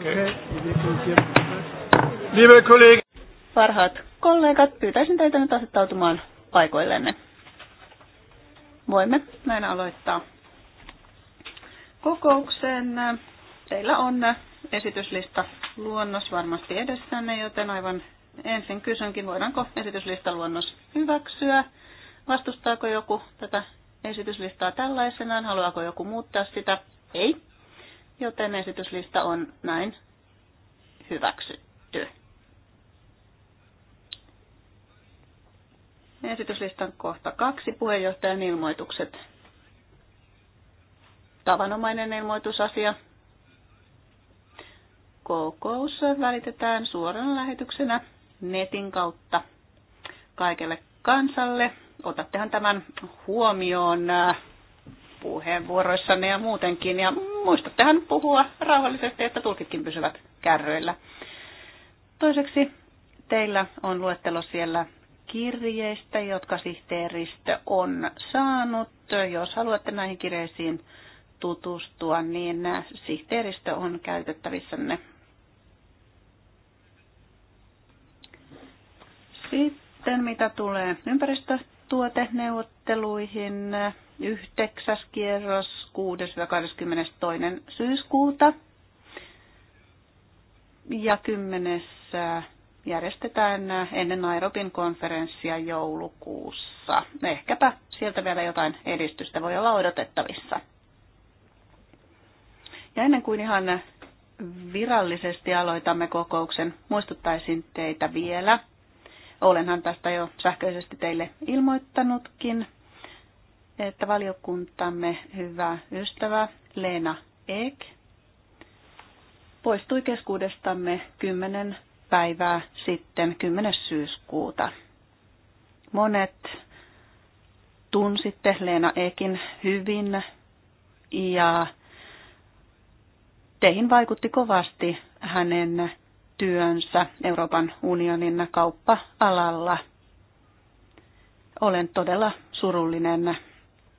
Okay. Parhaat kollegat, pyytäisin teitä nyt asettautumaan paikoillenne. Voimme näin aloittaa kokouksen. Teillä on esityslista luonnos varmasti edessänne, joten aivan ensin kysynkin, voidaanko esityslista luonnos hyväksyä. Vastustaako joku tätä esityslistaa tällaisenaan? Haluaako joku muuttaa sitä? Ei joten esityslista on näin hyväksytty. Esityslistan kohta kaksi puheenjohtajan ilmoitukset. Tavanomainen ilmoitusasia. Kokous välitetään suorana lähetyksenä netin kautta kaikelle kansalle. Otattehan tämän huomioon äh, puheenvuoroissanne ja muutenkin. Ja muistattehan puhua rauhallisesti, että tulkitkin pysyvät kärryillä. Toiseksi teillä on luettelo siellä kirjeistä, jotka sihteeristö on saanut. Jos haluatte näihin kirjeisiin tutustua, niin sihteeristö on käytettävissänne. Sitten mitä tulee ympäristötuoteneuvotteluihin, yhdeksäs kierros 6-22. syyskuuta. Ja 10. järjestetään ennen Nairobin konferenssia joulukuussa. Ehkäpä sieltä vielä jotain edistystä voi olla odotettavissa. Ja ennen kuin ihan virallisesti aloitamme kokouksen, muistuttaisin teitä vielä. Olenhan tästä jo sähköisesti teille ilmoittanutkin, että valiokuntamme hyvä ystävä Leena Ek poistui keskuudestamme 10 päivää sitten 10. syyskuuta. Monet tunsitte Leena Ekin hyvin ja teihin vaikutti kovasti hänen työnsä Euroopan unionin kauppa-alalla. Olen todella surullinen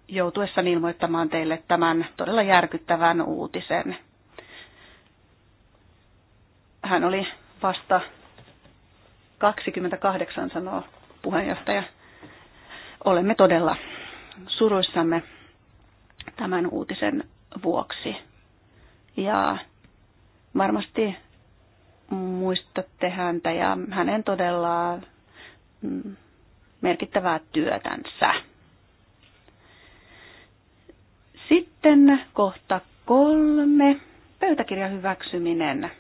joutuessani ilmoittamaan teille tämän todella järkyttävän uutisen. Hän oli vasta 28, sanoo puheenjohtaja. Olemme todella suruissamme tämän uutisen vuoksi. Ja varmasti muistatte häntä ja hänen todella mm, merkittävää työtänsä. Sitten kohta kolme, pöytäkirjan hyväksyminen.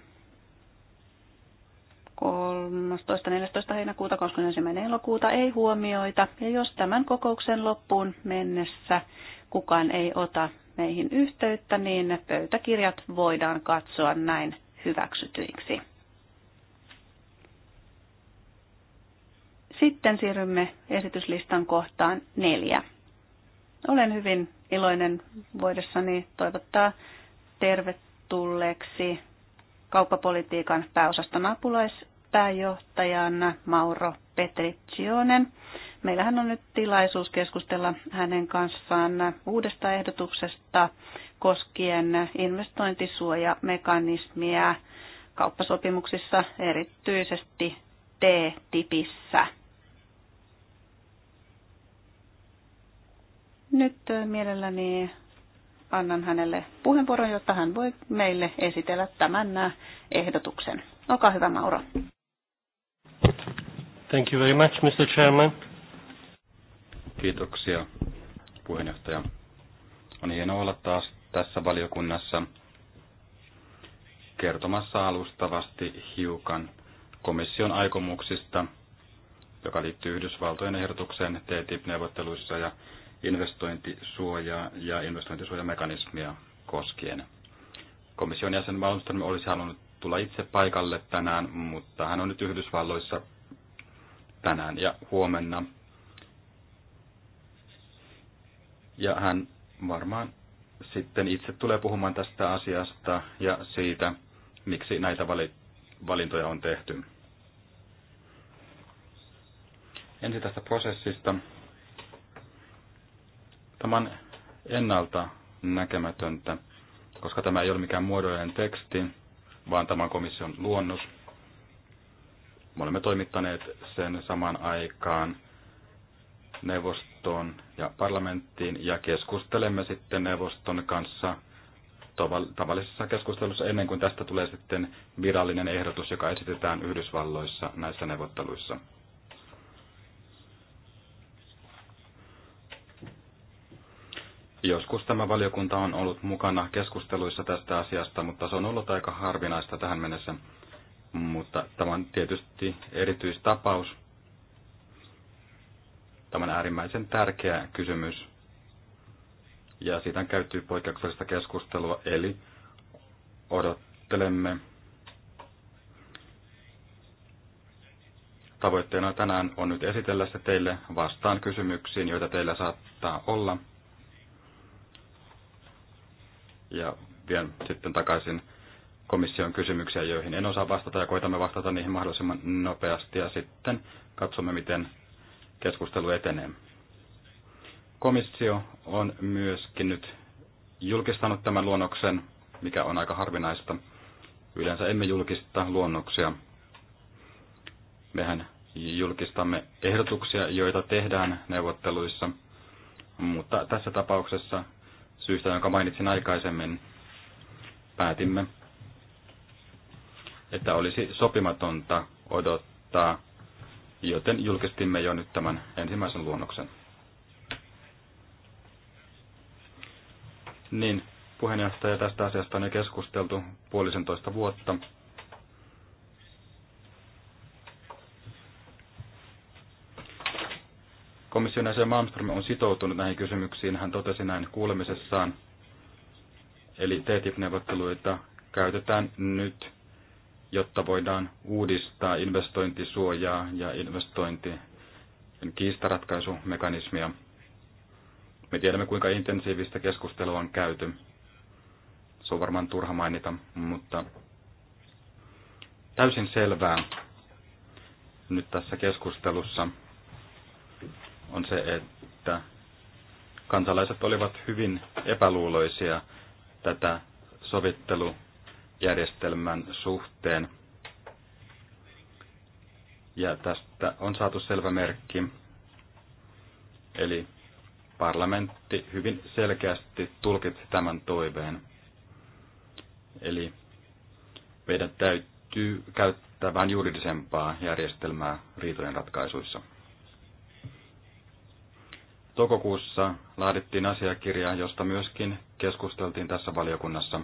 13. 14. heinäkuuta, 21. elokuuta ei huomioita. Ja jos tämän kokouksen loppuun mennessä kukaan ei ota meihin yhteyttä, niin pöytäkirjat voidaan katsoa näin hyväksytyiksi. Sitten siirrymme esityslistan kohtaan neljä. Olen hyvin iloinen voidessani toivottaa tervetulleeksi kauppapolitiikan pääosaston apulaispääjohtajana Mauro Petriccionen. Meillähän on nyt tilaisuus keskustella hänen kanssaan uudesta ehdotuksesta koskien investointisuojamekanismia kauppasopimuksissa, erityisesti T-tipissä. Nyt mielelläni annan hänelle puheenvuoron, jotta hän voi meille esitellä tämän ehdotuksen. Olkaa hyvä, Mauro. Thank you very much, Mr. Chairman. Kiitoksia, puheenjohtaja. On hienoa olla taas tässä valiokunnassa kertomassa alustavasti hiukan komission aikomuksista, joka liittyy Yhdysvaltojen ehdotukseen TTIP-neuvotteluissa ja investointisuojaa ja investointisuojamekanismia koskien. Komission jäsen Malmström olisi halunnut tulla itse paikalle tänään, mutta hän on nyt Yhdysvalloissa tänään ja huomenna. Ja hän varmaan sitten itse tulee puhumaan tästä asiasta ja siitä, miksi näitä valintoja on tehty. Ensin tästä prosessista. Tämä on ennalta näkemätöntä, koska tämä ei ole mikään muodollinen teksti, vaan tämä on komission luonnos. Me olemme toimittaneet sen saman aikaan neuvostoon ja parlamenttiin ja keskustelemme sitten neuvoston kanssa tavallisessa keskustelussa ennen kuin tästä tulee sitten virallinen ehdotus, joka esitetään Yhdysvalloissa näissä neuvotteluissa. Joskus tämä valiokunta on ollut mukana keskusteluissa tästä asiasta, mutta se on ollut aika harvinaista tähän mennessä. Mutta tämä on tietysti erityistapaus. Tämä on äärimmäisen tärkeä kysymys. Ja siitä on käyty poikkeuksellista keskustelua, eli odottelemme Tavoitteena tänään on nyt esitellä se teille vastaan kysymyksiin, joita teillä saattaa olla – ja vien sitten takaisin komission kysymyksiä, joihin en osaa vastata ja koitamme vastata niihin mahdollisimman nopeasti ja sitten katsomme, miten keskustelu etenee. Komissio on myöskin nyt julkistanut tämän luonnoksen, mikä on aika harvinaista. Yleensä emme julkista luonnoksia. Mehän julkistamme ehdotuksia, joita tehdään neuvotteluissa, mutta tässä tapauksessa syystä, jonka mainitsin aikaisemmin, päätimme, että olisi sopimatonta odottaa, joten julkistimme jo nyt tämän ensimmäisen luonnoksen. Niin, puheenjohtaja, tästä asiasta on jo keskusteltu puolisentoista vuotta. Komission jäsen Malmström on sitoutunut näihin kysymyksiin, hän totesi näin kuulemisessaan. Eli TTIP-neuvotteluita käytetään nyt, jotta voidaan uudistaa investointisuojaa ja investointi kiistaratkaisumekanismia. Me tiedämme, kuinka intensiivistä keskustelua on käyty. Se on varmaan turha mainita, mutta täysin selvää nyt tässä keskustelussa on se, että kansalaiset olivat hyvin epäluuloisia tätä sovittelujärjestelmän suhteen. Ja tästä on saatu selvä merkki. Eli parlamentti hyvin selkeästi tulkitsi tämän toiveen. Eli meidän täytyy käyttää vähän juridisempaa järjestelmää riitojen ratkaisuissa. Toukokuussa laadittiin asiakirja, josta myöskin keskusteltiin tässä valiokunnassa.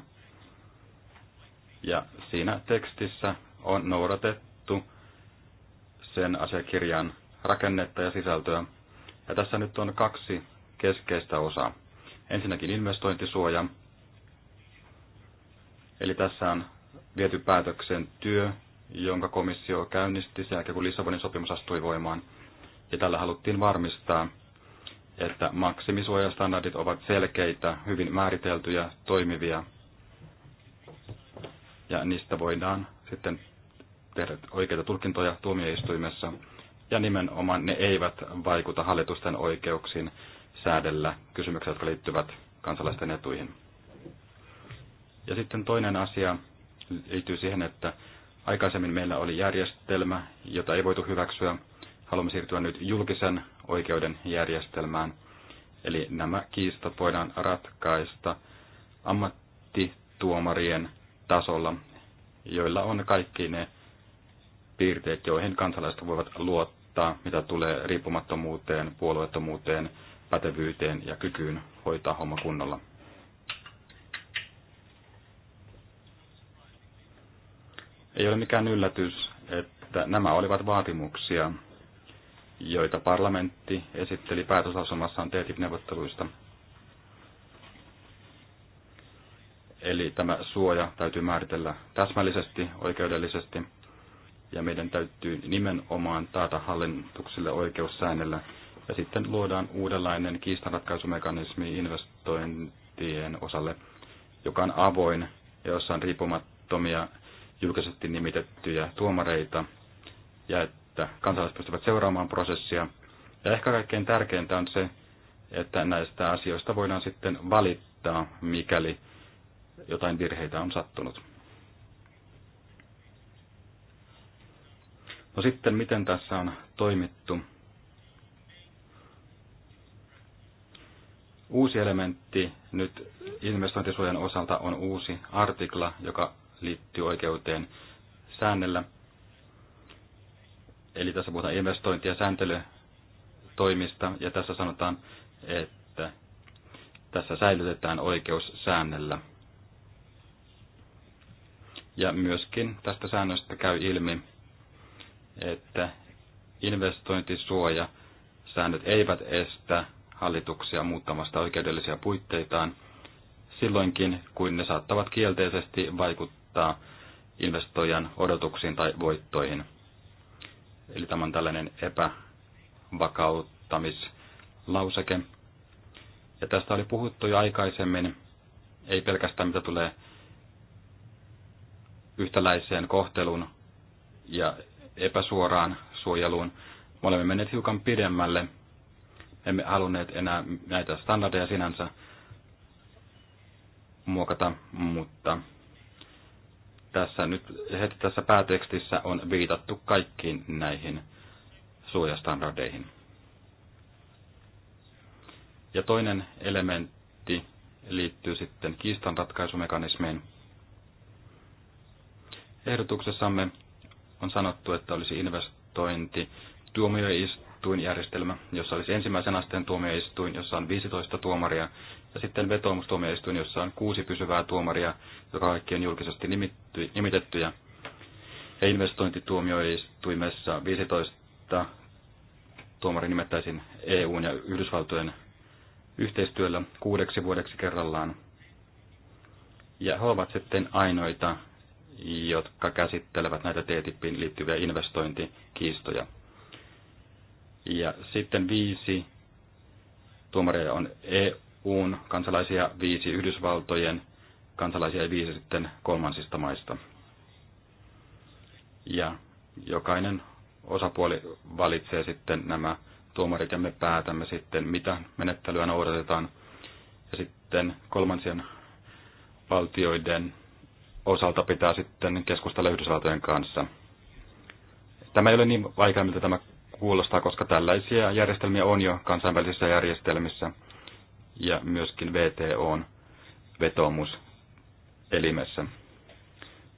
Ja siinä tekstissä on noudatettu sen asiakirjan rakennetta ja sisältöä. Ja tässä nyt on kaksi keskeistä osaa. Ensinnäkin investointisuoja. Eli tässä on viety päätöksen työ, jonka komissio käynnisti sen jälkeen, kun Lissabonin sopimus astui voimaan. Ja tällä haluttiin varmistaa, että maksimisuojastandardit ovat selkeitä, hyvin määriteltyjä, toimivia. Ja niistä voidaan sitten tehdä oikeita tulkintoja tuomioistuimessa. Ja nimenomaan ne eivät vaikuta hallitusten oikeuksiin säädellä kysymyksiä, jotka liittyvät kansalaisten etuihin. Ja sitten toinen asia liittyy siihen, että aikaisemmin meillä oli järjestelmä, jota ei voitu hyväksyä. Haluamme siirtyä nyt julkisen oikeuden järjestelmään. Eli nämä kiistat voidaan ratkaista ammattituomarien tasolla, joilla on kaikki ne piirteet, joihin kansalaiset voivat luottaa, mitä tulee riippumattomuuteen, puolueettomuuteen, pätevyyteen ja kykyyn hoitaa homma kunnolla. Ei ole mikään yllätys, että nämä olivat vaatimuksia, joita parlamentti esitteli päätöslausumassaan TTIP-neuvotteluista. Eli tämä suoja täytyy määritellä täsmällisesti, oikeudellisesti, ja meidän täytyy nimenomaan taata hallituksille oikeussäännellä. Ja sitten luodaan uudenlainen kiistanratkaisumekanismi investointien osalle, joka on avoin ja jossa on riippumattomia julkisesti nimitettyjä tuomareita, ja että että kansalaiset pystyvät seuraamaan prosessia. Ja ehkä kaikkein tärkeintä on se, että näistä asioista voidaan sitten valittaa, mikäli jotain virheitä on sattunut. No sitten, miten tässä on toimittu? Uusi elementti nyt investointisuojan osalta on uusi artikla, joka liittyy oikeuteen säännellä – Eli tässä puhutaan investointi- ja sääntelytoimista, ja tässä sanotaan, että tässä säilytetään oikeus säännellä. Ja myöskin tästä säännöstä käy ilmi, että investointisuoja säännöt eivät estä hallituksia muuttamasta oikeudellisia puitteitaan silloinkin, kun ne saattavat kielteisesti vaikuttaa investoijan odotuksiin tai voittoihin. Eli tämä on tällainen epävakauttamislauseke. Ja tästä oli puhuttu jo aikaisemmin, ei pelkästään mitä tulee yhtäläiseen kohteluun ja epäsuoraan suojeluun. Me olemme menneet hiukan pidemmälle. Emme halunneet enää näitä standardeja sinänsä muokata, mutta tässä nyt heti tässä päätekstissä on viitattu kaikkiin näihin suojastandardeihin. Ja toinen elementti liittyy sitten kiistanratkaisumekanismiin. Ehdotuksessamme on sanottu, että olisi investointi tuomioistuinjärjestelmä, jossa olisi ensimmäisen asteen tuomioistuin, jossa on 15 tuomaria, ja sitten vetoomustuomioistuin, jossa on kuusi pysyvää tuomaria, joka kaikki on julkisesti nimitty, nimitettyjä. Ja investointituomioistuimessa 15 tuomari nimettäisiin EUn ja Yhdysvaltojen yhteistyöllä kuudeksi vuodeksi kerrallaan. Ja he ovat sitten ainoita, jotka käsittelevät näitä TTIPin liittyviä investointikiistoja. Ja sitten viisi tuomaria on EU EUn kansalaisia, viisi Yhdysvaltojen kansalaisia ja viisi sitten kolmansista maista. Ja jokainen osapuoli valitsee sitten nämä tuomarit ja me päätämme sitten, mitä menettelyä noudatetaan. Ja sitten kolmansien valtioiden osalta pitää sitten keskustella Yhdysvaltojen kanssa. Tämä ei ole niin vaikea, mitä tämä kuulostaa, koska tällaisia järjestelmiä on jo kansainvälisissä järjestelmissä ja myöskin VTOn vetomus elimessä.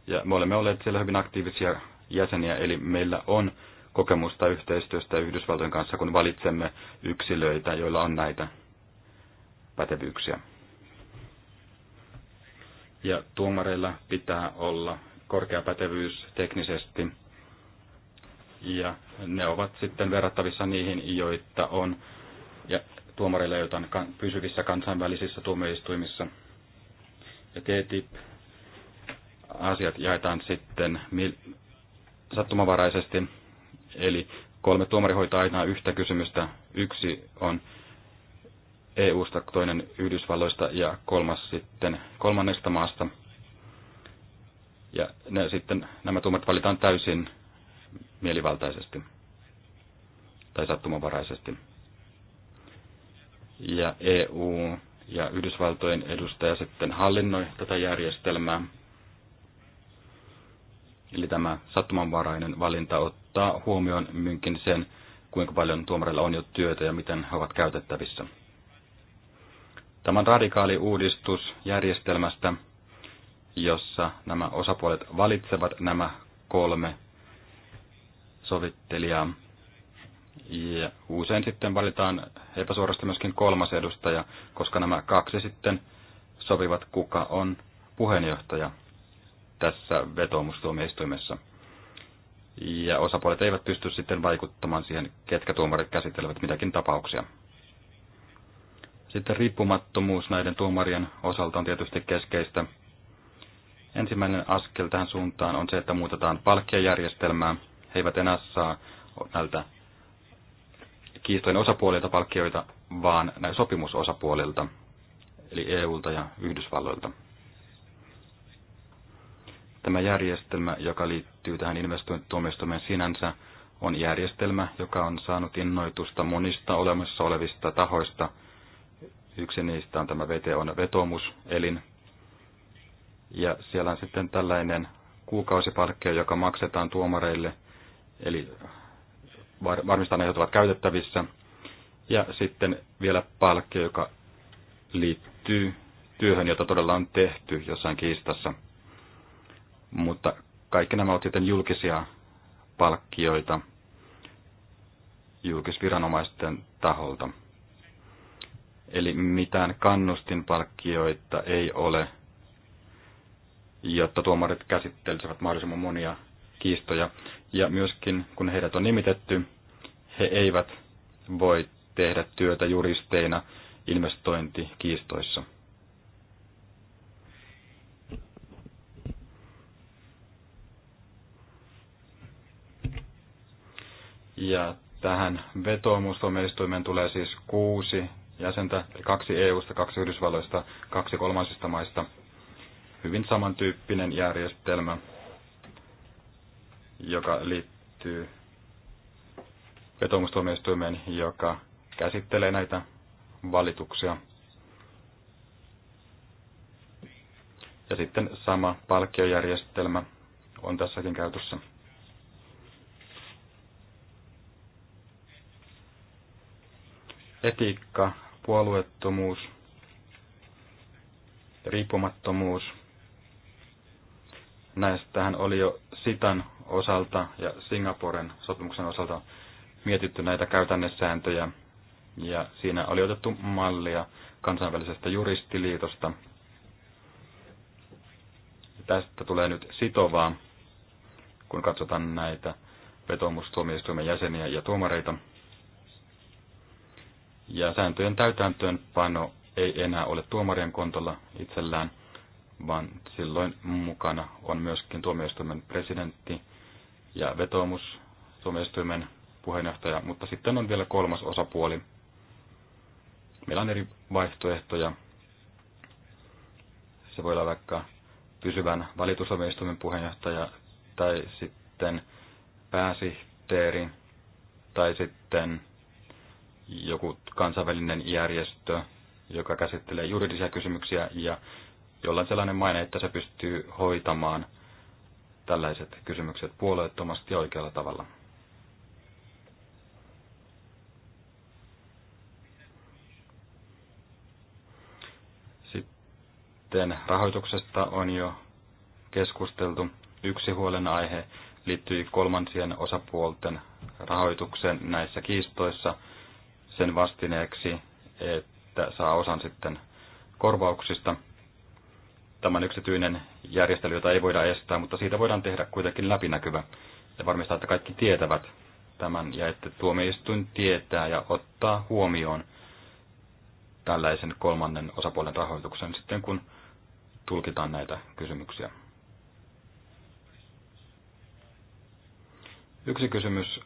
Ja me olemme olleet siellä hyvin aktiivisia jäseniä, eli meillä on kokemusta yhteistyöstä Yhdysvaltojen kanssa, kun valitsemme yksilöitä, joilla on näitä pätevyyksiä. Ja tuomareilla pitää olla korkea pätevyys teknisesti, ja ne ovat sitten verrattavissa niihin, joita on ja tuomareille, joita on pysyvissä kansainvälisissä tuomioistuimissa. Ja TTIP-asiat jaetaan sitten sattumavaraisesti, eli kolme tuomari hoitaa aina yhtä kysymystä. Yksi on EU-sta, toinen Yhdysvalloista ja kolmas sitten kolmannesta maasta. Ja ne sitten nämä tuomarit valitaan täysin mielivaltaisesti tai sattumanvaraisesti ja EU ja Yhdysvaltojen edustaja sitten hallinnoi tätä järjestelmää. Eli tämä sattumanvarainen valinta ottaa huomioon myynkin sen, kuinka paljon tuomareilla on jo työtä ja miten he ovat käytettävissä. Tämä on radikaali uudistus järjestelmästä, jossa nämä osapuolet valitsevat nämä kolme sovittelijaa ja usein sitten valitaan epäsuorasti myöskin kolmas edustaja, koska nämä kaksi sitten sopivat, kuka on puheenjohtaja tässä vetoomustuomioistuimessa. Ja osapuolet eivät pysty sitten vaikuttamaan siihen, ketkä tuomarit käsittelevät mitäkin tapauksia. Sitten riippumattomuus näiden tuomarien osalta on tietysti keskeistä. Ensimmäinen askel tähän suuntaan on se, että muutetaan palkkiojärjestelmää. He eivät enää saa näiltä kiistojen osapuolilta palkkioita, vaan sopimusosapuolilta, eli EUlta ja Yhdysvalloilta. Tämä järjestelmä, joka liittyy tähän investointituomioistuimeen sinänsä, on järjestelmä, joka on saanut innoitusta monista olemassa olevista tahoista. Yksi niistä on tämä VTOn vetomuselin. Ja siellä on sitten tällainen kuukausipalkkio, joka maksetaan tuomareille, eli varmistaa ne, ovat käytettävissä. Ja sitten vielä palkki, joka liittyy työhön, jota todella on tehty jossain kiistassa. Mutta kaikki nämä ovat sitten julkisia palkkioita julkisviranomaisten taholta. Eli mitään kannustinpalkkioita ei ole, jotta tuomarit käsittelisivät mahdollisimman monia kiistoja. Ja myöskin kun heidät on nimitetty, he eivät voi tehdä työtä juristeina investointikiistoissa. Ja tähän vetoomustuomioistuimeen tulee siis kuusi jäsentä, eli kaksi EU-sta, kaksi Yhdysvalloista, kaksi kolmansista maista. Hyvin samantyyppinen järjestelmä joka liittyy vetomustuomioistuimeen, joka käsittelee näitä valituksia. Ja sitten sama palkkiojärjestelmä on tässäkin käytössä. Etiikka, puolueettomuus, riippumattomuus – Näistähän oli jo Sitan osalta ja Singaporen sopimuksen osalta mietitty näitä käytännessääntöjä, ja siinä oli otettu mallia kansainvälisestä juristiliitosta. Tästä tulee nyt sitovaa, kun katsotaan näitä vetomustuomioistuimen jäseniä ja tuomareita. Ja sääntöjen täytäntöönpano ei enää ole tuomarien kontolla itsellään – vaan silloin mukana on myöskin tuomioistuimen presidentti ja vetoomus tuomioistuimen puheenjohtaja, mutta sitten on vielä kolmas osapuoli. Meillä on eri vaihtoehtoja. Se voi olla vaikka pysyvän valitusomioistuimen puheenjohtaja tai sitten pääsihteeri tai sitten joku kansainvälinen järjestö, joka käsittelee juridisia kysymyksiä ja jolla on sellainen maine, että se pystyy hoitamaan tällaiset kysymykset puolueettomasti ja oikealla tavalla. Sitten rahoituksesta on jo keskusteltu. Yksi huolenaihe liittyy kolmansien osapuolten rahoitukseen näissä kiistoissa sen vastineeksi, että saa osan sitten korvauksista – Tämä on yksityinen järjestely, jota ei voida estää, mutta siitä voidaan tehdä kuitenkin läpinäkyvä ja varmistaa, että kaikki tietävät tämän ja että tuomioistuin tietää ja ottaa huomioon tällaisen kolmannen osapuolen rahoituksen sitten, kun tulkitaan näitä kysymyksiä. Yksi kysymys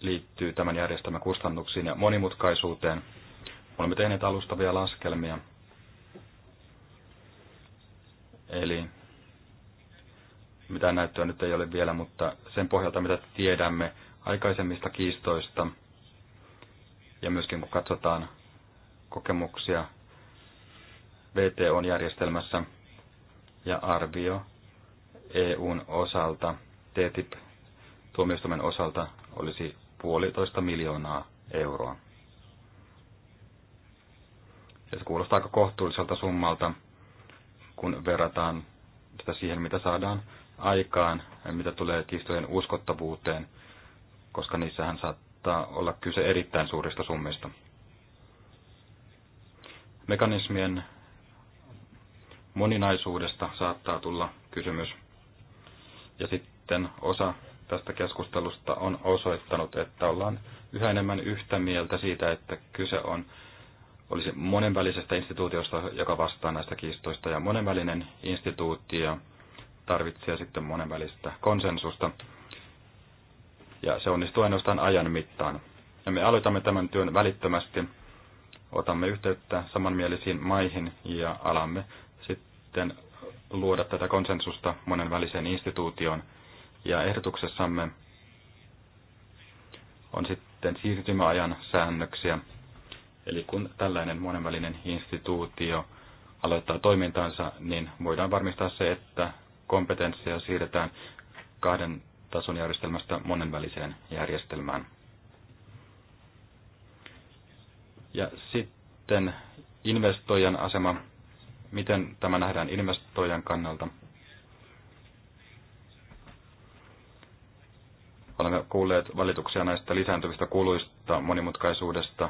liittyy tämän järjestelmän kustannuksiin ja monimutkaisuuteen. Olemme tehneet alustavia laskelmia Eli mitä näyttöä nyt ei ole vielä, mutta sen pohjalta mitä tiedämme aikaisemmista kiistoista ja myöskin kun katsotaan kokemuksia vto järjestelmässä ja arvio EUn osalta, TTIP-tuomioistuimen osalta olisi puolitoista miljoonaa euroa. Ja se kuulostaa aika kohtuulliselta summalta, kun verrataan sitä siihen, mitä saadaan aikaan, mitä tulee kiistojen uskottavuuteen, koska niissähän saattaa olla kyse erittäin suurista summista. Mekanismien moninaisuudesta saattaa tulla kysymys. Ja sitten osa tästä keskustelusta on osoittanut, että ollaan yhä enemmän yhtä mieltä siitä, että kyse on olisi monenvälisestä instituutiosta, joka vastaa näistä kiistoista, ja monenvälinen instituutio tarvitsee sitten monenvälistä konsensusta. Ja se onnistuu ainoastaan ajan mittaan. Ja me aloitamme tämän työn välittömästi, otamme yhteyttä samanmielisiin maihin ja alamme sitten luoda tätä konsensusta monenväliseen instituutioon. Ja ehdotuksessamme on sitten siirtymäajan säännöksiä, Eli kun tällainen monenvälinen instituutio aloittaa toimintansa, niin voidaan varmistaa se, että kompetenssia siirretään kahden tason järjestelmästä monenväliseen järjestelmään. Ja sitten investoijan asema. Miten tämä nähdään investoijan kannalta? Olemme kuulleet valituksia näistä lisääntyvistä kuluista, monimutkaisuudesta,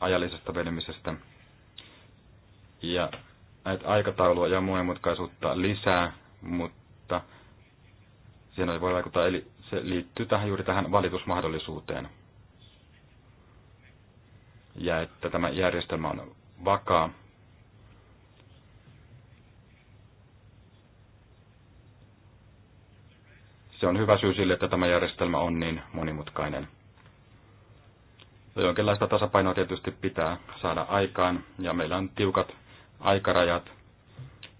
ajallisesta venymisestä. Ja näitä aikataulua ja monimutkaisuutta lisää, mutta siihen ei voi vaikuttaa. Eli se liittyy tähän juuri tähän valitusmahdollisuuteen. Ja että tämä järjestelmä on vakaa. Se on hyvä syy sille, että tämä järjestelmä on niin monimutkainen. No jonkinlaista tasapainoa tietysti pitää saada aikaan, ja meillä on tiukat aikarajat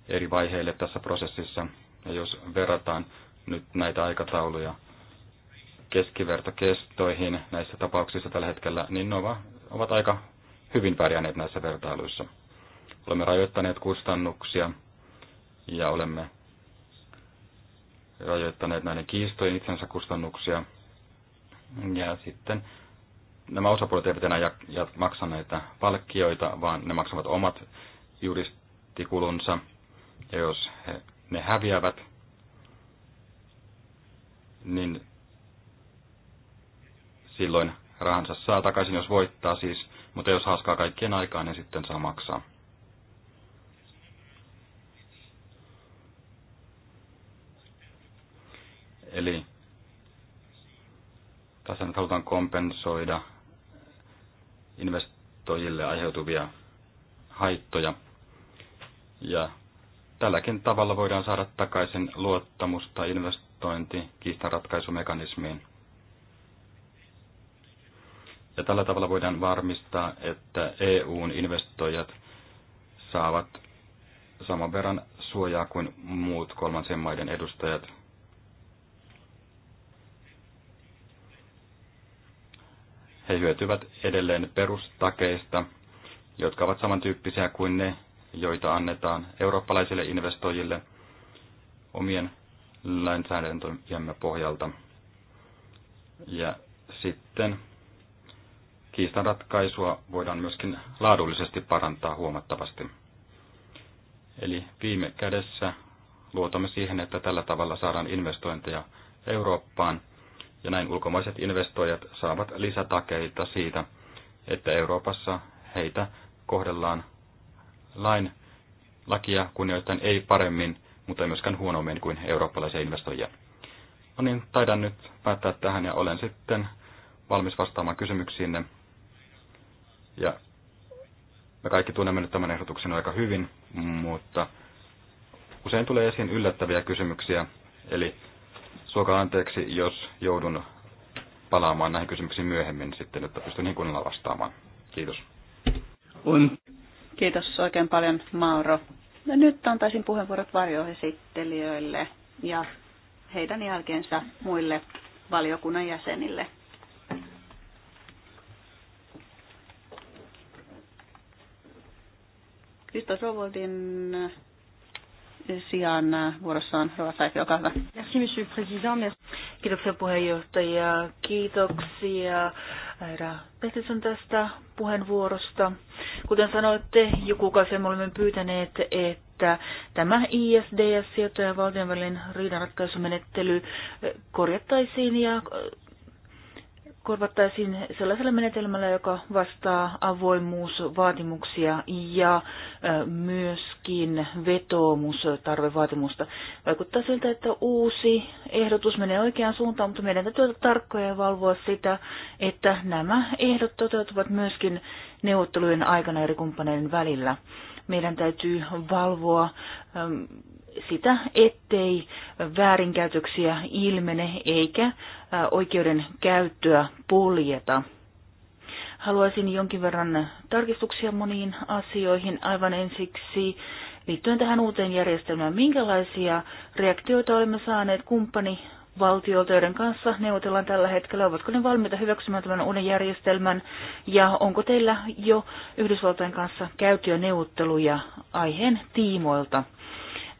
eri vaiheille tässä prosessissa. Ja jos verrataan nyt näitä aikatauluja keskivertokestoihin näissä tapauksissa tällä hetkellä, niin ne ovat aika hyvin pärjänneet näissä vertailuissa. Olemme rajoittaneet kustannuksia ja olemme rajoittaneet näiden kiistojen itsensä kustannuksia. Ja sitten nämä osapuolet eivät enää maksa näitä palkkioita, vaan ne maksavat omat juristikulunsa. Ja jos he, ne häviävät, niin silloin rahansa saa takaisin, jos voittaa siis, mutta jos haaskaa kaikkien aikaa, niin sitten saa maksaa. Eli tässä nyt halutaan kompensoida investoijille aiheutuvia haittoja. Ja tälläkin tavalla voidaan saada takaisin luottamusta investointi kiistanratkaisumekanismiin. Ja tällä tavalla voidaan varmistaa, että EUn investoijat saavat saman verran suojaa kuin muut kolmansien maiden edustajat he hyötyvät edelleen perustakeista, jotka ovat samantyyppisiä kuin ne, joita annetaan eurooppalaisille investoijille omien lainsäädäntöjemme pohjalta. Ja sitten kiistan ratkaisua voidaan myöskin laadullisesti parantaa huomattavasti. Eli viime kädessä luotamme siihen, että tällä tavalla saadaan investointeja Eurooppaan – ja näin ulkomaiset investoijat saavat lisätakeita siitä, että Euroopassa heitä kohdellaan lain, lakia kunnioittain ei paremmin, mutta ei myöskään huonommin kuin eurooppalaisia investoijia. No niin, taidan nyt päättää tähän ja olen sitten valmis vastaamaan kysymyksiinne. Ja me kaikki tunnemme nyt tämän ehdotuksen aika hyvin, mutta usein tulee esiin yllättäviä kysymyksiä, eli suoka anteeksi, jos joudun palaamaan näihin kysymyksiin myöhemmin sitten, että pystyn niin kunnolla vastaamaan. Kiitos. On. Kiitos oikein paljon, Mauro. No, nyt antaisin puheenvuorot varjoesittelijöille ja heidän jälkeensä muille valiokunnan jäsenille. Krista Sovoldin sijaan äh, vuorossa on Rova Saifi, olkaa hyvä. Merci, monsieur président. Merci. Kiitoksia puheenjohtaja. Kiitoksia Aira Pehtisön tästä puheenvuorosta. Kuten sanoitte, joku kuukausia me olemme pyytäneet, että tämä isds sieto ja valtionvälinen riidanratkaisumenettely äh, korjattaisiin ja äh, korvattaisiin sellaisella menetelmällä, joka vastaa avoimuusvaatimuksia ja myöskin vetoomustarvevaatimusta. Vaikuttaa siltä, että uusi ehdotus menee oikeaan suuntaan, mutta meidän täytyy olla tarkkoja ja valvoa sitä, että nämä ehdot toteutuvat myöskin neuvottelujen aikana eri kumppaneiden välillä. Meidän täytyy valvoa sitä, ettei väärinkäytöksiä ilmene eikä oikeuden käyttöä poljeta. Haluaisin jonkin verran tarkistuksia moniin asioihin aivan ensiksi liittyen tähän uuteen järjestelmään. Minkälaisia reaktioita olemme saaneet kumppani valtioilta, joiden kanssa neuvotellaan tällä hetkellä, ovatko ne valmiita hyväksymään tämän uuden järjestelmän ja onko teillä jo Yhdysvaltain kanssa käytyjä neuvotteluja aiheen tiimoilta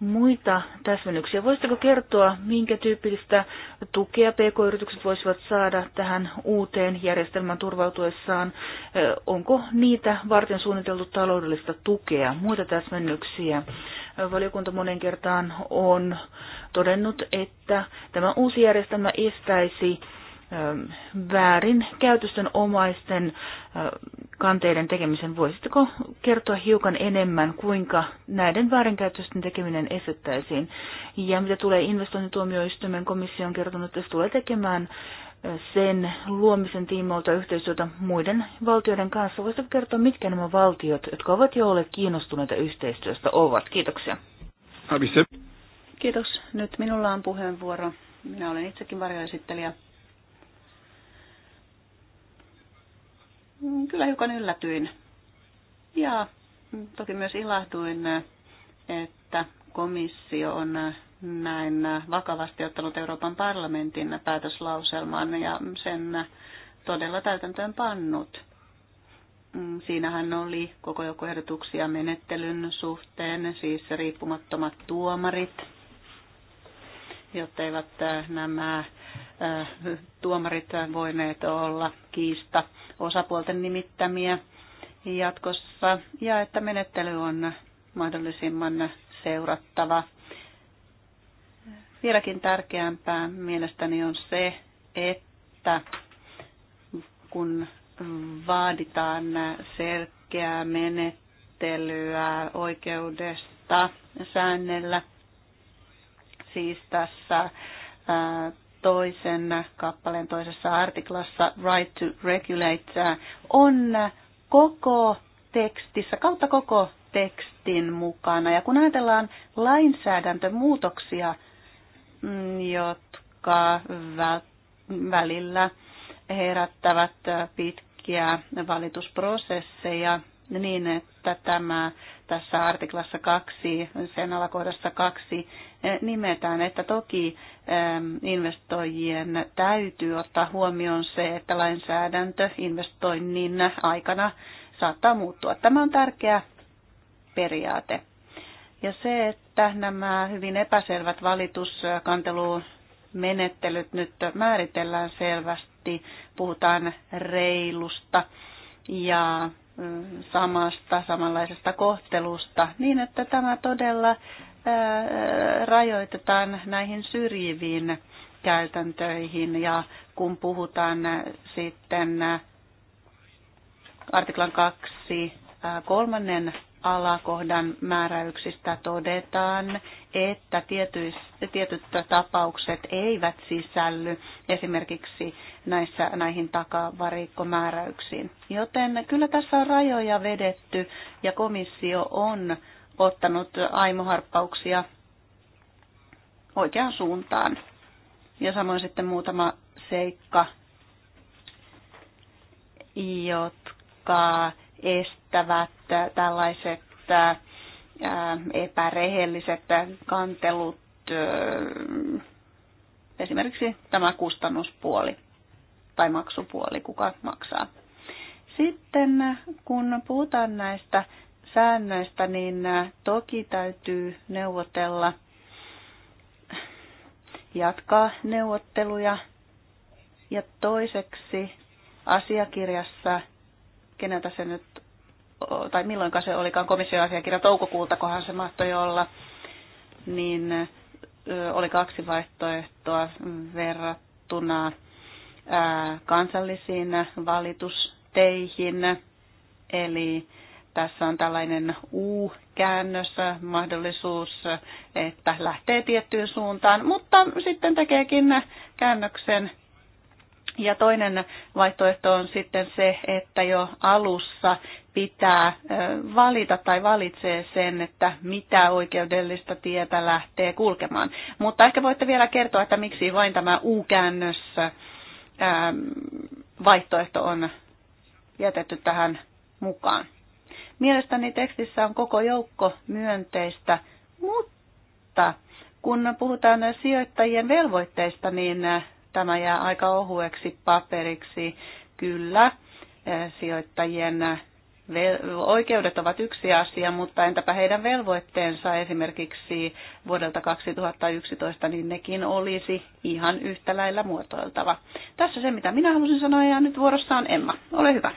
muita täsmennyksiä. Voisitteko kertoa, minkä tyyppistä tukea pk-yritykset voisivat saada tähän uuteen järjestelmään turvautuessaan? Onko niitä varten suunniteltu taloudellista tukea, muita täsmennyksiä? Valiokunta monen kertaan on todennut, että tämä uusi järjestelmä estäisi väärin käytösten omaisten kanteiden tekemisen. Voisitteko kertoa hiukan enemmän, kuinka näiden väärinkäytösten tekeminen estettäisiin? Ja mitä tulee investointituomioistuimen komissio on kertonut, että se tulee tekemään sen luomisen tiimoilta yhteistyötä muiden valtioiden kanssa. Voisitko kertoa, mitkä nämä valtiot, jotka ovat jo olleet kiinnostuneita yhteistyöstä, ovat? Kiitoksia. Kiitos. Nyt minulla on puheenvuoro. Minä olen itsekin varjoesittelijä Mm, kyllä hiukan yllätyin. Ja mm, toki myös ilahtuin, että komissio on näin vakavasti ottanut Euroopan parlamentin päätöslauselman ja sen todella täytäntöön pannut. Mm, siinähän oli koko joukko ehdotuksia menettelyn suhteen, siis riippumattomat tuomarit, jotteivät äh, nämä Äh, tuomarit voineet olla kiista osapuolten nimittämiä jatkossa ja että menettely on mahdollisimman seurattava. Vieläkin tärkeämpää mielestäni on se, että kun vaaditaan selkeää menettelyä oikeudesta säännellä, siis tässä äh, toisen kappaleen toisessa artiklassa Right to Regulate äh, on koko tekstissä, kautta koko tekstin mukana. Ja kun ajatellaan lainsäädäntömuutoksia, mm, jotka välillä herättävät pitkiä valitusprosesseja, niin että tämä tässä artiklassa kaksi, sen alakohdassa kaksi nimetään, että toki ähm, investoijien täytyy ottaa huomioon se, että lainsäädäntö investoinnin aikana saattaa muuttua. Tämä on tärkeä periaate. Ja se, että nämä hyvin epäselvät valituskantelumenettelyt nyt määritellään selvästi, puhutaan reilusta ja mm, samasta, samanlaisesta kohtelusta, niin että tämä todella rajoitetaan näihin syrjiviin käytäntöihin ja kun puhutaan sitten artiklan 2 kolmannen alakohdan määräyksistä todetaan, että tietyt tapaukset eivät sisälly esimerkiksi näissä, näihin takavarikkomääräyksiin. Joten kyllä tässä on rajoja vedetty ja komissio on ottanut aimoharppauksia oikeaan suuntaan. Ja samoin sitten muutama seikka, jotka estävät tällaiset äh, epärehelliset kantelut, äh, esimerkiksi tämä kustannuspuoli tai maksupuoli, kuka maksaa. Sitten kun puhutaan näistä säännöistä, niin toki täytyy neuvotella, jatkaa neuvotteluja. Ja toiseksi asiakirjassa, keneltä se nyt, tai milloinkaan se olikaan komission asiakirja, kohan se mahtoi olla, niin oli kaksi vaihtoehtoa verrattuna kansallisiin valitusteihin, eli tässä on tällainen U-käännös, mahdollisuus, että lähtee tiettyyn suuntaan, mutta sitten tekeekin käännöksen. Ja toinen vaihtoehto on sitten se, että jo alussa pitää valita tai valitsee sen, että mitä oikeudellista tietä lähtee kulkemaan. Mutta ehkä voitte vielä kertoa, että miksi vain tämä U-käännös vaihtoehto on jätetty tähän mukaan. Mielestäni tekstissä on koko joukko myönteistä, mutta kun puhutaan sijoittajien velvoitteista, niin tämä jää aika ohueksi paperiksi. Kyllä, sijoittajien oikeudet ovat yksi asia, mutta entäpä heidän velvoitteensa esimerkiksi vuodelta 2011, niin nekin olisi ihan yhtä lailla muotoiltava. Tässä se, mitä minä halusin sanoa, ja nyt vuorossa on Emma. Ole hyvä.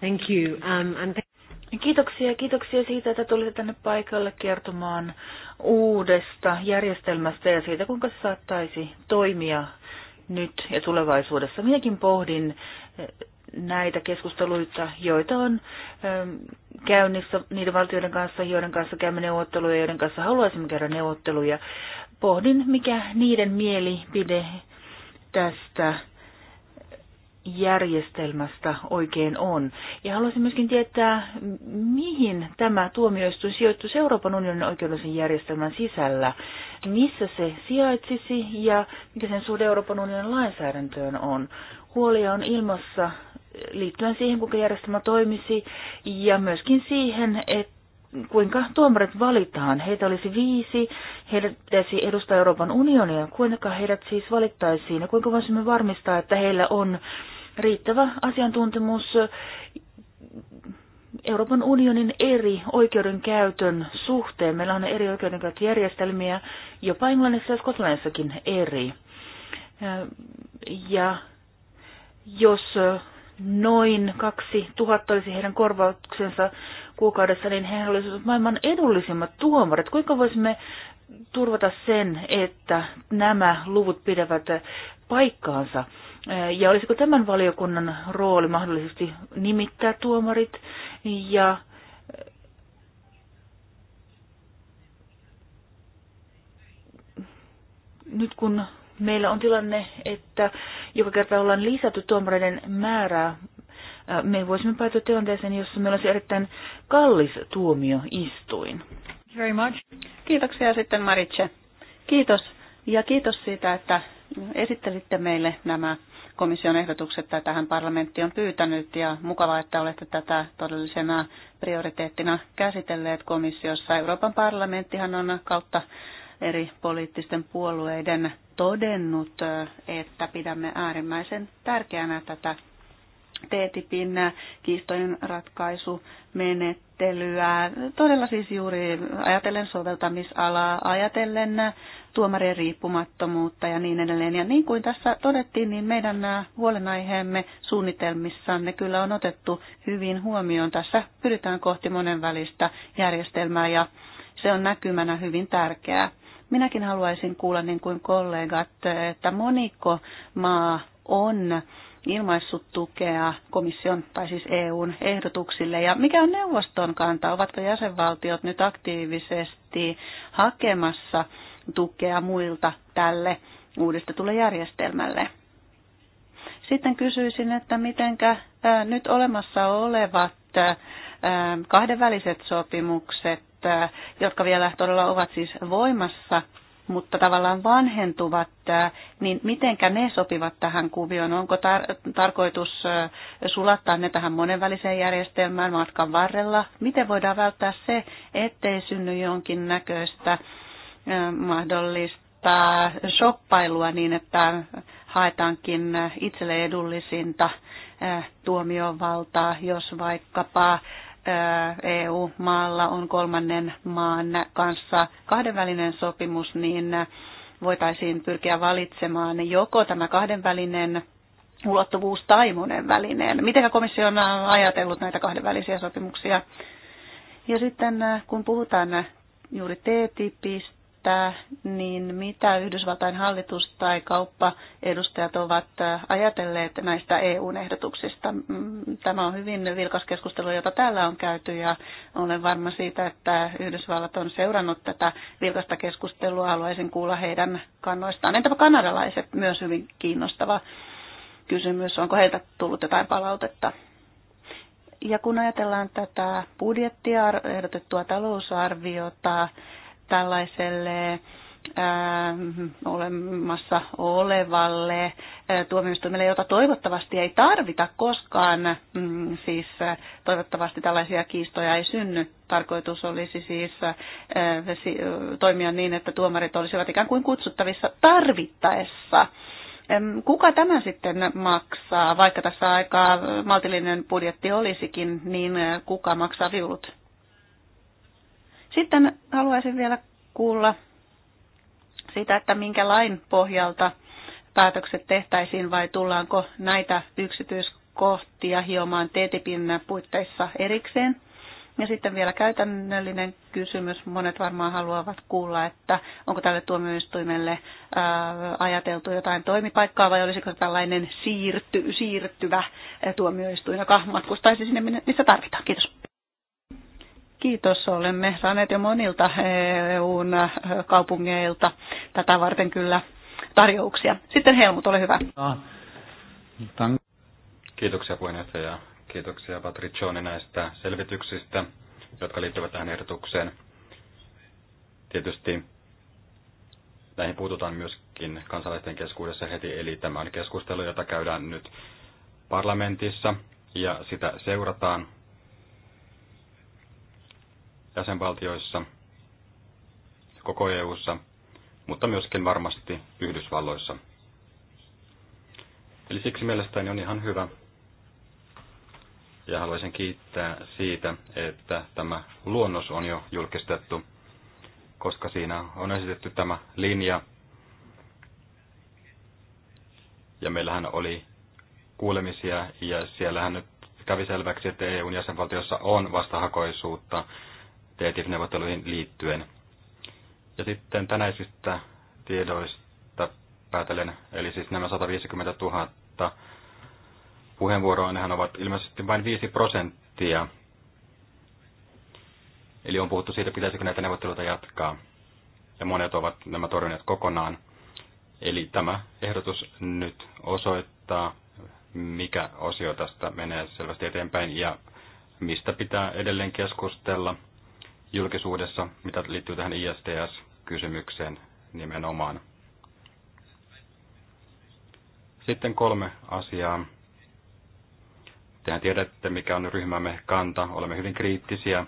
Thank you. Um, and th- Kiitoksia, kiitoksia siitä, että tulitte tänne paikalle kertomaan uudesta järjestelmästä ja siitä, kuinka se saattaisi toimia nyt ja tulevaisuudessa. Minäkin pohdin eh, näitä keskusteluita, joita on eh, käynnissä niiden valtioiden kanssa, joiden kanssa käymme neuvotteluja, joiden kanssa haluaisimme käydä neuvotteluja. Pohdin, mikä niiden mielipide tästä järjestelmästä oikein on. Ja haluaisin myöskin tietää, mihin tämä tuomioistuin sijoittuisi Euroopan unionin oikeudellisen järjestelmän sisällä, missä se sijaitsisi ja mikä sen suhde Euroopan unionin lainsäädäntöön on. Huolia on ilmassa liittyen siihen, kuinka järjestelmä toimisi ja myöskin siihen, että kuinka tuomarit valitaan. Heitä olisi viisi, heidät pitäisi edustaa Euroopan unionia, kuinka heidät siis valittaisiin ja kuinka voisimme varmistaa, että heillä on riittävä asiantuntemus Euroopan unionin eri oikeudenkäytön suhteen. Meillä on eri oikeudenkäyttöjärjestelmiä, jopa Englannissa ja Skotlannissakin eri. Ja jos noin kaksi tuhatta olisi heidän korvauksensa kuukaudessa, niin he olisivat maailman edullisimmat tuomarit. Kuinka voisimme turvata sen, että nämä luvut pidävät paikkaansa? Ja olisiko tämän valiokunnan rooli mahdollisesti nimittää tuomarit ja nyt kun meillä on tilanne, että joka kerta ollaan lisätty tuomareiden määrää. Me voisimme päätyä tilanteeseen, jossa meillä olisi erittäin kallis tuomioistuin. Very much. Kiitoksia sitten Maritse. Kiitos. Ja kiitos siitä, että esittelitte meille nämä komission ehdotukset, että tähän parlamentti on pyytänyt ja mukavaa, että olette tätä todellisena prioriteettina käsitelleet komissiossa. Euroopan parlamenttihan on kautta eri poliittisten puolueiden todennut, että pidämme äärimmäisen tärkeänä tätä TTIPin kiistojen ratkaisumenettelyä. Todella siis juuri ajatellen soveltamisalaa, ajatellen tuomarien riippumattomuutta ja niin edelleen. Ja niin kuin tässä todettiin, niin meidän nämä huolenaiheemme suunnitelmissanne kyllä on otettu hyvin huomioon. Tässä pyritään kohti monenvälistä järjestelmää ja se on näkymänä hyvin tärkeää. Minäkin haluaisin kuulla, niin kuin kollegat, että moniko maa on ilmaissut tukea komission tai siis EUn ehdotuksille ja mikä on neuvoston kanta? Ovatko jäsenvaltiot nyt aktiivisesti hakemassa tukea muilta tälle uudistetulle järjestelmälle? Sitten kysyisin, että mitenkä nyt olemassa olevat kahdenväliset sopimukset Äh, jotka vielä todella ovat siis voimassa, mutta tavallaan vanhentuvat, äh, niin mitenkä ne sopivat tähän kuvioon? Onko tar- tarkoitus äh, sulattaa ne tähän monenväliseen järjestelmään matkan varrella? Miten voidaan välttää se, ettei synny jonkin näköistä mahdollista shoppailua niin, että haetaankin itselle edullisinta tuomiovaltaa, jos vaikkapa EU-maalla on kolmannen maan kanssa kahdenvälinen sopimus, niin voitaisiin pyrkiä valitsemaan joko tämä kahdenvälinen ulottuvuus tai monenvälinen. Miten komissio on ajatellut näitä kahdenvälisiä sopimuksia? Ja sitten kun puhutaan juuri TTIPistä, tietää, niin mitä Yhdysvaltain hallitus tai kauppaedustajat ovat äh, ajatelleet näistä EU-ehdotuksista. Mm, tämä on hyvin vilkas keskustelu, jota täällä on käyty ja olen varma siitä, että Yhdysvallat on seurannut tätä vilkasta keskustelua. Haluaisin kuulla heidän kannoistaan. Entäpä kanadalaiset? Myös hyvin kiinnostava kysymys. Onko heiltä tullut jotain palautetta? Ja kun ajatellaan tätä budjettia, ehdotettua talousarviota, tällaiselle äh, olemassa olevalle äh, tuomioistuimelle, jota toivottavasti ei tarvita koskaan, mm, siis äh, toivottavasti tällaisia kiistoja ei synny. Tarkoitus olisi siis toimia niin, että tuomarit olisivat ikään kuin kutsuttavissa tarvittaessa. Kuka tämä sitten maksaa, vaikka tässä aika maltillinen budjetti olisikin, niin kuka maksaa viulut? Sitten haluaisin vielä kuulla sitä, että minkä lain pohjalta päätökset tehtäisiin vai tullaanko näitä yksityiskohtia hiomaan TTIPin puitteissa erikseen. Ja sitten vielä käytännöllinen kysymys. Monet varmaan haluavat kuulla, että onko tälle tuomioistuimelle ää, äh, ajateltu jotain toimipaikkaa vai olisiko tällainen siirty, siirtyvä äh, tuomioistuin, joka matkustaisi sinne, missä tarvitaan. Kiitos. Kiitos. Olemme saaneet jo monilta EUn kaupungeilta tätä varten kyllä tarjouksia. Sitten Helmut, ole hyvä. Kiitoksia puheenjohtaja ja kiitoksia Patricioni näistä selvityksistä, jotka liittyvät tähän ehdotukseen. Tietysti näihin puututaan myöskin kansalaisten keskuudessa heti, eli tämä on keskustelu, jota käydään nyt parlamentissa ja sitä seurataan jäsenvaltioissa, koko EU:ssa, mutta myöskin varmasti Yhdysvalloissa. Eli siksi mielestäni on ihan hyvä ja haluaisin kiittää siitä, että tämä luonnos on jo julkistettu, koska siinä on esitetty tämä linja. Ja meillähän oli kuulemisia ja siellähän nyt kävi selväksi, että EUn jäsenvaltiossa on vastahakoisuutta TTIP-neuvotteluihin liittyen. Ja sitten tänäisistä tiedoista päätelen, eli siis nämä 150 000 puheenvuoroa, nehän ovat ilmeisesti vain 5 prosenttia. Eli on puhuttu siitä, pitäisikö näitä neuvotteluita jatkaa. Ja monet ovat nämä torjuneet kokonaan. Eli tämä ehdotus nyt osoittaa, mikä osio tästä menee selvästi eteenpäin ja mistä pitää edelleen keskustella – julkisuudessa, mitä liittyy tähän ISTS-kysymykseen nimenomaan. Sitten kolme asiaa. Tehän tiedätte, mikä on ryhmämme kanta. Olemme hyvin kriittisiä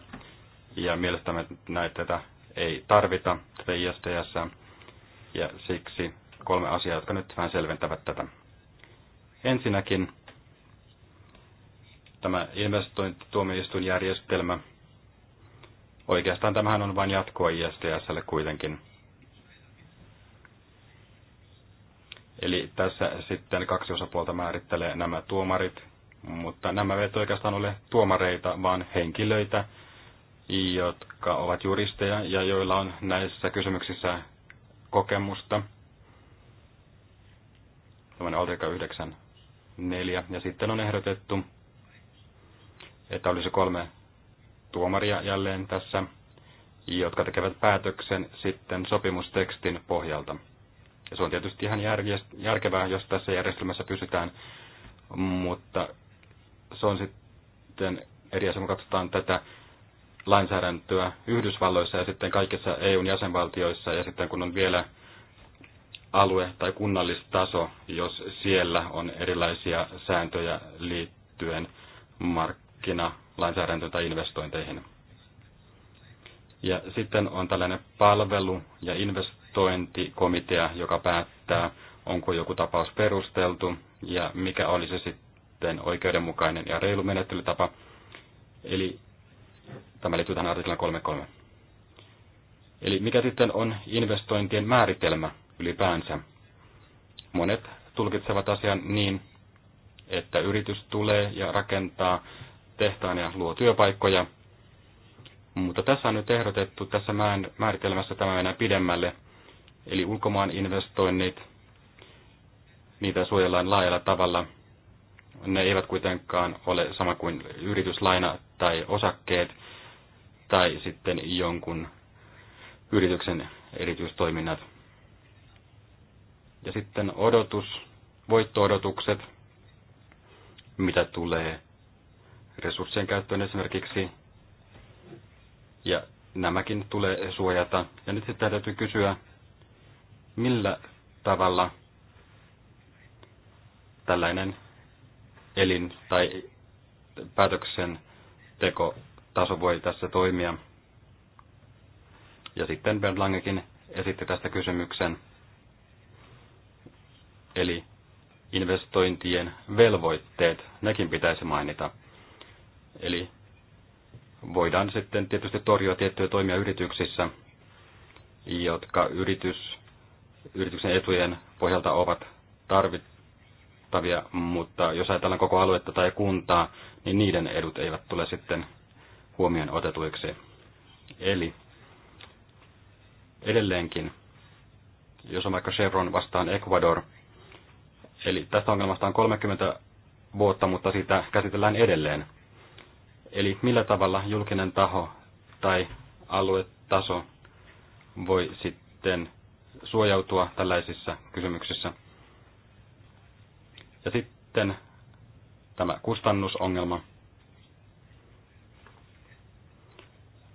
ja mielestämme näitä tätä ei tarvita, tätä ISTS. Ja siksi kolme asiaa, jotka nyt vähän selventävät tätä. Ensinnäkin tämä investointituomioistuinjärjestelmä – Oikeastaan tämähän on vain jatkoa ISDSlle kuitenkin. Eli tässä sitten kaksi osapuolta määrittelee nämä tuomarit, mutta nämä eivät oikeastaan ole tuomareita, vaan henkilöitä, jotka ovat juristeja ja joilla on näissä kysymyksissä kokemusta. Tällainen artikla 9.4. Ja sitten on ehdotettu, että olisi kolme tuomaria jälleen tässä, jotka tekevät päätöksen sitten sopimustekstin pohjalta. Ja se on tietysti ihan järkevää, jos tässä järjestelmässä pysytään, mutta se on sitten eri asia, kun katsotaan tätä lainsäädäntöä Yhdysvalloissa ja sitten kaikissa EUn jäsenvaltioissa ja sitten kun on vielä alue- tai kunnallistaso, jos siellä on erilaisia sääntöjä liittyen mark- markkinalainsäädäntöön tai investointeihin. Ja sitten on tällainen palvelu- ja investointikomitea, joka päättää, onko joku tapaus perusteltu ja mikä olisi sitten oikeudenmukainen ja reilu menettelytapa. Eli tämä liittyy tähän artiklan 3.3. Eli mikä sitten on investointien määritelmä ylipäänsä? Monet tulkitsevat asian niin, että yritys tulee ja rakentaa tehtaan ja luo työpaikkoja. Mutta tässä on nyt ehdotettu tässä määritelmässä tämä mennään pidemmälle. Eli ulkomaan investoinnit, niitä suojellaan laajalla tavalla. Ne eivät kuitenkaan ole sama kuin yrityslaina tai osakkeet tai sitten jonkun yrityksen erityistoiminnat. Ja sitten odotus, voitto-odotukset, mitä tulee resurssien käyttöön esimerkiksi. Ja nämäkin tulee suojata. Ja nyt sitten täytyy kysyä, millä tavalla tällainen elin tai päätöksen taso voi tässä toimia. Ja sitten Bernd Langekin esitti tästä kysymyksen, eli investointien velvoitteet, nekin pitäisi mainita. Eli voidaan sitten tietysti torjua tiettyjä toimia yrityksissä, jotka yritys, yrityksen etujen pohjalta ovat tarvittavia, mutta jos ajatellaan koko aluetta tai kuntaa, niin niiden edut eivät tule sitten huomioon otetuiksi. Eli edelleenkin, jos on vaikka Chevron vastaan Ecuador, eli tästä ongelmasta on 30 vuotta, mutta sitä käsitellään edelleen. Eli millä tavalla julkinen taho tai aluetaso voi sitten suojautua tällaisissa kysymyksissä. Ja sitten tämä kustannusongelma.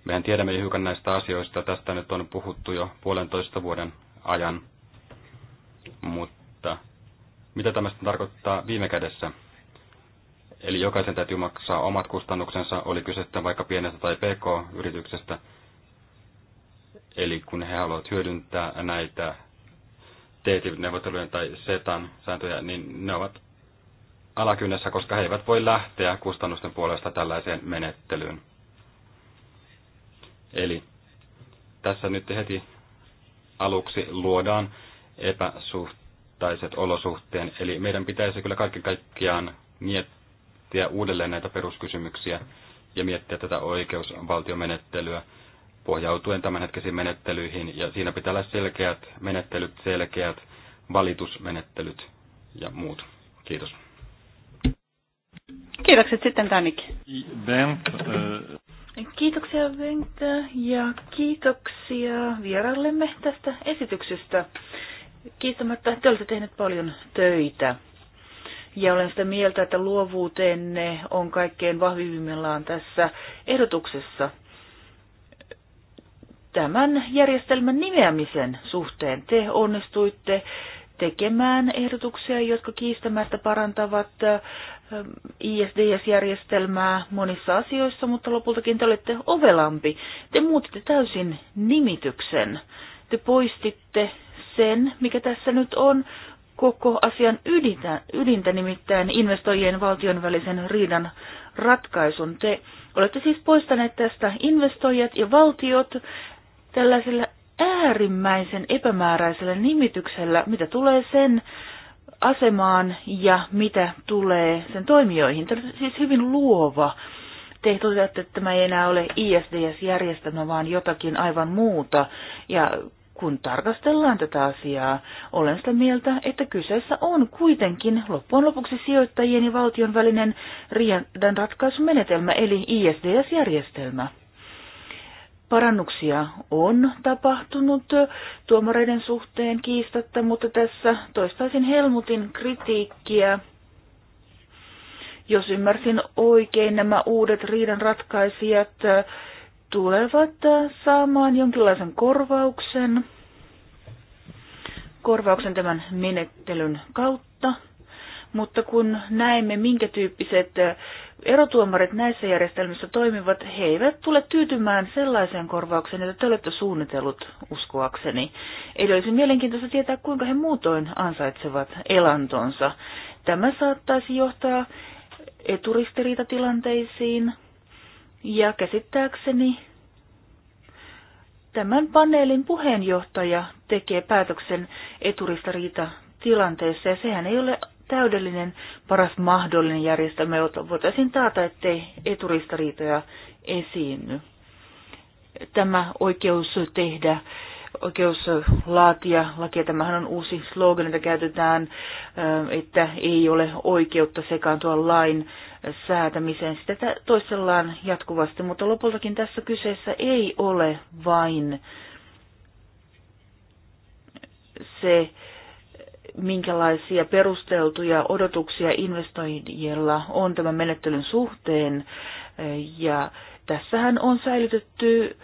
Mehän tiedämme jo hiukan näistä asioista. Tästä nyt on puhuttu jo puolentoista vuoden ajan. Mutta mitä tämä sitten tarkoittaa viime kädessä? Eli jokaisen täytyy maksaa omat kustannuksensa, oli kyseessä vaikka pienestä tai pk-yrityksestä. Eli kun he haluavat hyödyntää näitä TTIP-neuvottelujen tai SETAn sääntöjä, niin ne ovat alakynnessä, koska he eivät voi lähteä kustannusten puolesta tällaiseen menettelyyn. Eli tässä nyt heti aluksi luodaan epäsuhtaiset olosuhteen. Eli meidän pitäisi kyllä kaiken kaikkiaan miettiä, miettiä uudelleen näitä peruskysymyksiä ja miettiä tätä oikeusvaltiomenettelyä pohjautuen tämänhetkisiin menettelyihin. Ja siinä pitää olla selkeät menettelyt, selkeät valitusmenettelyt ja muut. Kiitos. Kiitokset sitten Tanik. äh... Kiitoksia Bengt ja kiitoksia vierallemme tästä esityksestä. Kiistämättä te olette tehneet paljon töitä. Ja olen sitä mieltä, että luovuutenne on kaikkein vahvimmillaan tässä ehdotuksessa tämän järjestelmän nimeämisen suhteen. Te onnistuitte tekemään ehdotuksia, jotka kiistämättä parantavat äh, ISDS-järjestelmää monissa asioissa, mutta lopultakin te olette ovelampi. Te muutitte täysin nimityksen. Te poistitte sen, mikä tässä nyt on koko asian ydintä, ydintä nimittäin investoijien valtion välisen riidan ratkaisun. Te olette siis poistaneet tästä investoijat ja valtiot tällaisella äärimmäisen epämääräisellä nimityksellä, mitä tulee sen asemaan ja mitä tulee sen toimijoihin. Tämä on siis hyvin luova. Te toteatte, että tämä ei enää ole ISDS-järjestelmä, vaan jotakin aivan muuta. Ja kun tarkastellaan tätä asiaa, olen sitä mieltä, että kyseessä on kuitenkin loppujen lopuksi sijoittajien ja valtion välinen riidan ratkaisumenetelmä eli ISDS-järjestelmä. Parannuksia on tapahtunut tuomareiden suhteen kiistatta, mutta tässä toistaisin Helmutin kritiikkiä. Jos ymmärsin oikein, nämä uudet riidanratkaisijat ratkaisijat tulevat äh, saamaan jonkinlaisen korvauksen, korvauksen tämän menettelyn kautta. Mutta kun näemme, minkä tyyppiset äh, erotuomarit näissä järjestelmissä toimivat, he eivät tule tyytymään sellaiseen korvaukseen, että te olette suunnitellut uskoakseni. Eli olisi mielenkiintoista tietää, kuinka he muutoin ansaitsevat elantonsa. Tämä saattaisi johtaa eturistiriitatilanteisiin, ja käsittääkseni tämän paneelin puheenjohtaja tekee päätöksen eturistariita tilanteessa ja sehän ei ole täydellinen paras mahdollinen järjestelmä, jota voitaisiin taata, ettei eturistariitoja esiinny. Tämä oikeus tehdä, oikeus laatia lakia, tämähän on uusi slogan, jota käytetään, että ei ole oikeutta sekaantua lain säätämiseen. Sitä toistellaan jatkuvasti, mutta lopultakin tässä kyseessä ei ole vain se, minkälaisia perusteltuja odotuksia investoijilla on tämän menettelyn suhteen. Ja tässähän on säilytetty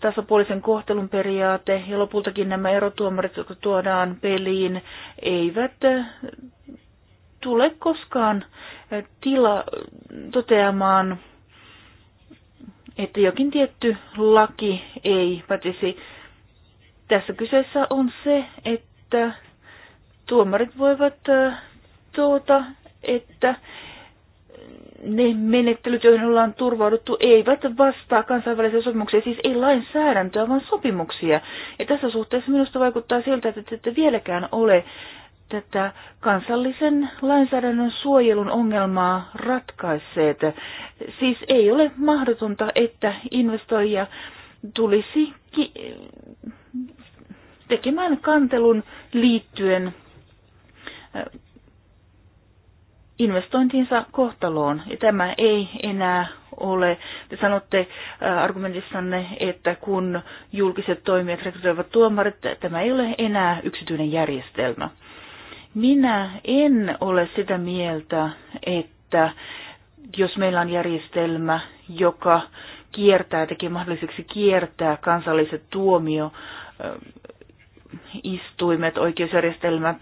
tasapuolisen kohtelun periaate ja lopultakin nämä erotuomarit, jotka tuodaan peliin, eivät tule koskaan tila, toteamaan, että jokin tietty laki ei pätisi. Tässä kyseessä on se, että tuomarit voivat tuota, että ne menettelyt, joihin ollaan turvauduttu, eivät vastaa kansainvälisiä sopimuksia, siis ei lainsäädäntöä, vaan sopimuksia. Ja tässä suhteessa minusta vaikuttaa siltä, että ette vieläkään ole tätä kansallisen lainsäädännön suojelun ongelmaa ratkaisseet. Siis ei ole mahdotonta, että investoija tulisi tekemään kantelun liittyen äh, investointinsa kohtaloon. Ja tämä ei enää ole. Te sanotte äh, argumentissanne, että kun julkiset toimijat rekrytoivat tuomarit, tämä ei ole enää yksityinen järjestelmä. Minä en ole sitä mieltä, että jos meillä on järjestelmä, joka kiertää, tekee mahdolliseksi kiertää kansalliset tuomioistuimet, oikeusjärjestelmät,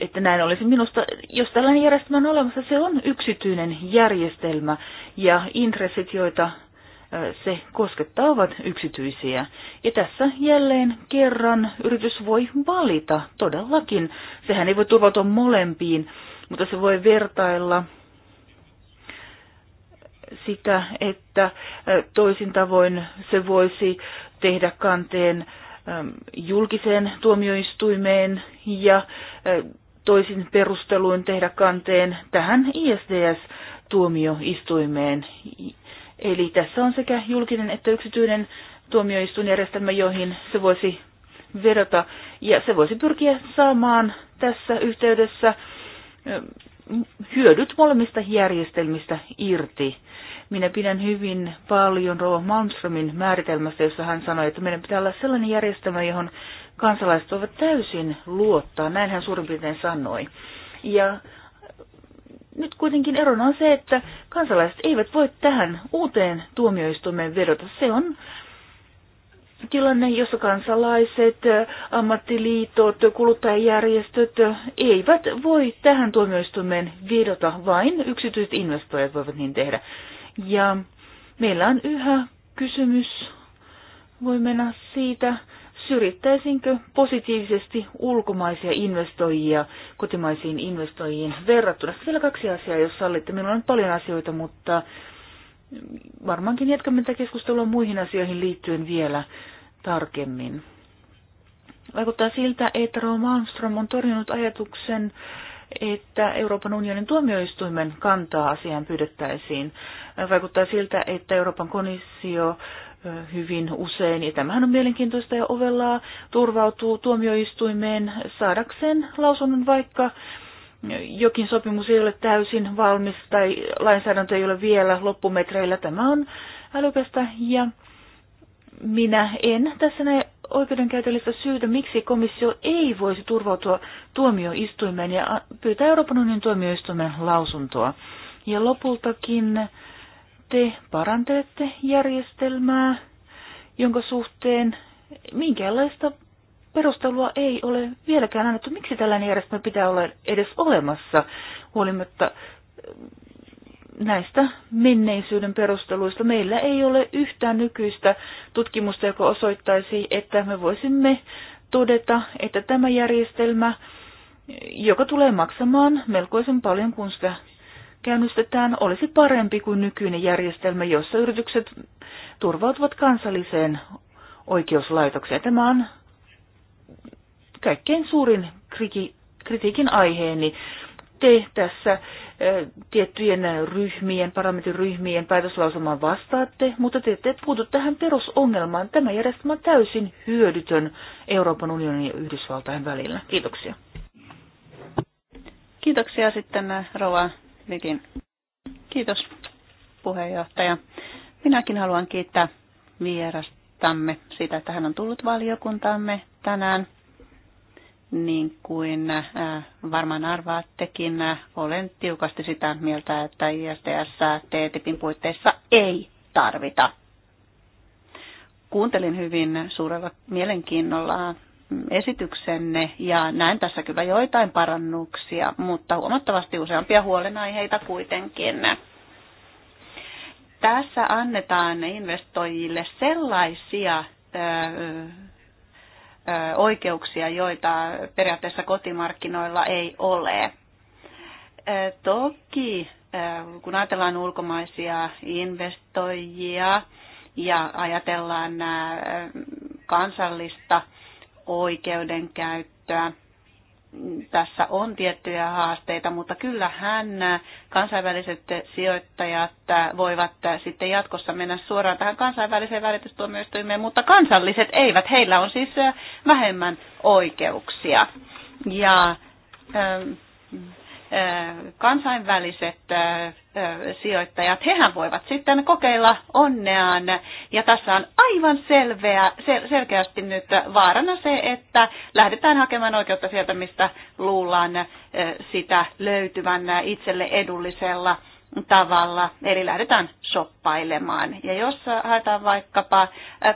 että näin olisi minusta, jos tällainen järjestelmä on olemassa, se on yksityinen järjestelmä ja intressit, joita se koskettaa ovat yksityisiä. Ja tässä jälleen kerran yritys voi valita todellakin. Sehän ei voi turvautua molempiin, mutta se voi vertailla sitä, että toisin tavoin se voisi tehdä kanteen julkiseen tuomioistuimeen ja toisin perusteluin tehdä kanteen tähän ISDS-tuomioistuimeen, Eli tässä on sekä julkinen että yksityinen tuomioistuinjärjestelmä, joihin se voisi vedota. Ja se voisi pyrkiä saamaan tässä yhteydessä hyödyt molemmista järjestelmistä irti. Minä pidän hyvin paljon Rova Malmströmin määritelmästä, jossa hän sanoi, että meidän pitää olla sellainen järjestelmä, johon kansalaiset voivat täysin luottaa. Näin hän suurin piirtein sanoi. Ja nyt kuitenkin erona on se, että kansalaiset eivät voi tähän uuteen tuomioistuimeen vedota. Se on tilanne, jossa kansalaiset, ammattiliitot, kuluttajajärjestöt eivät voi tähän tuomioistuimeen vedota, vain yksityiset investoijat voivat niin tehdä. Ja meillä on yhä kysymys, voi mennä siitä, syrjittäisinkö positiivisesti ulkomaisia investoijia kotimaisiin investoijiin verrattuna. Vielä kaksi asiaa, jos sallitte. Minulla on paljon asioita, mutta varmaankin jatkamme tätä keskustelua muihin asioihin liittyen vielä tarkemmin. Vaikuttaa siltä, että Roo Malmström on torjunut ajatuksen, että Euroopan unionin tuomioistuimen kantaa asiaan pyydettäisiin. Vaikuttaa siltä, että Euroopan komissio hyvin usein. Ja tämähän on mielenkiintoista ja ovellaa turvautuu tuomioistuimeen saadakseen lausunnon, vaikka jokin sopimus ei ole täysin valmis tai lainsäädäntö ei ole vielä loppumetreillä. Tämä on älykästä ja minä en tässä näe oikeudenkäytöllistä syytä, miksi komissio ei voisi turvautua tuomioistuimeen ja pyytää Euroopan unionin tuomioistuimen lausuntoa. Ja lopultakin te parantelette järjestelmää, jonka suhteen minkäänlaista perustelua ei ole vieläkään annettu. Miksi tällainen järjestelmä pitää olla edes olemassa, huolimatta äh, näistä menneisyyden perusteluista. Meillä ei ole yhtään nykyistä tutkimusta, joka osoittaisi, että me voisimme todeta, että tämä järjestelmä, joka tulee maksamaan melkoisen paljon, kun sitä käynnistetään, olisi parempi kuin nykyinen järjestelmä, jossa yritykset turvautuvat kansalliseen oikeuslaitokseen. Tämä on kaikkein suurin kriki, kritiikin aiheeni. Te tässä eh, tiettyjen ryhmien, parlamentin ryhmien vastaatte, mutta te ette puutu tähän perusongelmaan. Tämä järjestelmä on täysin hyödytön Euroopan unionin ja Yhdysvaltain välillä. Kiitoksia. Kiitoksia sitten eh, Rova Vikin. Kiitos puheenjohtaja. Minäkin haluan kiittää vierastamme siitä, että hän on tullut valiokuntaamme tänään. Niin kuin äh, varmaan arvaattekin, äh, olen tiukasti sitä mieltä, että ISTS TTIPin puitteissa ei tarvita. Kuuntelin hyvin suurella mielenkiinnolla esityksenne ja näen tässä kyllä joitain parannuksia, mutta huomattavasti useampia huolenaiheita kuitenkin. Tässä annetaan investoijille sellaisia oikeuksia, joita periaatteessa kotimarkkinoilla ei ole. Toki kun ajatellaan ulkomaisia investoijia ja ajatellaan kansallista oikeudenkäyttöä. Tässä on tiettyjä haasteita, mutta kyllähän kansainväliset sijoittajat voivat sitten jatkossa mennä suoraan tähän kansainväliseen välitystuomioistuimeen, mutta kansalliset eivät. Heillä on siis vähemmän oikeuksia. Ja ähm, kansainväliset sijoittajat, hehän voivat sitten kokeilla onneaan. Ja tässä on aivan selveä, sel- selkeästi nyt vaarana se, että lähdetään hakemaan oikeutta sieltä, mistä luullaan sitä löytyvän itselle edullisella tavalla, eli lähdetään shoppailemaan. Ja jos haetaan vaikkapa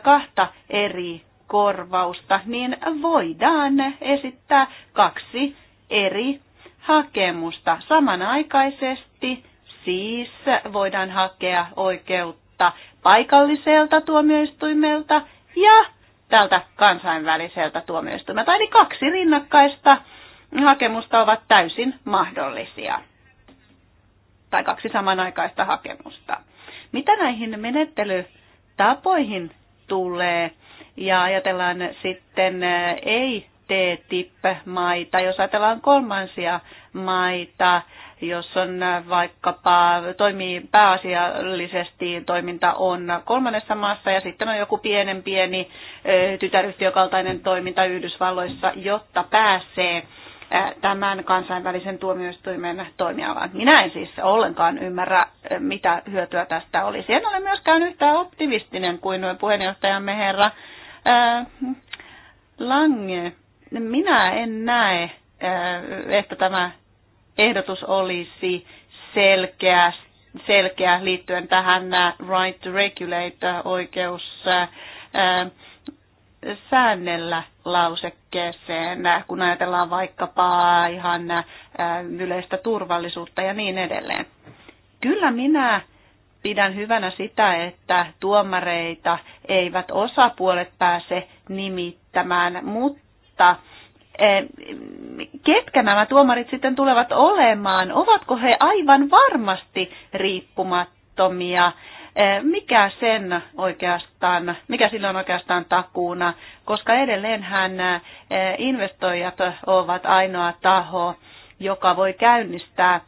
kahta eri korvausta, niin voidaan esittää kaksi eri hakemusta. Samanaikaisesti siis voidaan hakea oikeutta paikalliselta tuomioistuimelta ja tältä kansainväliseltä tuomioistuimelta. Eli kaksi rinnakkaista hakemusta ovat täysin mahdollisia. Tai kaksi samanaikaista hakemusta. Mitä näihin menettelytapoihin tulee ja ajatellaan sitten eh, ei TTIP-maita, jos ajatellaan kolmansia maita, jos on vaikkapa toimii pääasiallisesti toiminta on kolmannessa maassa ja sitten on joku pienen pieni tytäryhtiökaltainen toiminta Yhdysvalloissa, jotta pääsee tämän kansainvälisen tuomioistuimen toimialaan. Minä en siis ollenkaan ymmärrä, mitä hyötyä tästä olisi. En ole myöskään yhtään optimistinen kuin puheenjohtajamme herra Lange. Minä en näe, äh, että tämä ehdotus olisi selkeä, selkeä liittyen tähän äh, right to regulate oikeus äh, säännellä lausekkeeseen, kun ajatellaan vaikkapa ihan yleistä turvallisuutta ja niin edelleen. Kyllä minä pidän hyvänä sitä, että tuomareita eivät osapuolet pääse nimittämään, mutta mutta e, ketkä nämä tuomarit sitten tulevat olemaan? Ovatko he aivan varmasti riippumattomia? E, mikä sen oikeastaan, mikä sillä on oikeastaan takuuna, koska edelleenhän e, investoijat ovat ainoa taho, joka voi käynnistää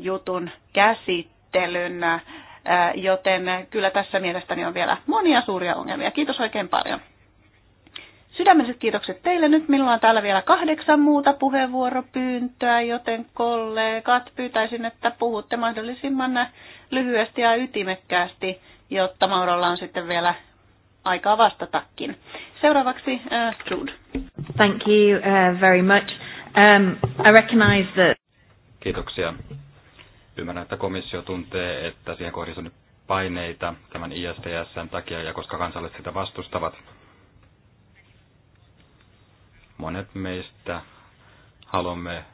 jutun käsittelyn, joten kyllä tässä mielestäni on vielä monia suuria ongelmia. Kiitos oikein paljon. Sydämelliset kiitokset teille. Nyt minulla on täällä vielä kahdeksan muuta puheenvuoropyyntöä, joten kollegat pyytäisin, että puhutte mahdollisimman lyhyesti ja ytimekkäästi, jotta Maurolla on sitten vielä aikaa vastatakin. Seuraavaksi uh, äh, Jude. Thank you uh, very much. Um, I recognize that... Kiitoksia. Ymmärrän, että komissio tuntee, että siihen kohdistuu paineita tämän ISDSn takia ja koska kansalliset sitä vastustavat – Monet meistä haluamme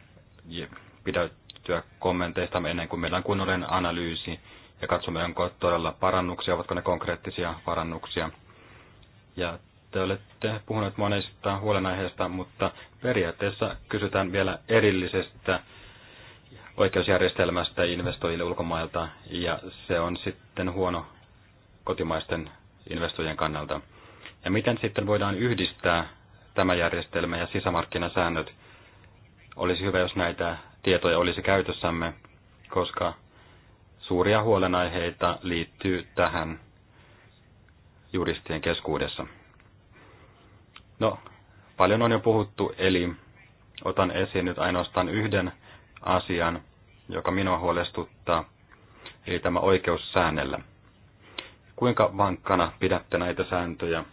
pidättyä kommenteista ennen kuin meillä on kunnollinen analyysi ja katsomme, onko todella parannuksia, ovatko ne konkreettisia parannuksia. Ja te olette puhuneet monista huolenaiheista, mutta periaatteessa kysytään vielä erillisestä oikeusjärjestelmästä investoijille ulkomailta, ja se on sitten huono kotimaisten investoijien kannalta. Ja miten sitten voidaan yhdistää tämä järjestelmä ja sisämarkkinasäännöt. Olisi hyvä, jos näitä tietoja olisi käytössämme, koska suuria huolenaiheita liittyy tähän juristien keskuudessa. No, paljon on jo puhuttu, eli otan esiin nyt ainoastaan yhden asian, joka minua huolestuttaa, eli tämä oikeus säännellä. Kuinka vankkana pidätte näitä sääntöjä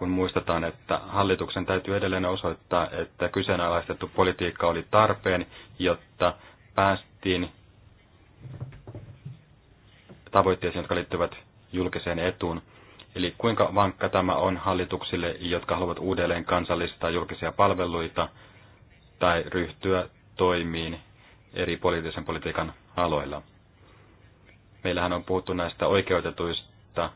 kun muistetaan, että hallituksen täytyy edelleen osoittaa, että kyseenalaistettu politiikka oli tarpeen, jotta päästiin tavoitteisiin, jotka liittyvät julkiseen etuun. Eli kuinka vankka tämä on hallituksille, jotka haluavat uudelleen kansallistaa julkisia palveluita tai ryhtyä toimiin eri poliittisen politiikan aloilla. Meillähän on puhuttu näistä oikeutetuista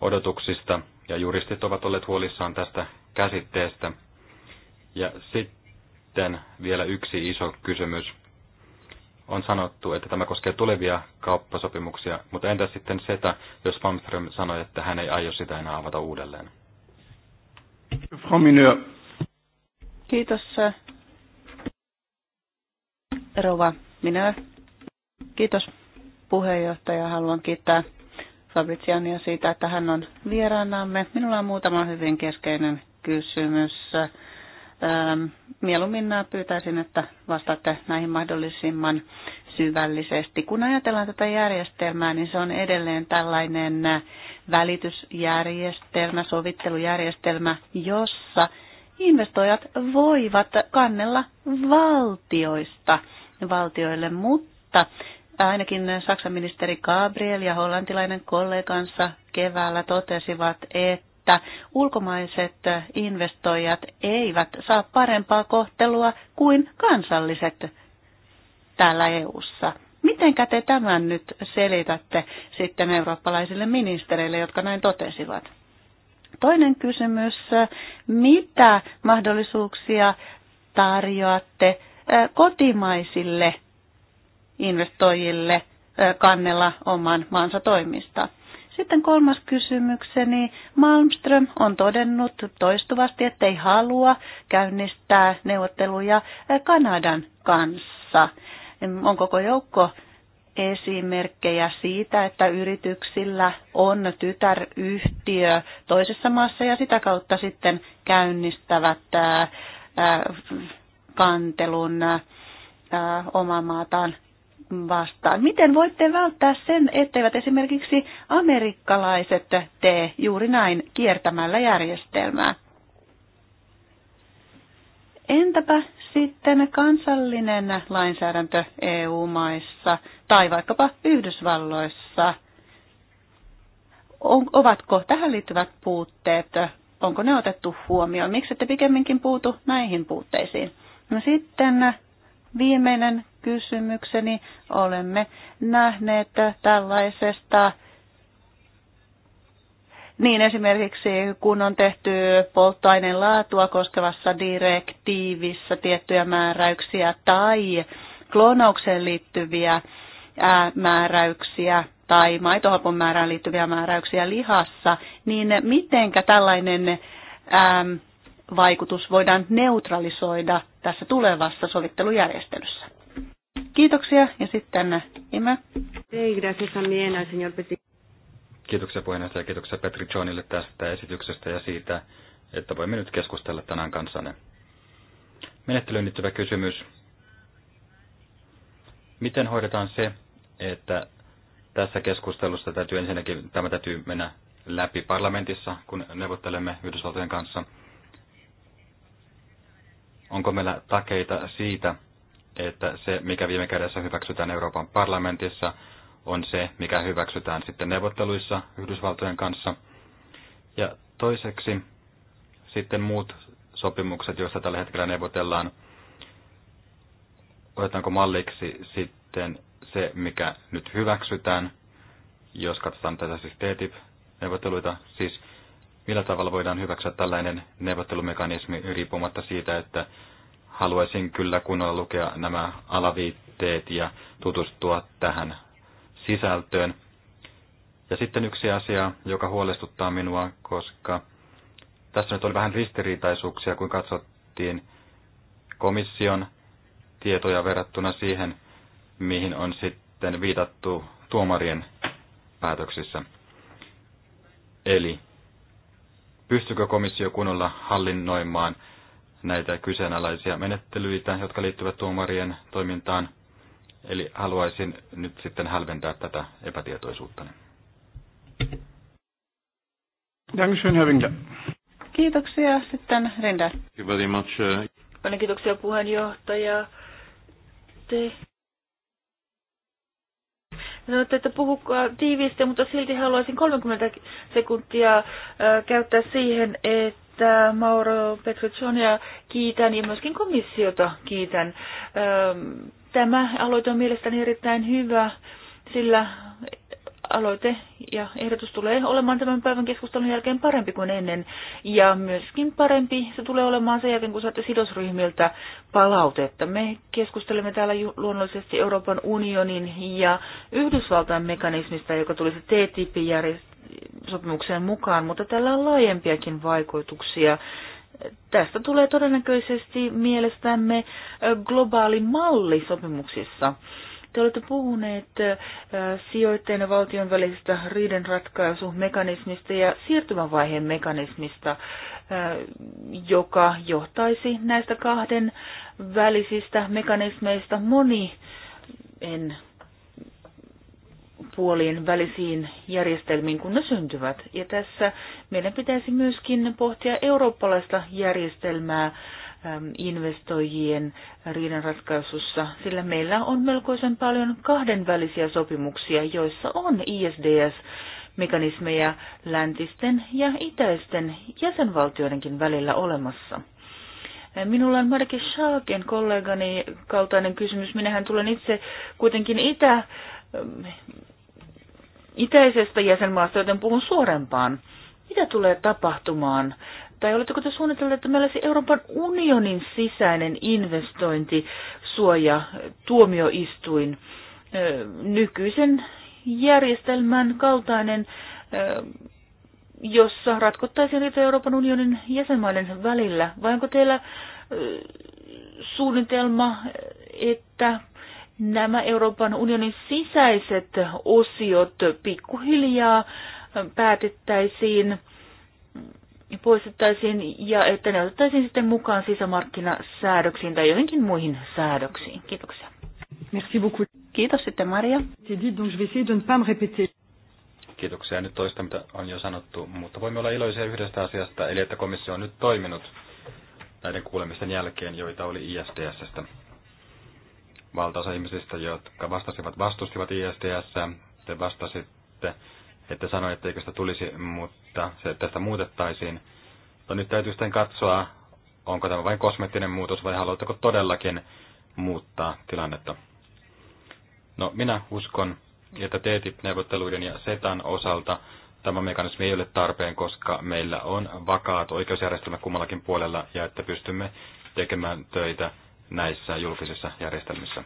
odotuksista, ja juristit ovat olleet huolissaan tästä käsitteestä. Ja sitten vielä yksi iso kysymys. On sanottu, että tämä koskee tulevia kauppasopimuksia, mutta entä sitten sitä, jos Malmström sanoi, että hän ei aio sitä enää avata uudelleen? Kiitos. Äh, Rova, minä. Kiitos puheenjohtaja. Haluan kiittää Fabriciania siitä, että hän on vieraanamme. Minulla on muutama hyvin keskeinen kysymys. Ähm, mieluummin pyytäisin, että vastaatte näihin mahdollisimman syvällisesti. Kun ajatellaan tätä järjestelmää, niin se on edelleen tällainen välitysjärjestelmä, sovittelujärjestelmä, jossa investoijat voivat kannella valtioista valtioille, mutta ainakin Saksan ministeri Gabriel ja hollantilainen kollegansa keväällä totesivat, että ulkomaiset investoijat eivät saa parempaa kohtelua kuin kansalliset täällä EU:ssa. Miten te tämän nyt selitätte sitten eurooppalaisille ministereille, jotka näin totesivat? Toinen kysymys, mitä mahdollisuuksia tarjoatte kotimaisille investoijille kannella oman maansa toimista. Sitten kolmas kysymykseni. Malmström on todennut toistuvasti, ettei halua käynnistää neuvotteluja Kanadan kanssa. On koko joukko esimerkkejä siitä, että yrityksillä on tytäryhtiö toisessa maassa ja sitä kautta sitten käynnistävät kantelun oman maataan vastaan. Miten voitte välttää sen, etteivät esimerkiksi amerikkalaiset tee juuri näin kiertämällä järjestelmää? Entäpä sitten kansallinen lainsäädäntö EU-maissa tai vaikkapa Yhdysvalloissa? On, ovatko tähän liittyvät puutteet, onko ne otettu huomioon? Miksi ette pikemminkin puutu näihin puutteisiin? No sitten Viimeinen kysymykseni. Olemme nähneet tällaisesta niin esimerkiksi kun on tehty polttoaineen laatua koskevassa direktiivissä tiettyjä määräyksiä tai kloonaukseen liittyviä määräyksiä tai maitohapon määrään liittyviä määräyksiä lihassa, niin mitenkä tällainen vaikutus voidaan neutralisoida tässä tulevassa sovittelujärjestelyssä. Kiitoksia ja sitten Ime. Kiitoksia puheenjohtaja ja kiitoksia Petri Johnille tästä esityksestä ja siitä, että voimme nyt keskustella tänään kanssanne. Menettelyyn liittyvä kysymys. Miten hoidetaan se, että tässä keskustelussa täytyy ensinnäkin, tämä täytyy mennä läpi parlamentissa, kun neuvottelemme Yhdysvaltojen kanssa – Onko meillä takeita siitä, että se, mikä viime kädessä hyväksytään Euroopan parlamentissa, on se, mikä hyväksytään sitten neuvotteluissa Yhdysvaltojen kanssa. Ja toiseksi sitten muut sopimukset, joista tällä hetkellä neuvotellaan, otetaanko malliksi sitten se, mikä nyt hyväksytään, jos katsotaan tätä siis TTIP-neuvotteluita, siis millä tavalla voidaan hyväksyä tällainen neuvottelumekanismi riippumatta siitä, että haluaisin kyllä kunnolla lukea nämä alaviitteet ja tutustua tähän sisältöön. Ja sitten yksi asia, joka huolestuttaa minua, koska tässä nyt oli vähän ristiriitaisuuksia, kun katsottiin komission tietoja verrattuna siihen, mihin on sitten viitattu tuomarien päätöksissä. Eli Pystykö komissio kunnolla hallinnoimaan näitä kyseenalaisia menettelyitä, jotka liittyvät tuomarien toimintaan? Eli haluaisin nyt sitten hälventää tätä epätietoisuutta. Kiitoksia sitten Rinda. Thank you very much. Uh, kiitoksia puheenjohtaja. Te Sanoitte, että puhukaa tiiviisti, mutta silti haluaisin 30 sekuntia käyttää siihen, että Mauro Petriccionia kiitän ja myöskin komissiota kiitän. Tämä aloite on mielestäni erittäin hyvä, sillä aloite ja ehdotus tulee olemaan tämän päivän keskustelun jälkeen parempi kuin ennen. Ja myöskin parempi se tulee olemaan sen jälkeen, kun saatte sidosryhmiltä palautetta. Me keskustelemme täällä luonnollisesti Euroopan unionin ja Yhdysvaltain mekanismista, joka tulisi TTIP-sopimukseen mukaan, mutta tällä on laajempiakin vaikutuksia. Tästä tulee todennäköisesti mielestämme globaali malli sopimuksissa. Te olette puhuneet sijoittajien ja valtion välisestä riidenratkaisumekanismista ja siirtymävaiheen mekanismista, joka johtaisi näistä kahden välisistä mekanismeista moni en puolien välisiin järjestelmiin, kun ne syntyvät. Ja tässä meidän pitäisi myöskin pohtia eurooppalaista järjestelmää Ähm, investoijien ratkaisussa, sillä meillä on melkoisen paljon kahdenvälisiä sopimuksia, joissa on ISDS-mekanismeja läntisten ja itäisten jäsenvaltioidenkin välillä olemassa. Äh, minulla on Marke Schaaken kollegani kaltainen kysymys. Minähän tulen itse kuitenkin itä, ähm, itäisestä jäsenmaasta, joten puhun suorempaan. Mitä tulee tapahtumaan tai oletteko te suunnitelleet, että meillä olisi Euroopan unionin sisäinen suoja tuomioistuin nykyisen järjestelmän kaltainen, jossa ratkottaisiin niitä Euroopan unionin jäsenmaiden välillä? Vai onko teillä suunnitelma, että nämä Euroopan unionin sisäiset osiot pikkuhiljaa päätettäisiin – poistettaisiin ja että ne otettaisiin sitten mukaan sisämarkkinasäädöksiin tai johonkin muihin säädöksiin. Kiitoksia. Merci beaucoup. Kiitos sitten Maria. Kiitoksia nyt toista, mitä on jo sanottu, mutta voimme olla iloisia yhdestä asiasta, eli että komissio on nyt toiminut näiden kuulemisten jälkeen, joita oli ISDSstä. Valtaosa ihmisistä, jotka vastasivat, vastustivat ISDS. Te vastasitte, että sanoitte, etteikö sitä tulisi, mutta että se tästä muutettaisiin. No nyt täytyy sitten katsoa, onko tämä vain kosmettinen muutos vai haluatteko todellakin muuttaa tilannetta. No minä uskon, että TTIP-neuvotteluiden ja SETAn osalta tämä mekanismi ei ole tarpeen, koska meillä on vakaat oikeusjärjestelmät kummallakin puolella ja että pystymme tekemään töitä näissä julkisissa järjestelmissä.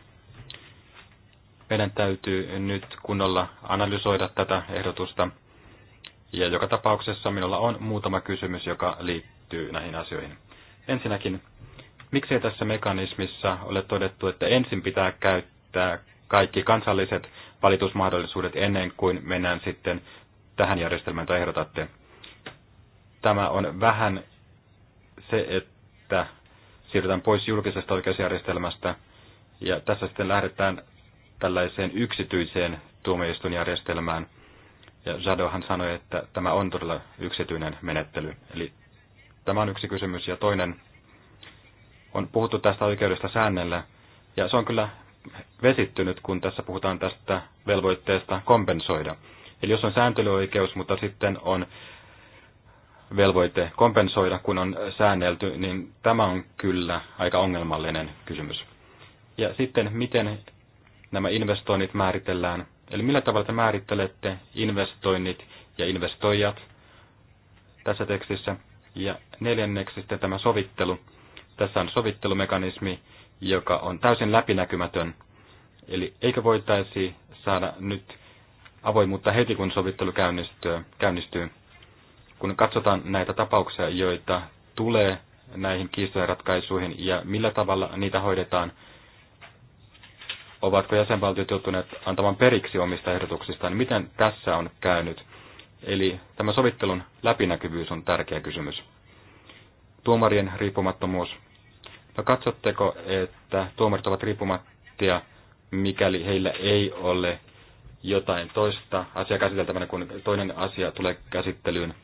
Meidän täytyy nyt kunnolla analysoida tätä ehdotusta ja joka tapauksessa minulla on muutama kysymys, joka liittyy näihin asioihin. Ensinnäkin, miksei tässä mekanismissa ole todettu, että ensin pitää käyttää kaikki kansalliset valitusmahdollisuudet ennen kuin mennään sitten tähän järjestelmään, jota ehdotatte? Tämä on vähän se, että siirrytään pois julkisesta oikeusjärjestelmästä ja tässä sitten lähdetään tällaiseen yksityiseen tuomioistuinjärjestelmään – ja Jadohan sanoi, että tämä on todella yksityinen menettely. Eli tämä on yksi kysymys. Ja toinen on puhuttu tästä oikeudesta säännellä. Ja se on kyllä vesittynyt, kun tässä puhutaan tästä velvoitteesta kompensoida. Eli jos on sääntelyoikeus, mutta sitten on velvoite kompensoida, kun on säännelty, niin tämä on kyllä aika ongelmallinen kysymys. Ja sitten, miten nämä investoinnit määritellään – Eli millä tavalla te määrittelette investoinnit ja investoijat tässä tekstissä? Ja neljänneksi sitten tämä sovittelu. Tässä on sovittelumekanismi, joka on täysin läpinäkymätön. Eli eikö voitaisi saada nyt avoimuutta heti, kun sovittelu käynnistyy, käynnistyy. Kun katsotaan näitä tapauksia, joita tulee näihin kiistojen ratkaisuihin ja millä tavalla niitä hoidetaan, ovatko jäsenvaltiot joutuneet antamaan periksi omista ehdotuksistaan, niin miten tässä on käynyt? Eli tämä sovittelun läpinäkyvyys on tärkeä kysymys. Tuomarien riippumattomuus. No katsotteko, että tuomarit ovat riippumattia, mikäli heillä ei ole jotain toista asiaa käsiteltävänä, kun toinen asia tulee käsittelyyn?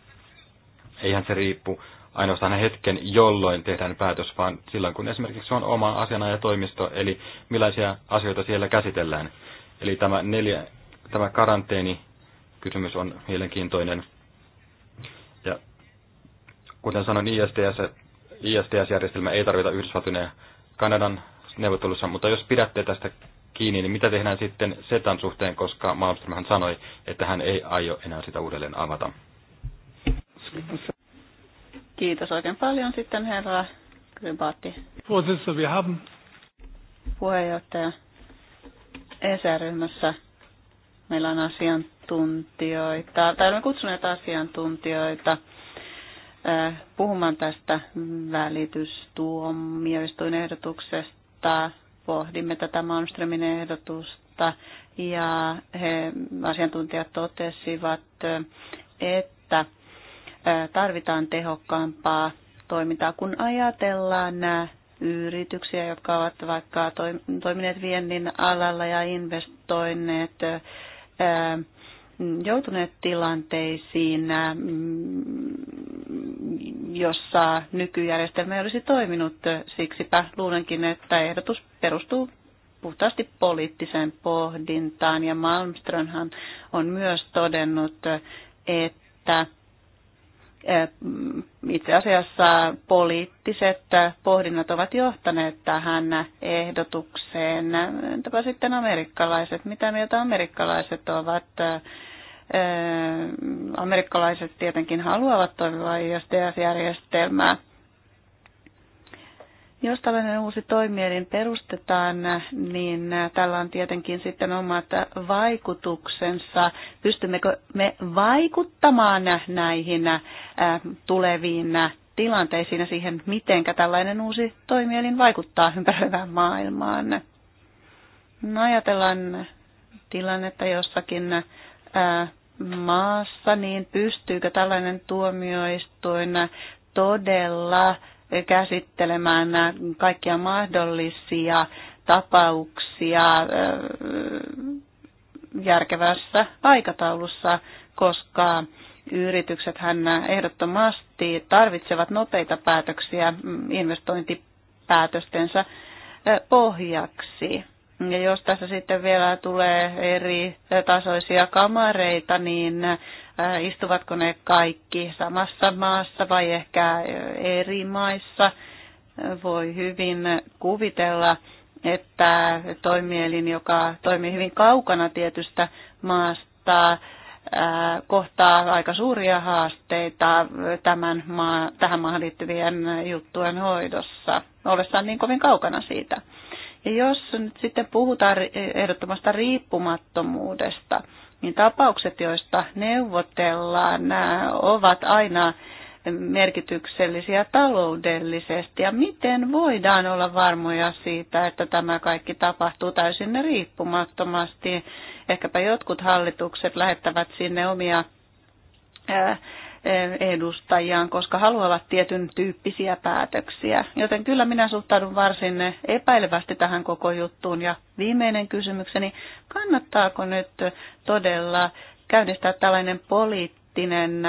Eihän se riippu ainoastaan hetken, jolloin tehdään päätös, vaan silloin, kun esimerkiksi on oma asianajatoimisto, eli millaisia asioita siellä käsitellään. Eli tämä, neljä, tämä karanteeni kysymys on mielenkiintoinen. Ja kuten sanoin, ISDS, ISDS-järjestelmä ei tarvita Yhdysvaltojen ja Kanadan neuvottelussa, mutta jos pidätte tästä kiinni, niin mitä tehdään sitten SETAn suhteen, koska Malmström sanoi, että hän ei aio enää sitä uudelleen avata. Kiitos oikein paljon sitten herra Grybaatti. Vuosissa vi haben. Puheenjohtaja ESR-ryhmässä meillä on asiantuntijoita, tai olemme kutsuneet asiantuntijoita puhumaan tästä välitystuomioistuin ehdotuksesta. Pohdimme tätä Malmströmin ehdotusta ja he, asiantuntijat totesivat, että tarvitaan tehokkaampaa toimintaa, kun ajatellaan nämä yrityksiä, jotka ovat vaikka toimineet viennin alalla ja investoineet, joutuneet tilanteisiin, mm, jossa nykyjärjestelmä ei olisi toiminut. Siksipä luulenkin, että ehdotus perustuu puhtaasti poliittiseen pohdintaan ja Malmströmhan on myös todennut, että Äh, itse asiassa poliittiset pohdinnat ovat johtaneet tähän ehdotukseen. Entäpä sitten amerikkalaiset? Mitä mieltä amerikkalaiset ovat? Äh, amerikkalaiset tietenkin haluavat toimivaa ISDS-järjestelmää. Jos tällainen uusi toimielin perustetaan, niin tällä on tietenkin sitten omat vaikutuksensa. Pystymmekö me vaikuttamaan näihin äh, tuleviin tilanteisiin ja siihen, miten tällainen uusi toimielin vaikuttaa ympäröivään maailmaan? No ajatellaan tilannetta jossakin äh, maassa, niin pystyykö tällainen tuomioistuin todella käsittelemään kaikkia mahdollisia tapauksia järkevässä aikataulussa, koska yritykset hän ehdottomasti tarvitsevat nopeita päätöksiä investointipäätöstensä pohjaksi. Ja jos tässä sitten vielä tulee eri tasoisia kamareita, niin istuvatko ne kaikki samassa maassa vai ehkä eri maissa. Voi hyvin kuvitella, että toimielin, joka toimii hyvin kaukana tietystä maasta, kohtaa aika suuria haasteita tämän maa, tähän maahan liittyvien juttujen hoidossa, ollessaan niin kovin kaukana siitä. Ja jos nyt sitten puhutaan ehdottomasta riippumattomuudesta, niin tapaukset, joista neuvotellaan, ovat aina merkityksellisiä taloudellisesti ja miten voidaan olla varmoja siitä, että tämä kaikki tapahtuu täysin riippumattomasti. Ehkäpä jotkut hallitukset lähettävät sinne omia edustajiaan, koska haluavat tietyn tyyppisiä päätöksiä. Joten kyllä minä suhtaudun varsin epäilevästi tähän koko juttuun. Ja viimeinen kysymykseni, kannattaako nyt todella käynnistää tällainen poliittinen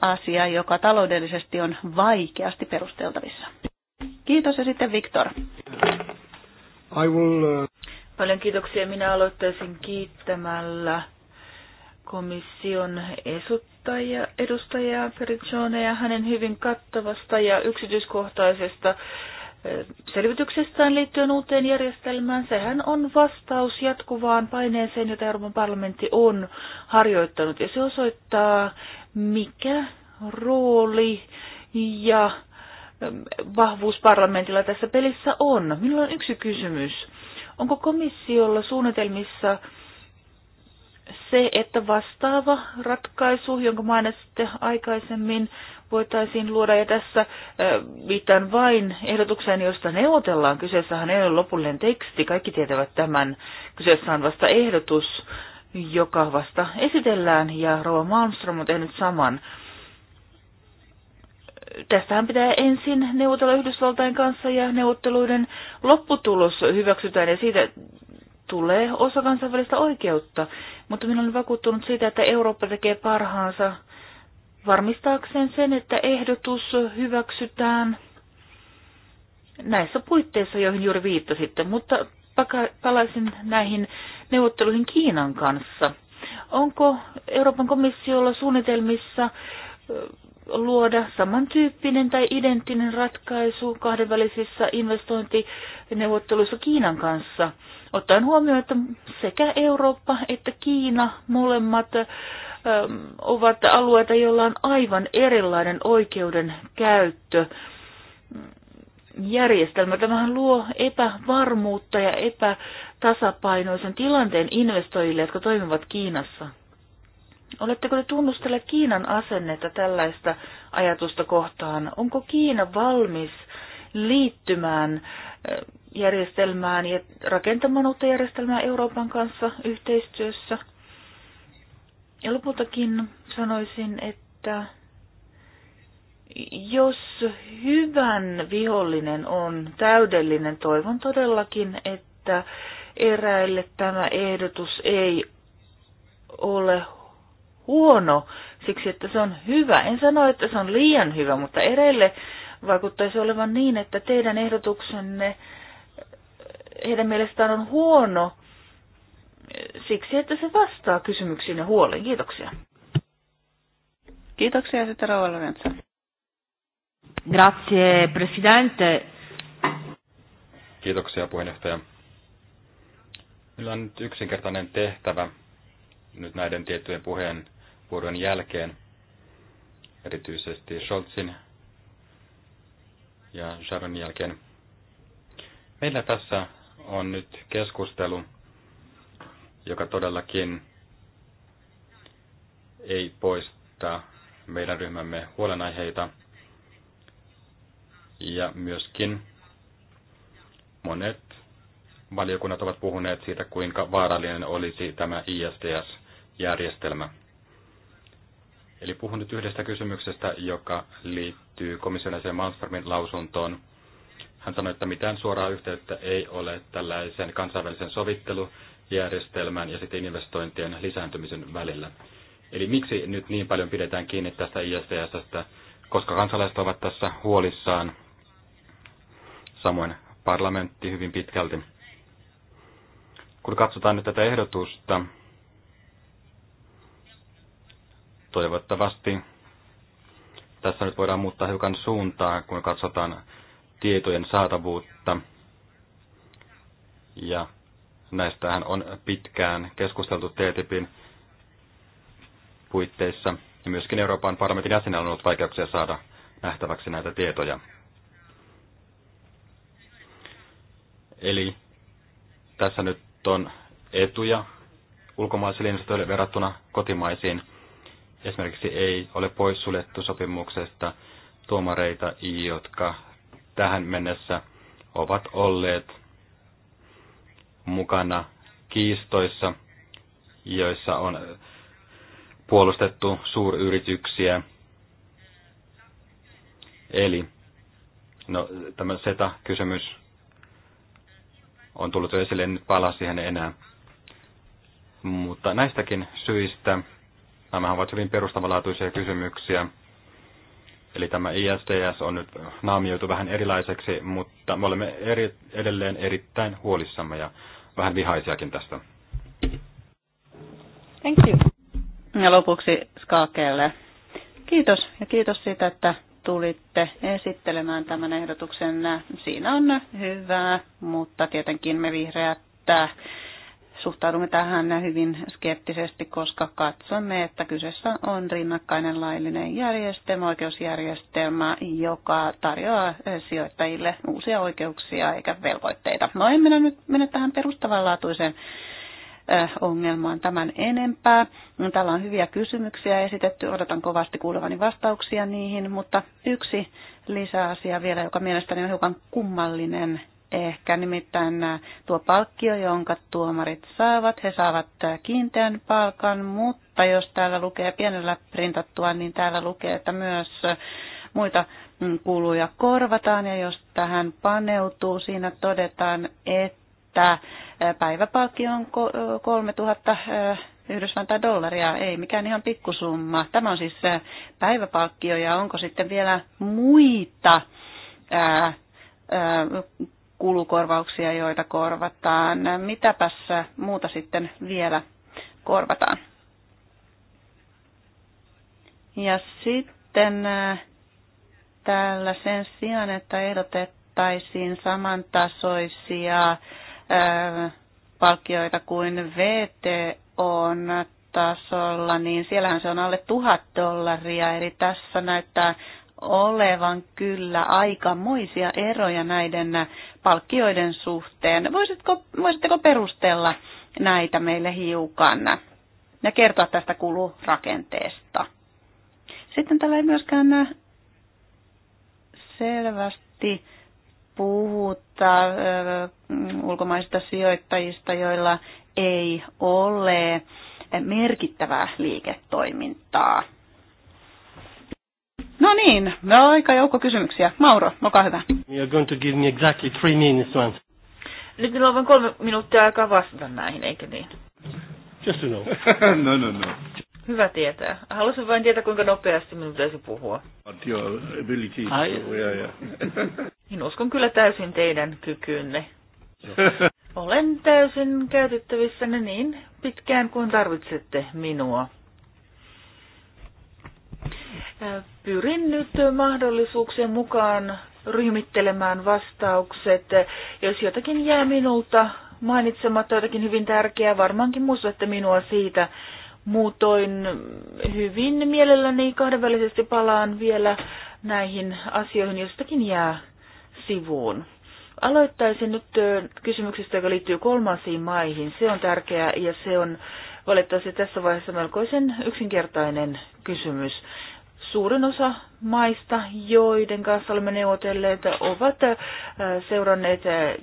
asia, joka taloudellisesti on vaikeasti perusteltavissa? Kiitos ja sitten Viktor. I will, uh... Paljon kiitoksia. Minä aloittaisin kiittämällä komission esut edustajia, edustajaa Perichone ja hänen hyvin kattavasta ja yksityiskohtaisesta selvityksestään liittyen uuteen järjestelmään. Sehän on vastaus jatkuvaan paineeseen, jota Euroopan parlamentti on harjoittanut. Ja se osoittaa, mikä rooli ja vahvuus parlamentilla tässä pelissä on. Minulla on yksi kysymys. Onko komissiolla suunnitelmissa se, että vastaava ratkaisu, jonka mainitsitte aikaisemmin, voitaisiin luoda. Ja tässä viittaan vain ehdotukseen, josta neuvotellaan. Kyseessähän ei ole lopullinen teksti, kaikki tietävät tämän. Kyseessä on vasta ehdotus, joka vasta esitellään, ja Rova Malmström on tehnyt saman. Tästähän pitää ensin neuvotella Yhdysvaltain kanssa ja neuvotteluiden lopputulos hyväksytään ja siitä tulee osa kansainvälistä oikeutta, mutta minä olen vakuuttunut siitä, että Eurooppa tekee parhaansa varmistaakseen sen, että ehdotus hyväksytään näissä puitteissa, joihin juuri viittasitte, mutta palaisin näihin neuvotteluihin Kiinan kanssa. Onko Euroopan komissiolla suunnitelmissa luoda samantyyppinen tai identtinen ratkaisu kahdenvälisissä investointineuvotteluissa Kiinan kanssa? Ottaen huomioon, että sekä Eurooppa että Kiina molemmat ovat alueita, joilla on aivan erilainen oikeuden käyttö järjestelmä. Tämähän luo epävarmuutta ja epätasapainoisen tilanteen investoijille, jotka toimivat Kiinassa. Oletteko te tunnustelleet Kiinan asennetta tällaista ajatusta kohtaan? Onko Kiina valmis liittymään järjestelmään ja rakentamaan uutta järjestelmää Euroopan kanssa yhteistyössä. Ja lopultakin sanoisin, että jos hyvän vihollinen on täydellinen, toivon todellakin, että eräille tämä ehdotus ei ole huono siksi, että se on hyvä. En sano, että se on liian hyvä, mutta eräille vaikuttaisi olevan niin, että teidän ehdotuksenne heidän mielestään on huono siksi, että se vastaa kysymyksiin ja huoliin. Kiitoksia. Kiitoksia sitten Raul Lorenzo. Grazie, Presidente. Kiitoksia, puheenjohtaja. Meillä on nyt yksinkertainen tehtävä nyt näiden tiettyjen puheenvuorojen jälkeen, erityisesti Scholzin ja Sharon jälkeen. Meillä tässä on nyt keskustelu, joka todellakin ei poista meidän ryhmämme huolenaiheita. Ja myöskin monet valiokunnat ovat puhuneet siitä, kuinka vaarallinen olisi tämä ISDS-järjestelmä. Eli puhun nyt yhdestä kysymyksestä, joka liittyy komission Malmströmin lausuntoon. Hän sanoi, että mitään suoraa yhteyttä ei ole tällaisen kansainvälisen sovittelujärjestelmän ja sitten investointien lisääntymisen välillä. Eli miksi nyt niin paljon pidetään kiinni tästä ISDSstä, koska kansalaiset ovat tässä huolissaan, samoin parlamentti hyvin pitkälti. Kun katsotaan nyt tätä ehdotusta, toivottavasti tässä nyt voidaan muuttaa hiukan suuntaa, kun katsotaan tietojen saatavuutta. Ja näistähän on pitkään keskusteltu TTIPin puitteissa. Ja myöskin Euroopan parlamentin jäsenellä on ollut vaikeuksia saada nähtäväksi näitä tietoja. Eli tässä nyt on etuja ulkomaisille investoille verrattuna kotimaisiin esimerkiksi ei ole poissuljettu sopimuksesta tuomareita, jotka tähän mennessä ovat olleet mukana kiistoissa, joissa on puolustettu suuryrityksiä. Eli no, tämä SETA-kysymys on tullut jo esille, en nyt palaa siihen enää. Mutta näistäkin syistä Nämä ovat hyvin perustavanlaatuisia kysymyksiä. Eli tämä ISDS on nyt naamioitu vähän erilaiseksi, mutta me olemme eri, edelleen erittäin huolissamme ja vähän vihaisiakin tästä. Thank you. Ja lopuksi Skakelle. Kiitos ja kiitos siitä, että tulitte esittelemään tämän ehdotuksen. Siinä on hyvää, mutta tietenkin me vihreät äh, suhtaudumme tähän hyvin skeptisesti, koska katsomme, että kyseessä on rinnakkainen laillinen järjestelmä, oikeusjärjestelmä, joka tarjoaa eh, sijoittajille uusia oikeuksia eikä velvoitteita. No en mennä nyt mennä tähän perustavanlaatuiseen eh, ongelmaan tämän enempää. Täällä on hyviä kysymyksiä esitetty, odotan kovasti kuulevani vastauksia niihin, mutta yksi lisäasia vielä, joka mielestäni on hiukan kummallinen ehkä. Nimittäin äh, tuo palkkio, jonka tuomarit saavat, he saavat äh, kiinteän palkan, mutta jos täällä lukee pienellä printattua, niin täällä lukee, että myös äh, muita mm, kuluja korvataan. Ja jos tähän paneutuu, siinä todetaan, että päiväpalkki on 3000 Yhdysvaltain dollaria, ei mikään ihan pikkusumma. Tämä on siis päiväpalkkio ja onko sitten vielä muita ää, kulukorvauksia, joita korvataan. Mitäpäs muuta sitten vielä korvataan? Ja sitten äh, täällä sen sijaan, että ehdotettaisiin samantasoisia äh, palkkioita kuin VT on tasolla, niin siellähän se on alle tuhat dollaria, eli tässä näyttää olevan kyllä aikamoisia eroja näiden palkkioiden suhteen. Voisitko, voisitteko perustella näitä meille hiukan ja kertoa tästä kulurakenteesta? Sitten täällä ei myöskään selvästi puhuta äh, ulkomaisista sijoittajista, joilla ei ole merkittävää liiketoimintaa No niin, no aika joukko kysymyksiä. Mauro, olkaa hyvä. You're going to give me exactly three minutes answer. Nyt minulla on vain kolme minuuttia aikaa vastata näihin, eikö niin? Just to know. no, no, no. Hyvä tietää. Haluaisin vain tietää, kuinka nopeasti minun pitäisi puhua. But your ability. Ai. So, oh, yeah, yeah. niin uskon kyllä täysin teidän kykyynne. Olen täysin käytettävissä niin pitkään kuin tarvitsette minua. Pyrin nyt mahdollisuuksien mukaan ryhmittelemään vastaukset. Jos jotakin jää minulta mainitsematta, jotakin hyvin tärkeää, varmaankin muistatte minua siitä. Muutoin hyvin mielelläni kahdenvälisesti palaan vielä näihin asioihin, jostakin jää sivuun. Aloittaisin nyt kysymyksestä, joka liittyy kolmansiin maihin. Se on tärkeää ja se on valitettavasti tässä vaiheessa melkoisen yksinkertainen kysymys. Suurin osa maista, joiden kanssa olemme neuvotelleet, ovat äh, seuranneet äh,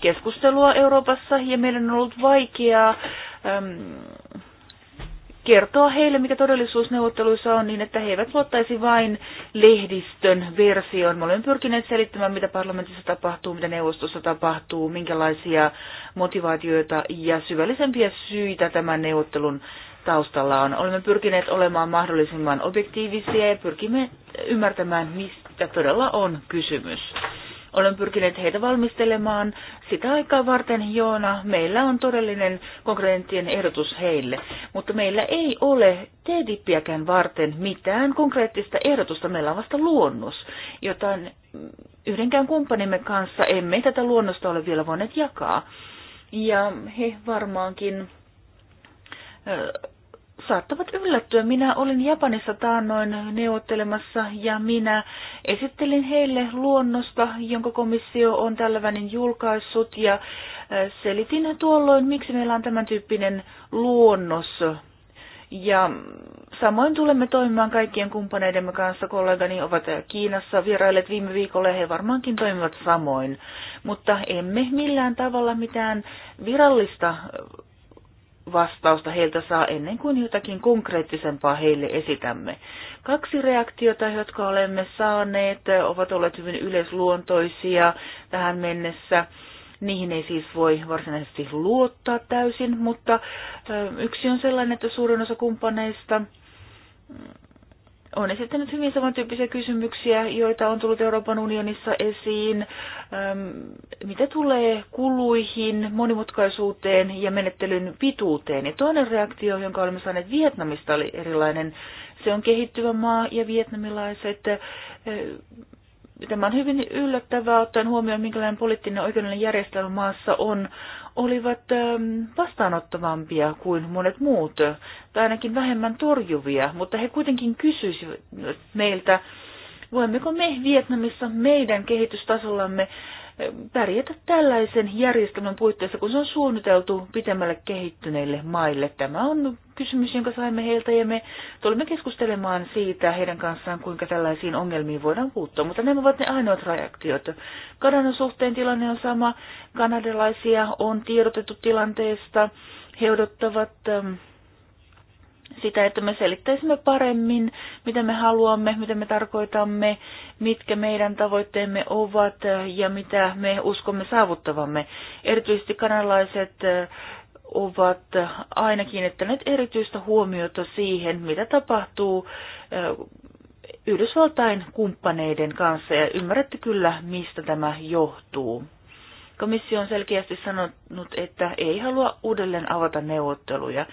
keskustelua Euroopassa ja meidän on ollut vaikeaa kertoa heille, mikä todellisuus neuvotteluissa on, niin että he eivät luottaisi vain lehdistön versioon. Me olemme pyrkineet selittämään, mitä parlamentissa tapahtuu, mitä neuvostossa tapahtuu, minkälaisia motivaatioita ja syvällisempiä syitä tämän neuvottelun taustalla on. Olemme pyrkineet olemaan mahdollisimman objektiivisia ja pyrkimme ymmärtämään, mistä todella on kysymys. Olen pyrkinyt heitä valmistelemaan sitä aikaa varten, joona meillä on todellinen konkreettien ehdotus heille. Mutta meillä ei ole TTIPiäkään varten mitään konkreettista ehdotusta. Meillä on vasta luonnos, joten yhdenkään kumppanimme kanssa emme tätä luonnosta ole vielä voineet jakaa. Ja he varmaankin saattavat yllättyä. Minä olin Japanissa taannoin neuvottelemassa ja minä esittelin heille luonnosta, jonka komissio on tällä välin julkaissut ja äh, selitin tuolloin, miksi meillä on tämän tyyppinen luonnos. Ja samoin tulemme toimimaan kaikkien kumppaneidemme kanssa. Kollegani ovat Kiinassa vierailleet viime viikolla ja he varmaankin toimivat samoin. Mutta emme millään tavalla mitään virallista vastausta heiltä saa ennen kuin jotakin konkreettisempaa heille esitämme. Kaksi reaktiota, jotka olemme saaneet, ovat olleet hyvin yleisluontoisia tähän mennessä. Niihin ei siis voi varsinaisesti luottaa täysin, mutta yksi on sellainen, että suurin osa kumppaneista on esittänyt hyvin samantyyppisiä kysymyksiä, joita on tullut Euroopan unionissa esiin, ähm, mitä tulee kuluihin, monimutkaisuuteen ja menettelyn pituuteen. Ja toinen reaktio, jonka olemme saaneet Vietnamista, oli erilainen. Se on kehittyvä maa ja vietnamilaiset äh, Tämä on hyvin yllättävää ottaen huomioon, minkälainen poliittinen oikeudellinen järjestelmä maassa on olivat ähm, vastaanottavampia kuin monet muut, tai ainakin vähemmän torjuvia, mutta he kuitenkin kysyisivät meiltä, voimmeko me Vietnamissa meidän kehitystasollamme pärjätä tällaisen järjestelmän puitteissa, kun se on suunniteltu pitemmälle kehittyneille maille. Tämä on kysymys, jonka saimme heiltä ja me tulemme keskustelemaan siitä heidän kanssaan, kuinka tällaisiin ongelmiin voidaan puuttua. Mutta nämä ovat ne ainoat reaktiot. Kanadan suhteen tilanne on sama. Kanadalaisia on tiedotettu tilanteesta. He odottavat ähm, sitä, että me selittäisimme paremmin, mitä me haluamme, mitä me tarkoitamme, mitkä meidän tavoitteemme ovat ja mitä me uskomme saavuttavamme. Erityisesti kanalaiset ovat aina kiinnittäneet erityistä huomiota siihen, mitä tapahtuu Yhdysvaltain kumppaneiden kanssa ja ymmärrätte kyllä, mistä tämä johtuu. Komissio on selkeästi sanonut, että ei halua uudelleen avata neuvotteluja.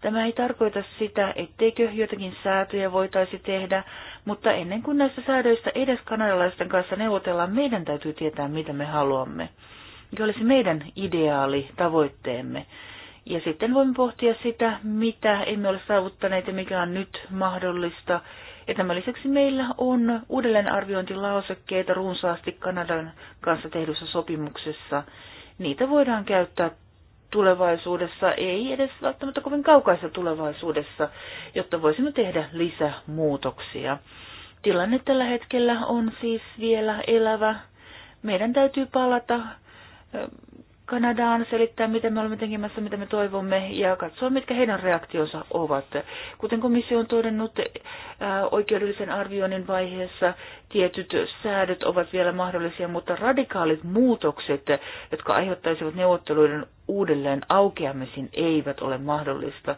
Tämä ei tarkoita sitä, etteikö jotakin säätöjä voitaisi tehdä, mutta ennen kuin näistä säädöistä edes kanadalaisten kanssa neuvotellaan, meidän täytyy tietää, mitä me haluamme, mikä olisi meidän ideaali tavoitteemme. Ja sitten voimme pohtia sitä, mitä emme ole saavuttaneet ja mikä on nyt mahdollista. Ja tämän lisäksi meillä on uudelleenarviointilausekkeita runsaasti Kanadan kanssa tehdyssä sopimuksessa. Niitä voidaan käyttää tulevaisuudessa, ei edes välttämättä kovin kaukaisessa tulevaisuudessa, jotta voisimme tehdä lisämuutoksia. Tilanne tällä hetkellä on siis vielä elävä. Meidän täytyy palata Kanadaan, selittää, mitä me olemme tekemässä, mitä me toivomme, ja katsoa, mitkä heidän reaktionsa ovat. Kuten komissio on todennut, äh, oikeudellisen arvioinnin vaiheessa tietyt säädöt ovat vielä mahdollisia, mutta radikaalit muutokset, jotka aiheuttaisivat neuvotteluiden uudelleen aukeamisen, eivät ole mahdollista.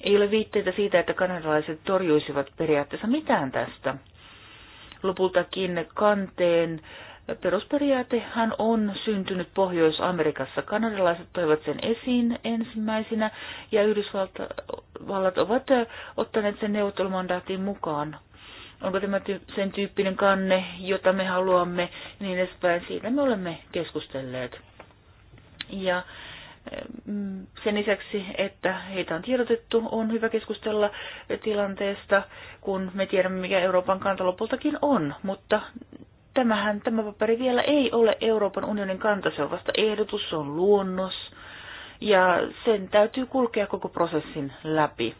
Ei ole viitteitä siitä, että kanadalaiset torjuisivat periaatteessa mitään tästä. Lopultakin kanteen äh, Perusperiaatehan on syntynyt Pohjois-Amerikassa. Kanadalaiset toivat sen esiin ensimmäisenä ja Yhdysvallat ovat ottaneet sen neuvottelumandaatin mukaan. Onko tämä sen tyyppinen kanne, jota me haluamme, niin edespäin. Siitä me olemme keskustelleet. Ja mm, sen lisäksi, että heitä on tiedotettu, on hyvä keskustella tilanteesta, kun me tiedämme, mikä Euroopan kanta lopultakin on. Mutta tämähän, tämä paperi vielä ei ole Euroopan unionin kanta, se on vasta ehdotus, se on luonnos, ja sen täytyy kulkea koko prosessin läpi.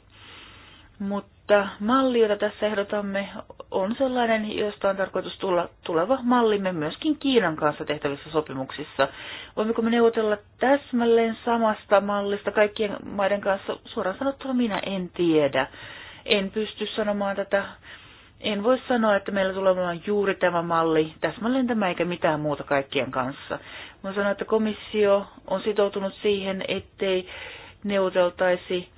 Mutta malli, jota tässä ehdotamme, on sellainen, josta on tarkoitus tulla tuleva mallimme myöskin Kiinan kanssa tehtävissä sopimuksissa. Voimmeko me neuvotella täsmälleen samasta mallista kaikkien maiden kanssa? Suoraan sanottuna minä en tiedä. En pysty sanomaan tätä en voi sanoa, että meillä tulee olemaan juuri tämä malli, täsmälleen tämä eikä mitään muuta kaikkien kanssa. Mä sanoin, että komissio on sitoutunut siihen, ettei neuvoteltaisi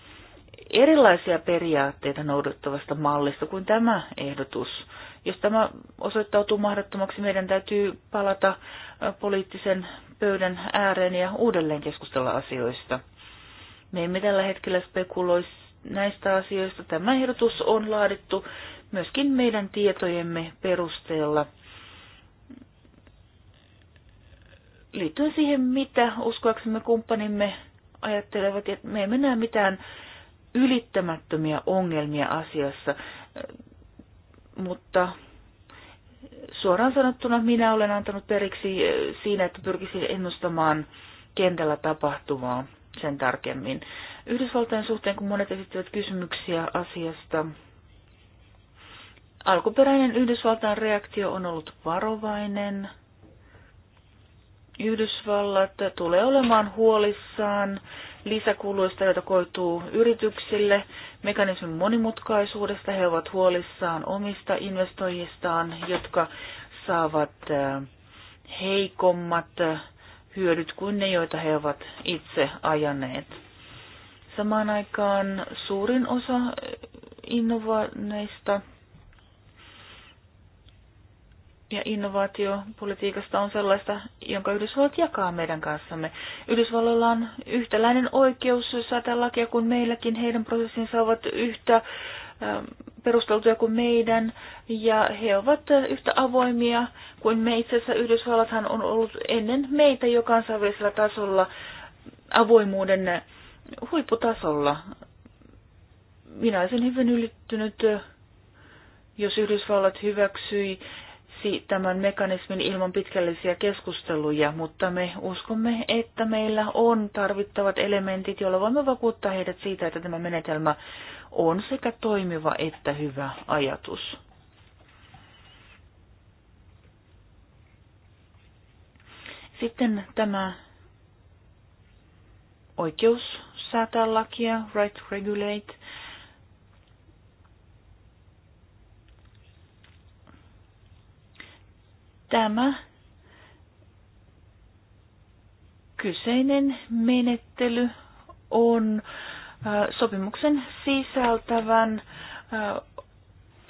erilaisia periaatteita noudattavasta mallista kuin tämä ehdotus. Jos tämä osoittautuu mahdottomaksi, meidän täytyy palata poliittisen pöydän ääreen ja uudelleen keskustella asioista. Me emme tällä hetkellä spekuloisi näistä asioista. Tämä ehdotus on laadittu myöskin meidän tietojemme perusteella liittyen siihen, mitä uskoaksemme kumppanimme ajattelevat, että me emme näe mitään ylittämättömiä ongelmia asiassa, mutta suoraan sanottuna minä olen antanut periksi siinä, että pyrkisin ennustamaan kentällä tapahtuvaa sen tarkemmin. Yhdysvaltain suhteen, kun monet esittävät kysymyksiä asiasta, Alkuperäinen Yhdysvaltain reaktio on ollut varovainen. Yhdysvallat tulee olemaan huolissaan lisäkuluista, joita koituu yrityksille, mekanismin monimutkaisuudesta. He ovat huolissaan omista investoijistaan, jotka saavat äh, heikommat äh, hyödyt kuin ne, joita he ovat itse ajaneet. Samaan aikaan suurin osa äh, innovaneista ja innovaatiopolitiikasta on sellaista, jonka Yhdysvallat jakaa meidän kanssamme. Yhdysvalloilla on yhtäläinen oikeus saada lakia kuin meilläkin. Heidän prosessinsa ovat yhtä ähm, perusteltuja kuin meidän, ja he ovat yhtä avoimia kuin me. Itse asiassa Yhdysvallathan on ollut ennen meitä jo kansainvälisellä tasolla avoimuuden huipputasolla. Minä olisin hyvin ylittynyt, äh, jos Yhdysvallat hyväksyi tämän mekanismin ilman pitkällisiä keskusteluja, mutta me uskomme, että meillä on tarvittavat elementit, joilla voimme vakuuttaa heidät siitä, että tämä menetelmä on sekä toimiva että hyvä ajatus. Sitten tämä oikeus säätää lakia, right regulate, tämä kyseinen menettely on äh, sopimuksen sisältävän äh,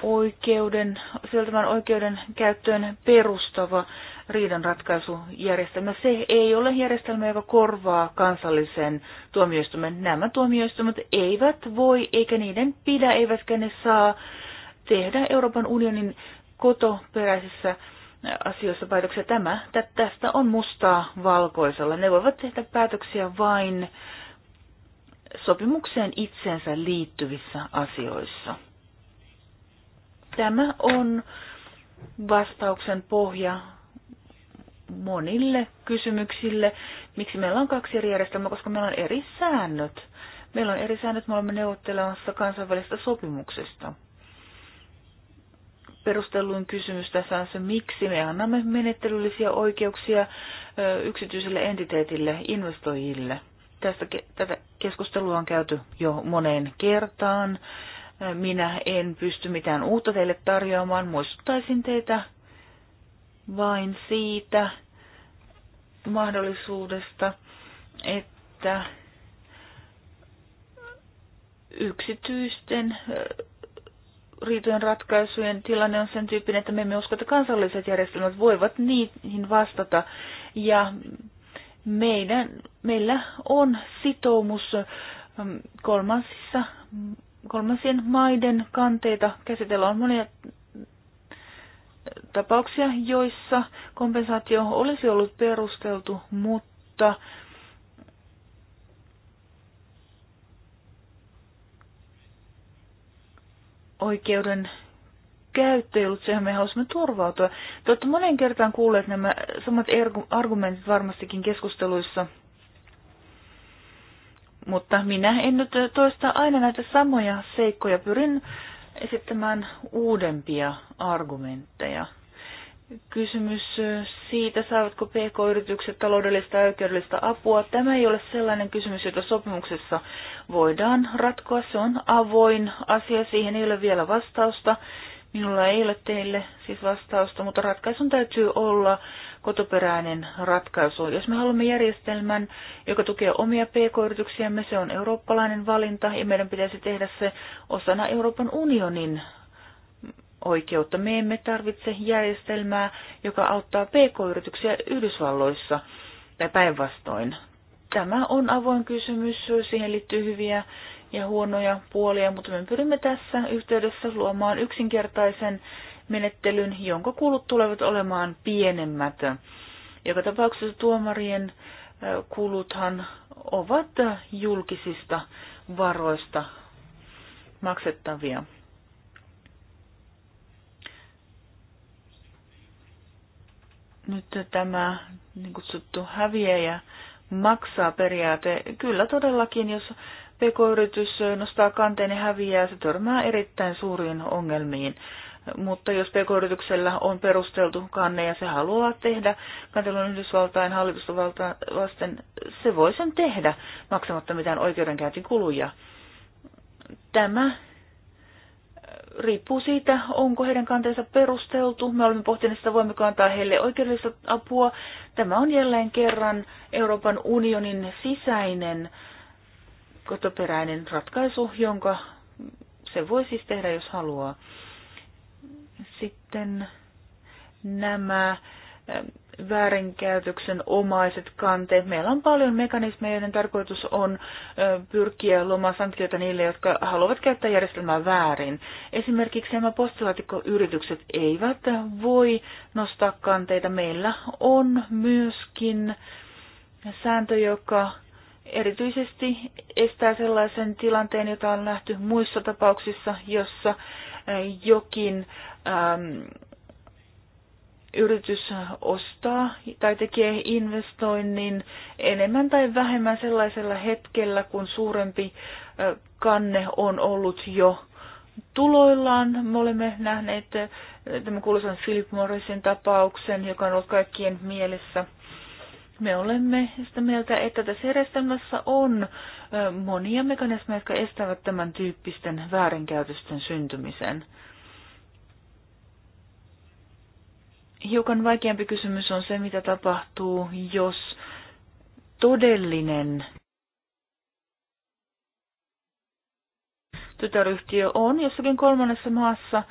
oikeuden, sisältävän oikeuden käyttöön perustava riidanratkaisujärjestelmä. Se ei ole järjestelmä, joka korvaa kansallisen tuomioistuimen. Nämä tuomioistuimet eivät voi, eikä niiden pidä, eivätkä ne saa tehdä Euroopan unionin kotoperäisissä asioissa päätöksiä. Tämä, tästä on mustaa valkoisella. Ne voivat tehdä päätöksiä vain sopimukseen itsensä liittyvissä asioissa. Tämä on vastauksen pohja monille kysymyksille. Miksi meillä on kaksi eri järjestelmää? Koska meillä on eri säännöt. Meillä on eri säännöt, me olemme neuvottelemassa kansainvälisestä sopimuksesta perustelluin kysymys tässä on se, miksi me annamme menettelyllisiä oikeuksia yksityiselle entiteetille, investoijille. Tästä, tätä keskustelua on käyty jo moneen kertaan. Minä en pysty mitään uutta teille tarjoamaan. Muistuttaisin teitä vain siitä mahdollisuudesta, että yksityisten riitojen ratkaisujen tilanne on sen tyyppinen, että me emme usko, että kansalliset järjestelmät voivat niihin vastata. Ja meidän, meillä on sitoumus mm, kolmansissa, mm, kolmansien maiden kanteita käsitellä. On monia tapauksia, joissa kompensaatio olisi ollut perusteltu, mutta oikeuden käyttö ei ollut se, johon me halusimme turvautua. Te olette monen kertaan kuulleet nämä samat argumentit varmastikin keskusteluissa, mutta minä en nyt toista aina näitä samoja seikkoja. Pyrin esittämään uudempia argumentteja kysymys siitä, saavatko PK-yritykset taloudellista ja oikeudellista apua. Tämä ei ole sellainen kysymys, jota sopimuksessa voidaan ratkoa. Se on avoin asia, siihen ei ole vielä vastausta. Minulla ei ole teille siis vastausta, mutta ratkaisun täytyy olla kotoperäinen ratkaisu. Jos me haluamme järjestelmän, joka tukee omia pk-yrityksiämme, se on eurooppalainen valinta ja meidän pitäisi tehdä se osana Euroopan unionin oikeutta. Me emme tarvitse järjestelmää, joka auttaa pk-yrityksiä Yhdysvalloissa tai päinvastoin. Tämä on avoin kysymys, siihen liittyy hyviä ja huonoja puolia, mutta me pyrimme tässä yhteydessä luomaan yksinkertaisen menettelyn, jonka kulut tulevat olemaan pienemmät. Joka tapauksessa tuomarien kuluthan ovat julkisista varoista maksettavia. nyt tämä niin kutsuttu häviäjä maksaa periaate. Kyllä todellakin, jos pk-yritys nostaa kanteen ja niin häviää, se törmää erittäin suuriin ongelmiin. Mutta jos pk-yrityksellä on perusteltu kanne ja se haluaa tehdä kantelun Yhdysvaltain hallitusta vasten, se voi sen tehdä maksamatta mitään oikeudenkäyntikuluja. Tämä riippuu siitä, onko heidän kanteensa perusteltu. Me olemme pohtineet sitä, voimmeko antaa heille oikeudellista apua. Tämä on jälleen kerran Euroopan unionin sisäinen kotoperäinen ratkaisu, jonka se voi siis tehdä, jos haluaa. Sitten nämä väärinkäytöksen omaiset kanteet. Meillä on paljon mekanismeja, joiden tarkoitus on pyrkiä luomaan sanktioita niille, jotka haluavat käyttää järjestelmää väärin. Esimerkiksi nämä postilaatikkoyritykset eivät voi nostaa kanteita. Meillä on myöskin sääntö, joka erityisesti estää sellaisen tilanteen, jota on nähty muissa tapauksissa, jossa jokin ähm, yritys ostaa tai tekee investoinnin enemmän tai vähemmän sellaisella hetkellä, kun suurempi kanne on ollut jo tuloillaan. Me olemme nähneet tämän kuuluisan Philip Morrisin tapauksen, joka on ollut kaikkien mielessä. Me olemme sitä mieltä, että tässä järjestelmässä on monia mekanismeja, jotka estävät tämän tyyppisten väärinkäytösten syntymisen. hiukan vaikeampi kysymys on se, mitä tapahtuu, jos todellinen tytäryhtiö on jossakin kolmannessa maassa.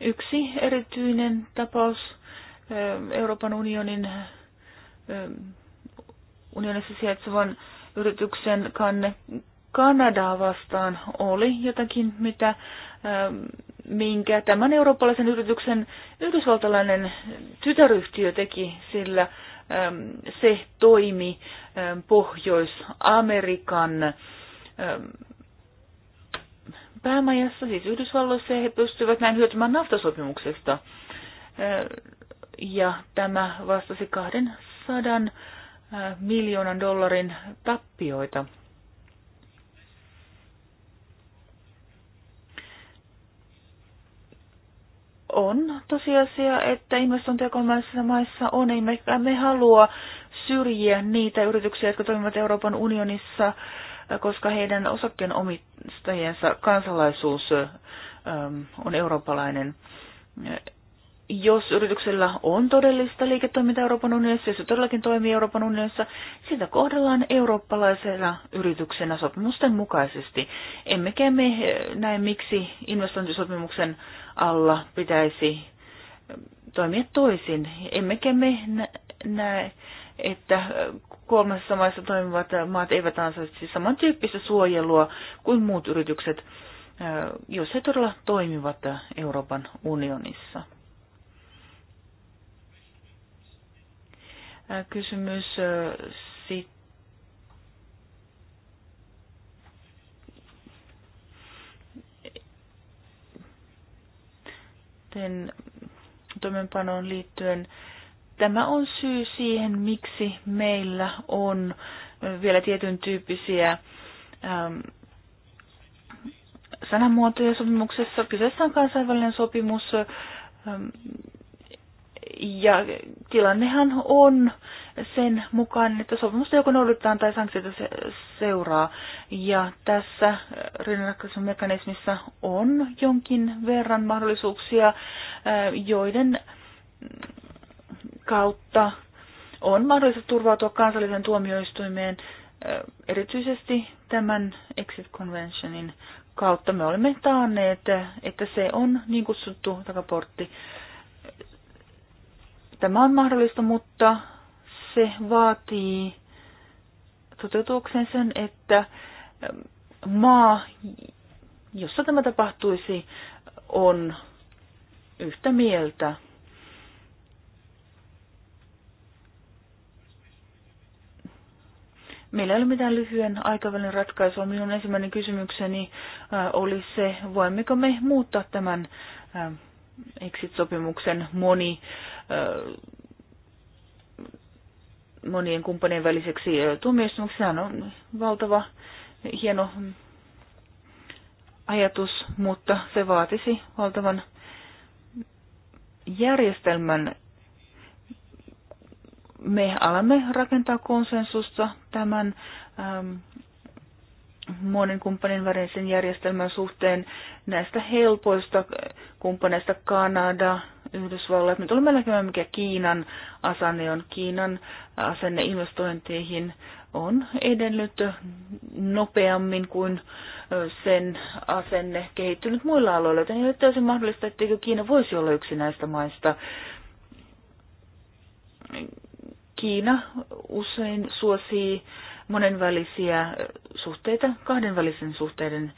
Yksi erityinen tapaus Euroopan unionin unionissa sijaitsevan yrityksen kanne Kanadaa vastaan oli jotakin, mitä minkä tämän eurooppalaisen yrityksen yhdysvaltalainen tytäryhtiö teki, sillä se toimi Pohjois-Amerikan päämajassa, siis Yhdysvalloissa, ja he pystyivät näin hyötymään naftasopimuksesta. Ja tämä vastasi 200 miljoonan dollarin tappioita. on tosiasia, että investointeja kolmansissa maissa on, emmekä me halua syrjiä niitä yrityksiä, jotka toimivat Euroopan unionissa, koska heidän osakkeenomistajiensa kansalaisuus ähm, on eurooppalainen jos yrityksellä on todellista liiketoimintaa Euroopan unionissa, ja se todellakin toimii Euroopan unionissa, sitä kohdellaan eurooppalaisena yrityksenä sopimusten mukaisesti. Emmekä me eh, näe, miksi investointisopimuksen alla pitäisi eh, toimia toisin. Emmekä me näe, että kolmessa maissa toimivat maat eivät ansaitse samantyyppistä suojelua kuin muut yritykset, eh, jos he todella toimivat Euroopan unionissa. Kysymys sitten. sen toimenpanoon liittyen. Tämä on syy siihen, miksi meillä on vielä tietyn tyyppisiä ähm, sanamuotoja sopimuksessa. Kyseessä on kansainvälinen sopimus, ähm, ja tilannehan on sen mukaan, että sopimusta joko noudutetaan tai sanktioita se, seuraa. Ja tässä äh, rinnakkaisen mekanismissa on jonkin verran mahdollisuuksia, äh, joiden mm, kautta on mahdollista turvautua kansalliseen tuomioistuimeen äh, erityisesti tämän Exit Conventionin kautta. Me olemme taanneet, että se on niin kutsuttu takaportti Tämä on mahdollista, mutta se vaatii toteutuksen sen, että ähm, maa, jossa tämä tapahtuisi, on yhtä mieltä. Meillä ei ole mitään lyhyen aikavälin ratkaisua. Minun ensimmäinen kysymykseni äh, oli se, voimmeko me muuttaa tämän äh, exit-sopimuksen moni monien kumppanien väliseksi tuomioistumaksi. Sehän on valtava hieno ajatus, mutta se vaatisi valtavan järjestelmän. Me alamme rakentaa konsensusta tämän äm, monen kumppanin värisen järjestelmän suhteen näistä helpoista kumppaneista Kanada, Yhdysvallat. Me tulemme näkemään, mikä Kiinan asenne on. Kiinan asenne investointeihin on edennyt nopeammin kuin sen asenne kehittynyt muilla aloilla, joten ei ole täysin mahdollista, etteikö Kiina voisi olla yksi näistä maista. Kiina usein suosii monenvälisiä suhteita kahdenvälisen suhteiden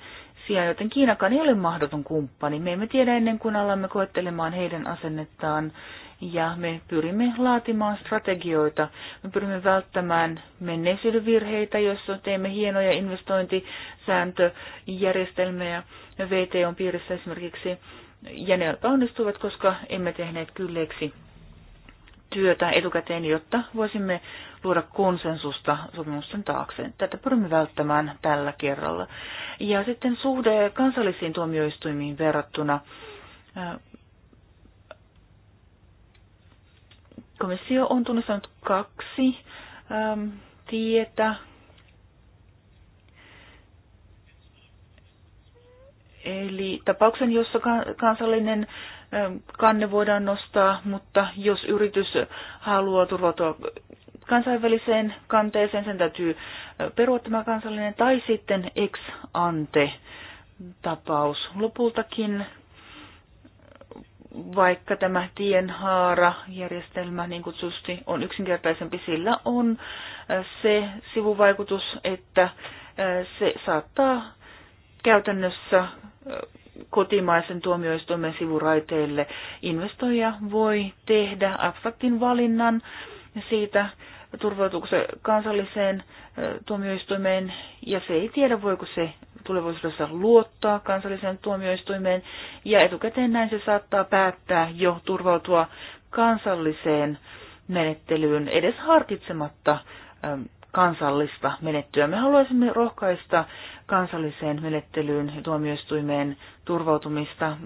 sijaan, joten Kiinakaan ei ole mahdoton kumppani. Me emme tiedä ennen kuin alamme koettelemaan heidän asennettaan ja me pyrimme laatimaan strategioita. Me pyrimme välttämään menneisyyden virheitä, joissa teemme hienoja investointisääntöjärjestelmiä VT on piirissä esimerkiksi, ja ne onnistuvat, koska emme tehneet kylleksi työtä etukäteen, jotta voisimme luoda konsensusta sopimusten taakse. Tätä pyrimme välttämään tällä kerralla. Ja sitten suhde kansallisiin tuomioistuimiin verrattuna. Äh, komissio on tunnistanut kaksi äm, tietä. Eli tapauksen, jossa kansallinen kanne voidaan nostaa, mutta jos yritys haluaa turvautua kansainväliseen kanteeseen, sen täytyy perua tämä kansallinen tai sitten ex ante tapaus. Lopultakin vaikka tämä tienhaara-järjestelmä niin kutsusti on yksinkertaisempi, sillä on se sivuvaikutus, että se saattaa käytännössä kotimaisen tuomioistuimen sivuraiteille. Investoija voi tehdä abstraktin valinnan siitä, turvautuksen kansalliseen tuomioistuimeen, ja se ei tiedä, voiko se tulevaisuudessa luottaa kansalliseen tuomioistuimeen, ja etukäteen näin se saattaa päättää jo turvautua kansalliseen menettelyyn edes harkitsematta kansallista menettelyä. Me haluaisimme rohkaista kansalliseen menettelyyn ja tuomioistuimeen turvautumista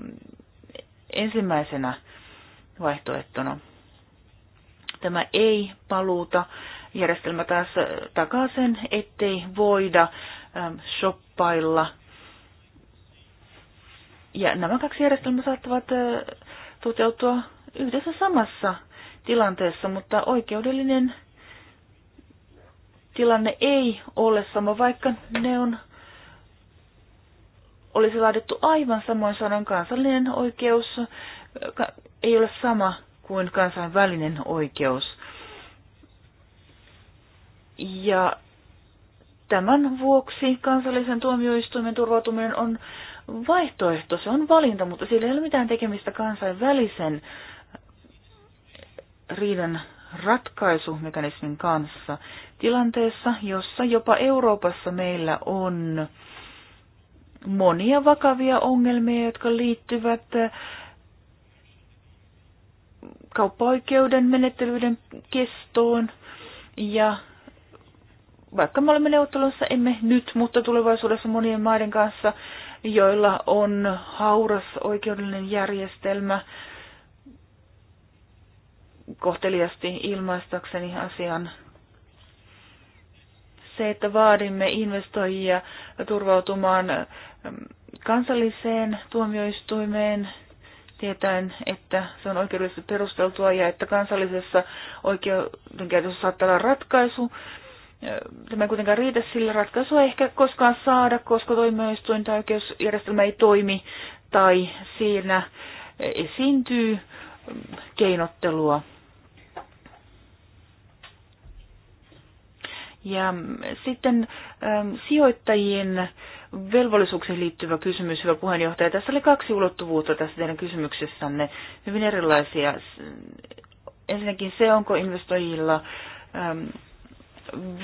ensimmäisenä vaihtoehtona. Tämä ei paluuta järjestelmä taas takaa sen, ettei voida ähm, shoppailla. Ja nämä kaksi järjestelmää saattavat äh, toteutua yhdessä samassa tilanteessa, mutta oikeudellinen tilanne ei ole sama, vaikka ne on olisi laadittu aivan samoin sanan kansallinen oikeus ei ole sama kuin kansainvälinen oikeus. Ja tämän vuoksi kansallisen tuomioistuimen turvautuminen on vaihtoehto, se on valinta, mutta sillä ei ole mitään tekemistä kansainvälisen riidan ratkaisumekanismin kanssa tilanteessa, jossa jopa Euroopassa meillä on monia vakavia ongelmia, jotka liittyvät eh, kauppaoikeuden menettelyiden kestoon ja vaikka me olemme neuvottelussa, emme nyt, mutta tulevaisuudessa monien maiden kanssa, joilla on hauras oikeudellinen järjestelmä, kohteliasti ilmaistakseni asian se, että vaadimme investoijia turvautumaan mm, kansalliseen tuomioistuimeen tietäen, että se on oikeudellisesti perusteltua ja että kansallisessa oikeudenkäytössä saattaa olla ratkaisu. Mm, tämä ei kuitenkaan riitä, sillä ratkaisua ehkä koskaan saada, koska toimioistuin tai oikeusjärjestelmä ei toimi tai siinä esiintyy mm, keinottelua. Ja sitten ähm, sijoittajien velvollisuuksiin liittyvä kysymys, hyvä puheenjohtaja. Tässä oli kaksi ulottuvuutta tässä teidän kysymyksessänne, hyvin erilaisia. Ensinnäkin se, onko investoijilla ähm,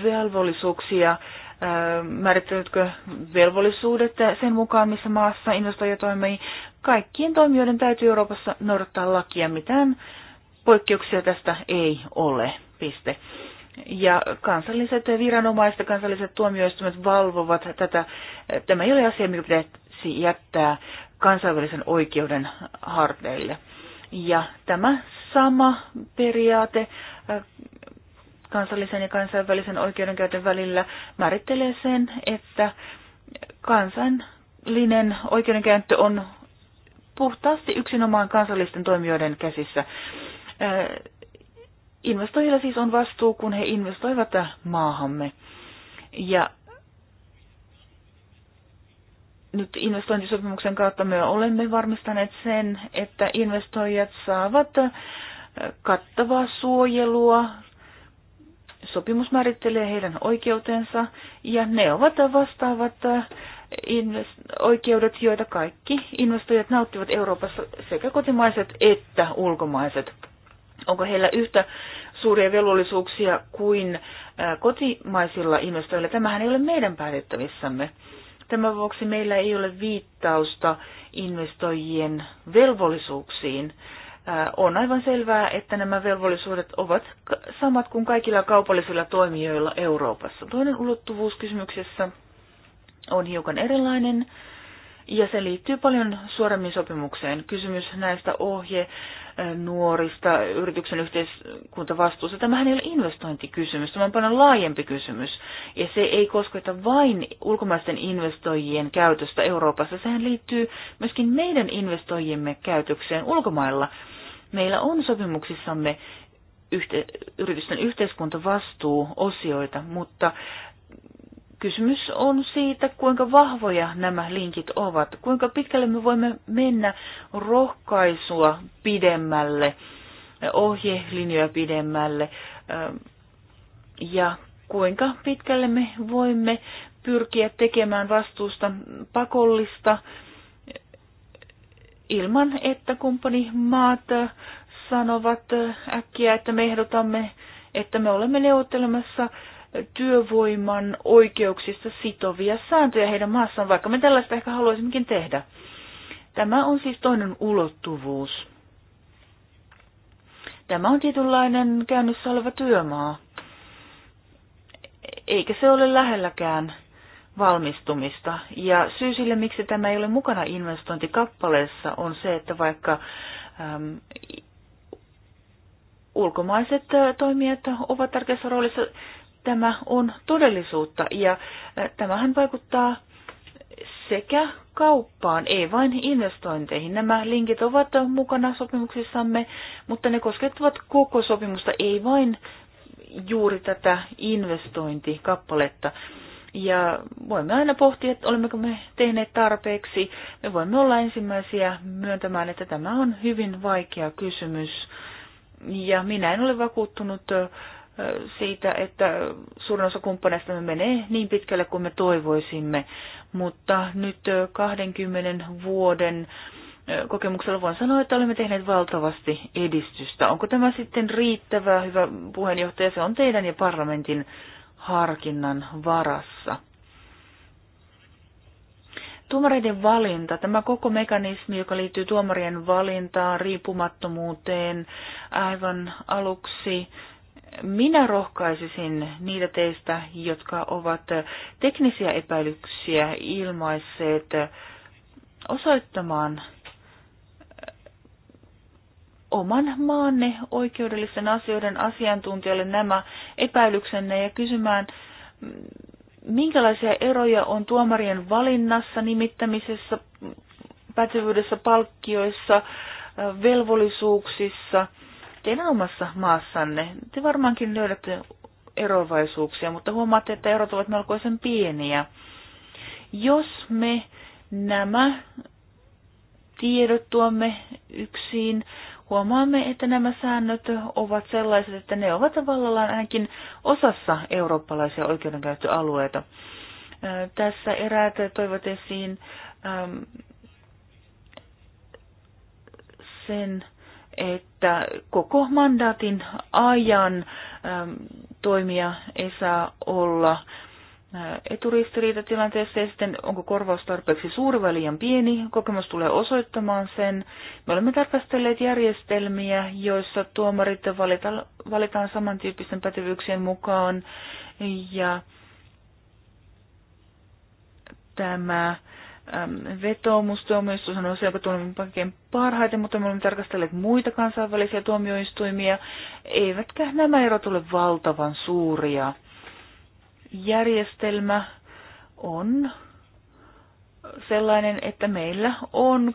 velvollisuuksia, äm, määrittelytkö velvollisuudet sen mukaan, missä maassa investoija toimii. Kaikkien toimijoiden täytyy Euroopassa noudattaa lakia, mitään poikkeuksia tästä ei ole. Piste. Ja kansalliset viranomaiset ja kansalliset tuomioistuimet valvovat tätä. Tämä ei ole asia, mikä pitäisi jättää kansainvälisen oikeuden harteille. Ja tämä sama periaate äh, kansallisen ja kansainvälisen oikeudenkäytön välillä määrittelee sen, että kansallinen oikeudenkäyttö on puhtaasti yksinomaan kansallisten toimijoiden käsissä. Äh, investoijilla siis on vastuu, kun he investoivat maahamme. Ja nyt investointisopimuksen kautta me olemme varmistaneet sen, että investoijat saavat kattavaa suojelua. Sopimus määrittelee heidän oikeutensa ja ne ovat vastaavat oikeudet, joita kaikki investoijat nauttivat Euroopassa, sekä kotimaiset että ulkomaiset onko heillä yhtä suuria velvollisuuksia kuin kotimaisilla investoilla. Tämähän ei ole meidän päätettävissämme. Tämän vuoksi meillä ei ole viittausta investoijien velvollisuuksiin. On aivan selvää, että nämä velvollisuudet ovat samat kuin kaikilla kaupallisilla toimijoilla Euroopassa. Toinen ulottuvuus kysymyksessä on hiukan erilainen ja se liittyy paljon suoremmin sopimukseen. Kysymys näistä ohje nuorista yrityksen vastuussa. Tämähän ei ole investointikysymys, tämä on paljon laajempi kysymys. Ja se ei kosketa vain ulkomaisten investoijien käytöstä Euroopassa, sehän liittyy myöskin meidän investoijiemme käytökseen ulkomailla. Meillä on sopimuksissamme yhte, yritysten yhteiskuntavastuuosioita, mutta kysymys on siitä, kuinka vahvoja nämä linkit ovat, kuinka pitkälle me voimme mennä rohkaisua pidemmälle, ohjelinjoja pidemmälle ähm, ja kuinka pitkälle me voimme pyrkiä tekemään vastuusta pakollista ilman, että maat sanovat äh, äkkiä, että me ehdotamme, että me olemme neuvottelemassa työvoiman oikeuksista sitovia sääntöjä heidän maassaan, vaikka me tällaista ehkä haluaisimmekin tehdä. Tämä on siis toinen ulottuvuus. Tämä on tietynlainen käynnissä oleva työmaa. Eikä se ole lähelläkään valmistumista. Ja syy sille, miksi tämä ei ole mukana investointikappaleessa, on se, että vaikka äm, ulkomaiset äh, toimijat ovat tärkeässä roolissa, tämä on todellisuutta ja äh, tämähän vaikuttaa sekä kauppaan, ei vain investointeihin. Nämä linkit ovat mukana sopimuksissamme, mutta ne koskettavat koko sopimusta, ei vain juuri tätä investointikappaletta. Ja voimme aina pohtia, että olemmeko me tehneet tarpeeksi. Me voimme olla ensimmäisiä myöntämään, että tämä on hyvin vaikea kysymys. Ja minä en ole vakuuttunut äh, siitä, että suurin osa kumppaneista me menee niin pitkälle kuin me toivoisimme, mutta nyt 20 vuoden kokemuksella voin sanoa, että olemme tehneet valtavasti edistystä. Onko tämä sitten riittävää, hyvä puheenjohtaja? Se on teidän ja parlamentin harkinnan varassa. Tuomareiden valinta, tämä koko mekanismi, joka liittyy tuomarien valintaan, riippumattomuuteen, aivan aluksi minä rohkaisisin niitä teistä, jotka ovat teknisiä epäilyksiä ilmaisseet osoittamaan äh, oman maanne oikeudellisten asioiden asiantuntijalle nämä epäilyksenne ja kysymään, mm, minkälaisia eroja on tuomarien valinnassa, nimittämisessä, pätevyydessä, palkkioissa, äh, velvollisuuksissa – teidän omassa maassanne. Te varmaankin löydätte erovaisuuksia, mutta huomaatte, että erot ovat melkoisen pieniä. Jos me nämä tiedot tuomme yksin, huomaamme, että nämä säännöt ovat sellaiset, että ne ovat tavallaan ainakin osassa eurooppalaisia oikeudenkäyttöalueita. Tässä eräät toivat esiin sen että koko mandaatin ajan ähm, toimia ei saa olla äh, eturistiriitatilanteessa ja sitten onko korvaus tarpeeksi suuri vai liian pieni, kokemus tulee osoittamaan sen. Me olemme tarkastelleet järjestelmiä, joissa tuomarit valita, valitaan samantyyppisten pätevyyksien mukaan ja tämä Ähm, vetoomus se, joka tuomimme kaikkein parhaiten, mutta me olemme tarkastelleet muita kansainvälisiä tuomioistuimia, eivätkä nämä erot ole valtavan suuria. Järjestelmä on sellainen, että meillä on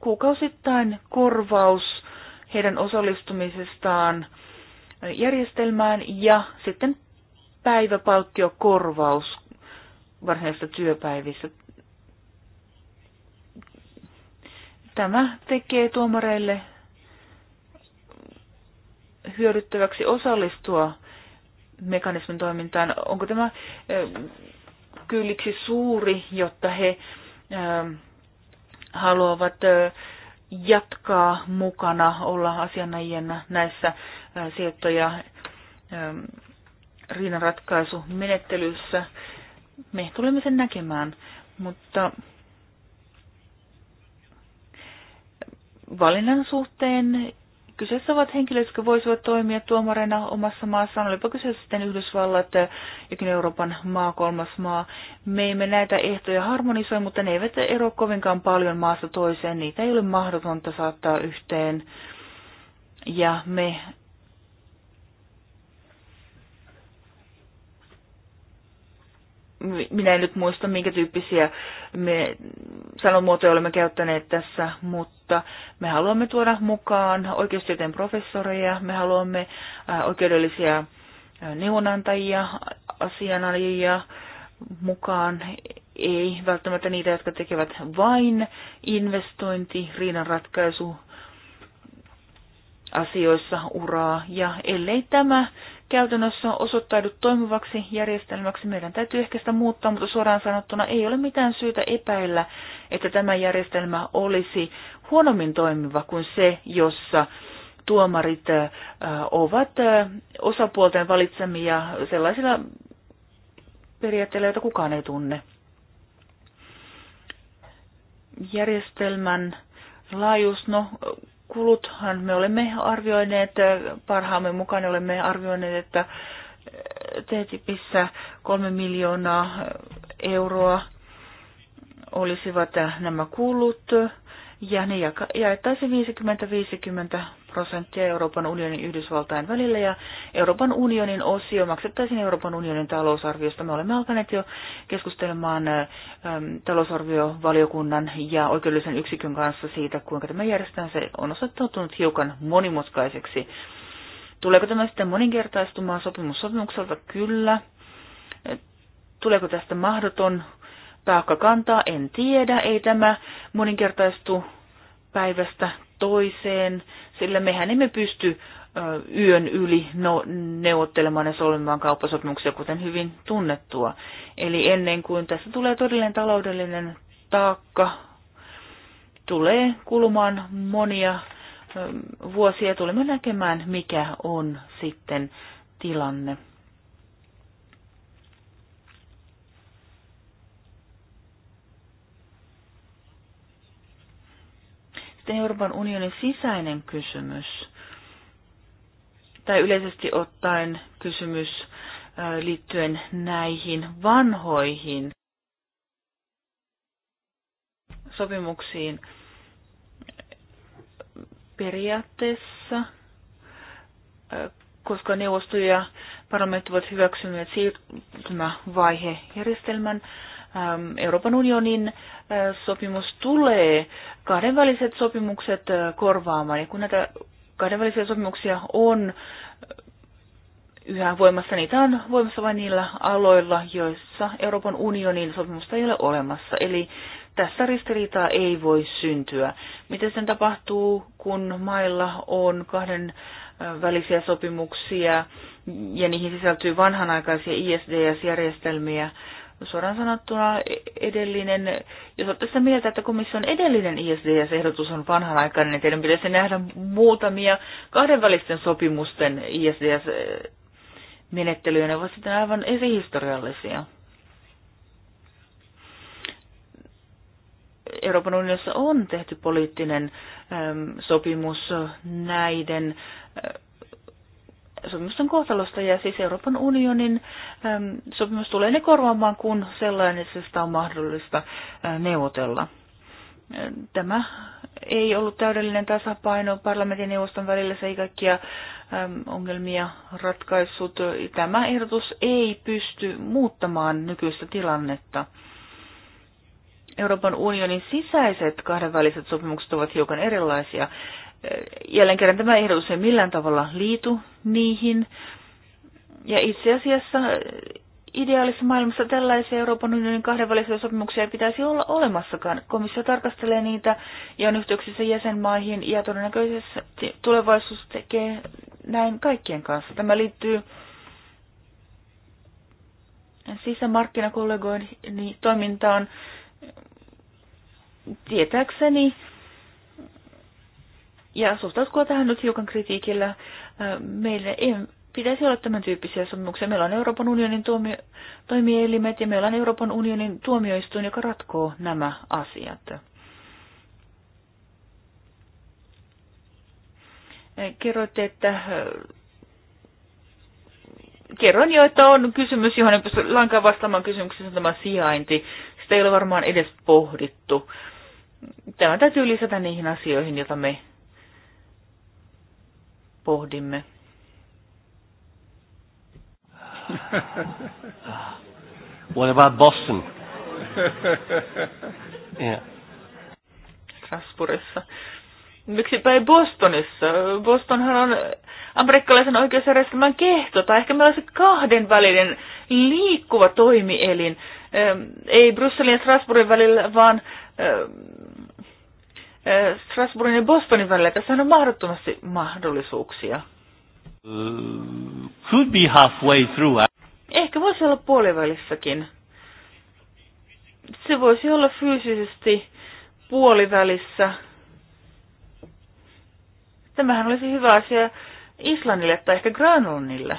kuukausittain korvaus heidän osallistumisestaan järjestelmään ja sitten päiväpalkkiokorvaus varsinaisista työpäivistä. Tämä tekee tuomareille hyödyttäväksi osallistua mekanismin toimintaan. Onko tämä kylliksi suuri, jotta he haluavat jatkaa mukana, olla asianajajana näissä sijoittaja riidanratkaisumenettelyissä. Me tulemme sen näkemään, mutta valinnan suhteen. Kyseessä ovat henkilöt, jotka voisivat toimia tuomareina omassa maassaan, olipa kyseessä sitten Yhdysvallat, jokin Euroopan maa, kolmas maa. Me emme näitä ehtoja harmonisoi, mutta ne eivät ero kovinkaan paljon maasta toiseen. Niitä ei ole mahdotonta saattaa yhteen. Ja me minä en nyt muista, minkä tyyppisiä me sanomuotoja olemme käyttäneet tässä, mutta me haluamme tuoda mukaan oikeustieteen professoreja, me haluamme äh, oikeudellisia äh, neuvonantajia, asianajia mukaan, ei välttämättä niitä, jotka tekevät vain investointi, riidanratkaisu, asioissa uraa, ja ellei tämä käytännössä on osoittaudut toimivaksi järjestelmäksi. Meidän täytyy ehkä sitä muuttaa, mutta suoraan sanottuna ei ole mitään syytä epäillä, että tämä järjestelmä olisi huonommin toimiva kuin se, jossa tuomarit äh, ovat äh, osapuolten valitsemia sellaisilla periaatteilla, joita kukaan ei tunne. Järjestelmän laajuus, no kuluthan me olemme arvioineet, parhaamme mukaan olemme arvioineet, että TTIPissä kolme miljoonaa euroa olisivat nämä kulut ja ne jaettaisiin 50-50 prosenttia Euroopan unionin Yhdysvaltain välillä ja Euroopan unionin osio maksettaisiin Euroopan unionin talousarviosta. Me olemme alkaneet jo keskustelemaan äm, talousarviovaliokunnan ja oikeudellisen yksikön kanssa siitä, kuinka tämä järjestetään. Se on osoittautunut hiukan monimutkaiseksi. Tuleeko tämä sitten moninkertaistumaan sopimussopimukselta? Kyllä. Tuleeko tästä mahdoton taakka kantaa, en tiedä, ei tämä moninkertaistu päivästä toiseen, sillä mehän emme pysty yön yli no, neuvottelemaan ja solmimaan kauppasopimuksia, kuten hyvin tunnettua. Eli ennen kuin tässä tulee todellinen taloudellinen taakka, tulee kulumaan monia vuosia, tulemme näkemään, mikä on sitten tilanne. sitten Euroopan unionin sisäinen kysymys, tai yleisesti ottaen kysymys liittyen näihin vanhoihin sopimuksiin periaatteessa, koska neuvosto ja parlamentti ovat hyväksyneet siirtymävaihejärjestelmän, järjestelmän Ähm, Euroopan unionin äh, sopimus tulee kahdenväliset sopimukset äh, korvaamaan. Ja kun näitä kahdenvälisiä sopimuksia on äh, yhä voimassa, niitä on voimassa vain niillä aloilla, joissa Euroopan unionin sopimusta ei ole olemassa. Eli tässä ristiriitaa ei voi syntyä. Miten sen tapahtuu, kun mailla on kahden välisiä sopimuksia ja niihin sisältyy vanhanaikaisia ISDS-järjestelmiä suoraan sanottuna e, edellinen, jos olette sitä mieltä, että komission edellinen ISDS-ehdotus on vanhanaikainen, niin teidän pitäisi nähdä muutamia kahdenvälisten sopimusten ISDS-menettelyjä, ne ovat sitten aivan esihistoriallisia. Euroopan unionissa on tehty poliittinen äm, sopimus näiden äh, sopimusten kohtalosta ja siis Euroopan unionin ähm, sopimus tulee ne korvaamaan, kun sellaisesta on mahdollista äh, neuvotella. Tämä ei ollut täydellinen tasapaino parlamentin ja neuvoston välillä, se ei kaikkia ähm, ongelmia ratkaissut. Tämä ehdotus ei pysty muuttamaan nykyistä tilannetta. Euroopan unionin sisäiset kahdenväliset sopimukset ovat hiukan erilaisia jälleen kerran tämä ehdotus ei millään tavalla liitu niihin. Ja itse asiassa äh, ideaalissa maailmassa tällaisia Euroopan unionin kahdenvälisiä sopimuksia ei pitäisi olla olemassakaan. Komissio tarkastelee niitä ja on yhteyksissä jäsenmaihin ja todennäköisesti tulevaisuus tekee näin kaikkien kanssa. Tämä liittyy sisämarkkinakollegoiden toimintaan tietääkseni ja suhtautua tähän nyt hiukan kritiikillä. Meille ei pitäisi olla tämän tyyppisiä sopimuksia. Meillä on Euroopan unionin tuomio, toimielimet ja meillä on Euroopan unionin tuomioistuin, joka ratkoo nämä asiat. Kerroitte, että kerron jo, että on kysymys, johon en pysty lankaan vastaamaan kysymyksessä tämä sijainti. Sitä ei ole varmaan edes pohdittu. Tämä täytyy lisätä niihin asioihin, joita me pohdimme. What about Boston? yeah. Miksipä ei Bostonissa? Bostonhan on amerikkalaisen oikeusjärjestelmän kehto, tai ehkä meillä on se kahdenvälinen liikkuva toimielin. Ei Brysselin ja Strasbourgin välillä, vaan Strasbourgin ja Bostonin välillä. Tässä on mahdottomasti mahdollisuuksia. Uh, could be halfway through. Ehkä voisi olla puolivälissäkin. Se voisi olla fyysisesti puolivälissä. Tämähän olisi hyvä asia Islannille tai ehkä Granlundille.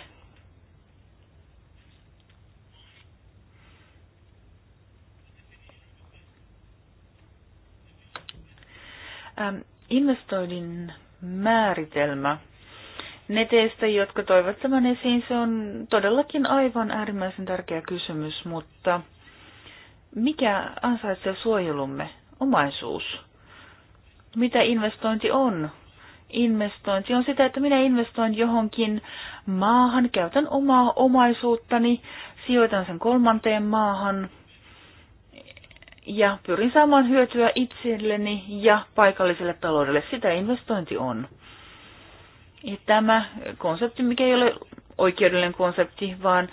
Ähm, investoinnin määritelmä. Ne teistä, jotka toivat tämän esiin, se on todellakin aivan äärimmäisen tärkeä kysymys, mutta mikä ansaitsee suojelumme? Omaisuus. Mitä investointi on? Investointi on sitä, että minä investoin johonkin maahan, käytän omaa omaisuuttani, sijoitan sen kolmanteen maahan, ja pyrin saamaan hyötyä itselleni ja paikalliselle taloudelle. Sitä investointi on. Ja tämä konsepti, mikä ei ole oikeudellinen konsepti, vaan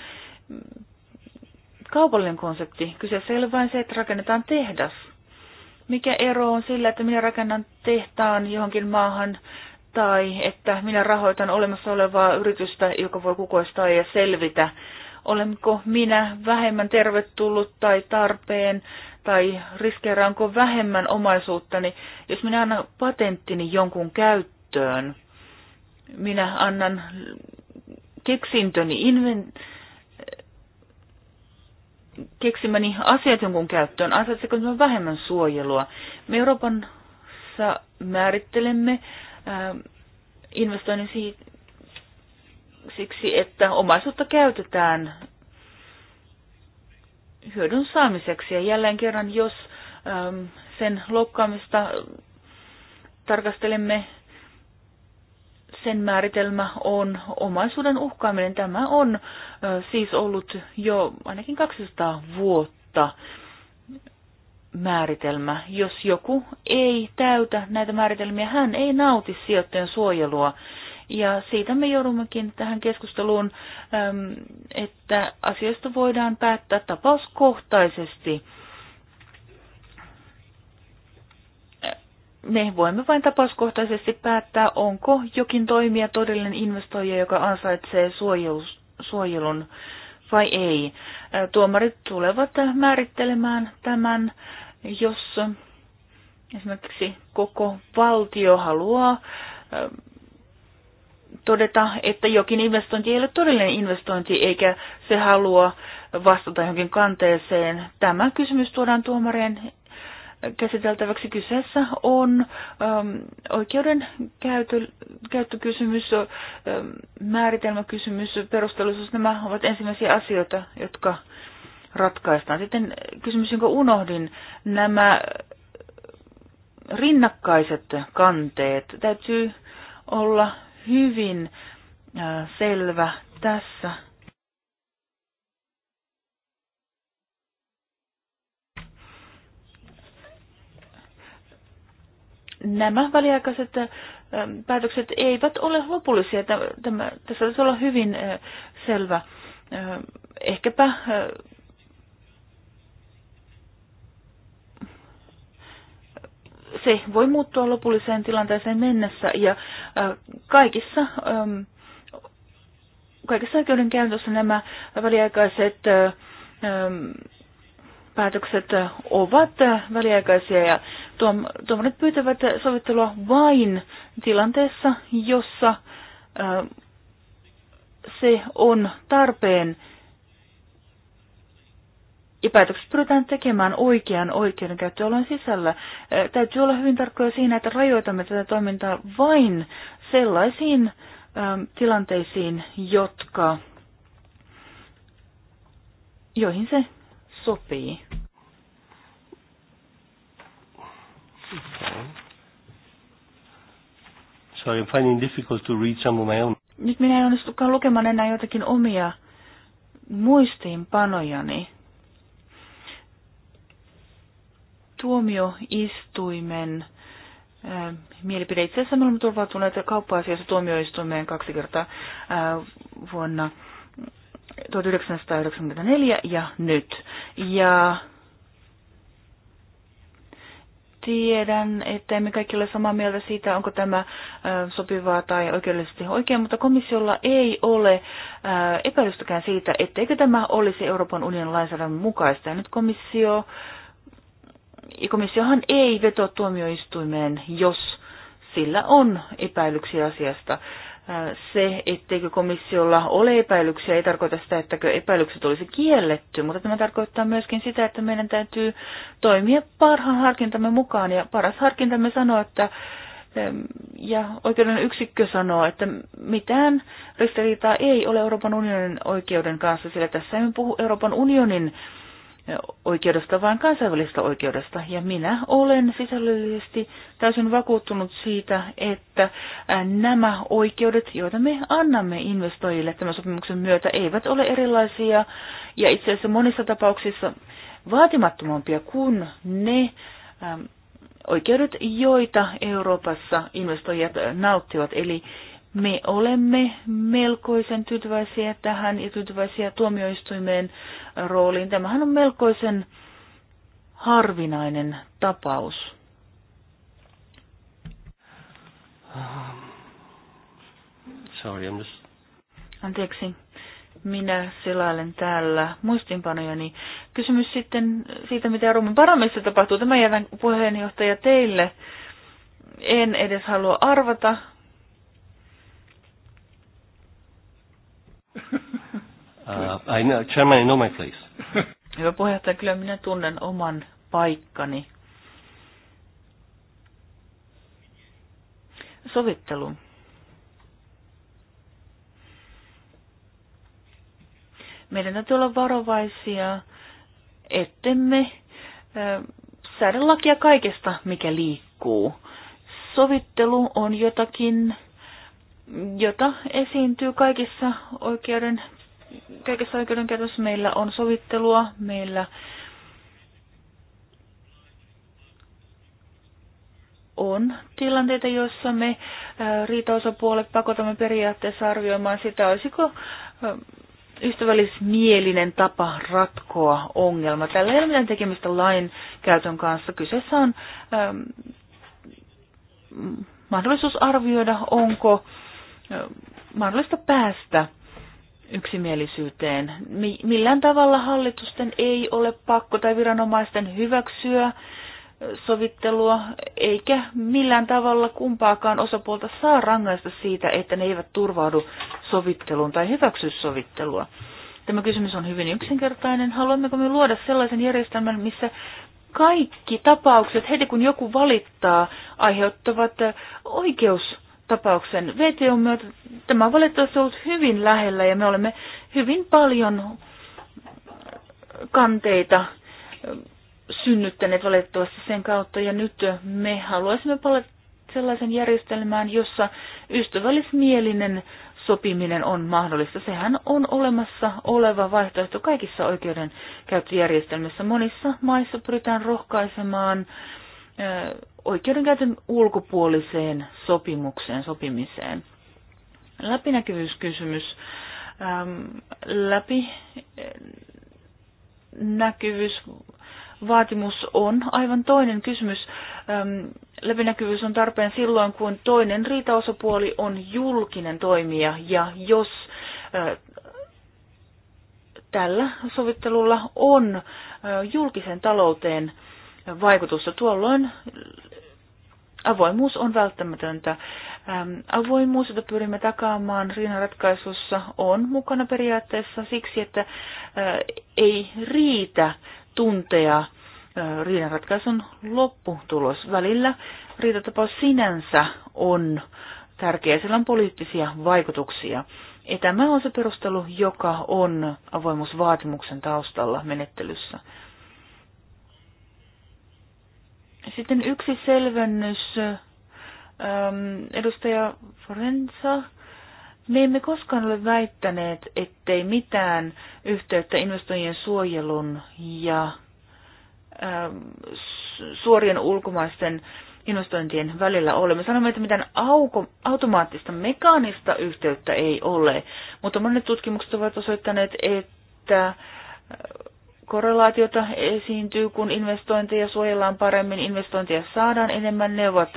kaupallinen konsepti. Kyseessä ei ole vain se, että rakennetaan tehdas. Mikä ero on sillä, että minä rakennan tehtaan johonkin maahan tai että minä rahoitan olemassa olevaa yritystä, joka voi kukoistaa ja selvitä. Olenko minä vähemmän tervetullut tai tarpeen tai riskeeraanko vähemmän omaisuuttani, jos minä annan patenttini jonkun käyttöön. Minä annan keksintöni, inven, keksimäni asiat jonkun käyttöön. ansaitseeko minä vähemmän suojelua? Me Euroopassa määrittelemme äh, investoinnin siitä, siksi, että omaisuutta käytetään hyödyn saamiseksi. Ja jälleen kerran, jos äm, sen loukkaamista äh, tarkastelemme, sen määritelmä on omaisuuden uhkaaminen. Tämä on äh, siis ollut jo ainakin 200 vuotta määritelmä. Jos joku ei täytä näitä määritelmiä, hän ei nauti sijoittajan suojelua. Ja siitä me joudummekin tähän keskusteluun, että asioista voidaan päättää tapauskohtaisesti. Me voimme vain tapauskohtaisesti päättää, onko jokin toimija todellinen investoija, joka ansaitsee suojelun vai ei. Tuomarit tulevat määrittelemään tämän, jos esimerkiksi koko valtio haluaa todeta, että jokin investointi ei ole todellinen investointi eikä se halua vastata johonkin kanteeseen. Tämä kysymys tuodaan tuomareen käsiteltäväksi. Kyseessä on äm, oikeuden käyttö, käyttökysymys, äm, määritelmäkysymys, perustelusus. Nämä ovat ensimmäisiä asioita, jotka ratkaistaan. Sitten kysymys, jonka unohdin, nämä rinnakkaiset kanteet täytyy olla hyvin äh, selvä tässä. Nämä väliaikaiset äh, päätökset eivät ole lopullisia. Tämä, tässä olisi olla hyvin äh, selvä. Ehkäpä se voi muuttua lopulliseen tilanteeseen mennessä ja äh, kaikissa ähm, kaikissa oikeudenkäyntössä nämä väliaikaiset äh, ähm, päätökset ovat väliaikaisia ja tuomarit pyytävät sovittelua vain tilanteessa, jossa äh, se on tarpeen ja päätökset pyritään tekemään oikean oikeudenkäyttöalueen sisällä. Täytyy olla hyvin tarkkoja siinä, että rajoitamme tätä toimintaa vain sellaisiin tilanteisiin, jotka, joihin se sopii. So I'm finding difficult to read some of my own. Nyt minä en onnistukaan lukemaan enää jotakin omia muistiinpanojani. tuomioistuimen äh, mielipide. Itse asiassa me olemme turvautuneet kauppa-asiassa tuomioistuimeen kaksi kertaa äh, vuonna 1994 ja nyt. Ja tiedän, että emme kaikki ole samaa mieltä siitä, onko tämä sopivaa tai oikeudellisesti oikein, mutta komissiolla ei ole epäilystäkään siitä, etteikö tämä olisi Euroopan unionin lainsäädännön mukaista. Ja nyt komissio komissiohan ei vetoa tuomioistuimeen, jos sillä on epäilyksiä asiasta. Äh, Se, etteikö komissiolla ole epäilyksiä, ei tarkoita sitä, että epäilykset olisi kielletty, mutta tämä tarkoittaa myöskin sitä, että meidän täytyy toimia parhaan harkintamme mukaan. Ja paras harkintamme sanoo, että ähm, ja oikeuden yksikkö sanoo, että mitään ristiriitaa ei ole Euroopan unionin oikeuden kanssa, sillä tässä emme puhu Euroopan unionin oikeudesta, vaan kansainvälisestä oikeudesta. Ja minä olen sisällöllisesti täysin vakuuttunut siitä, että nämä oikeudet, joita me annamme investoijille tämän sopimuksen myötä, eivät ole erilaisia ja itse asiassa monissa tapauksissa vaatimattomampia kuin ne oikeudet, joita Euroopassa investoijat nauttivat. Eli me olemme melkoisen tyytyväisiä tähän ja tyytyväisiä tuomioistuimeen rooliin. Tämähän on melkoisen harvinainen tapaus. Sorry, I'm just... Anteeksi, minä selailen täällä muistinpanojani. Kysymys sitten siitä, mitä Ruumin paramissa tapahtuu. Tämä jätän puheenjohtaja teille. En edes halua arvata, Uh, I know, chairman, I know my place. Hyvä puheenjohtaja, kyllä minä tunnen oman paikkani. Sovittelu. Meidän täytyy olla varovaisia, ettemme säädä lakia kaikesta, mikä liikkuu. Sovittelu on jotakin, jota esiintyy kaikissa oikeuden kaikessa oikeudenkäytössä meillä on sovittelua, meillä on tilanteita, joissa me riitaosapuolet pakotamme periaatteessa arvioimaan sitä, olisiko ystävällismielinen tapa ratkoa ongelma. Tällä ei ole mitään tekemistä lain käytön kanssa. Kyseessä on ähm, mahdollisuus arvioida, onko mahdollista päästä yksimielisyyteen. Millään tavalla hallitusten ei ole pakko tai viranomaisten hyväksyä sovittelua, eikä millään tavalla kumpaakaan osapuolta saa rangaista siitä, että ne eivät turvaudu sovitteluun tai hyväksy sovittelua. Tämä kysymys on hyvin yksinkertainen. Haluammeko me luoda sellaisen järjestelmän, missä kaikki tapaukset, heti kun joku valittaa, aiheuttavat oikeus tapauksen. VTO myötä tämä on valitettavasti ollut hyvin lähellä ja me olemme hyvin paljon kanteita synnyttäneet valitettavasti sen kautta ja nyt me haluaisimme palata sellaisen järjestelmään, jossa ystävällismielinen sopiminen on mahdollista. Sehän on olemassa oleva vaihtoehto kaikissa oikeudenkäyttöjärjestelmissä. Monissa maissa pyritään rohkaisemaan äh, oikeudenkäytön ulkopuoliseen sopimukseen, sopimiseen. Läpinäkyvyyskysymys. Läpi näkyvyysvaatimus on aivan toinen kysymys. Läpinäkyvyys on tarpeen silloin, kun toinen riitaosapuoli on julkinen toimija ja jos tällä sovittelulla on julkisen talouteen vaikutusta. Tuolloin avoimuus on välttämätöntä. Ähm, avoimuus, jota pyrimme takaamaan riinaratkaisussa, on mukana periaatteessa siksi, että äh, ei riitä tunteja äh, riidanratkaisun lopputulos. Välillä riitatapaus sinänsä on tärkeä, sillä on poliittisia vaikutuksia. Ja tämä on se perustelu, joka on avoimuusvaatimuksen taustalla menettelyssä. Sitten yksi selvennys. Ähm, edustaja Forenza, me emme koskaan ole väittäneet, ettei mitään yhteyttä investoijien suojelun ja ähm, suorien ulkomaisten investointien välillä ole. Me sanomme, että mitään auko, automaattista mekaanista yhteyttä ei ole, mutta monet tutkimukset ovat osoittaneet, että korrelaatiota esiintyy, kun investointeja suojellaan paremmin, investointeja saadaan enemmän, ne ovat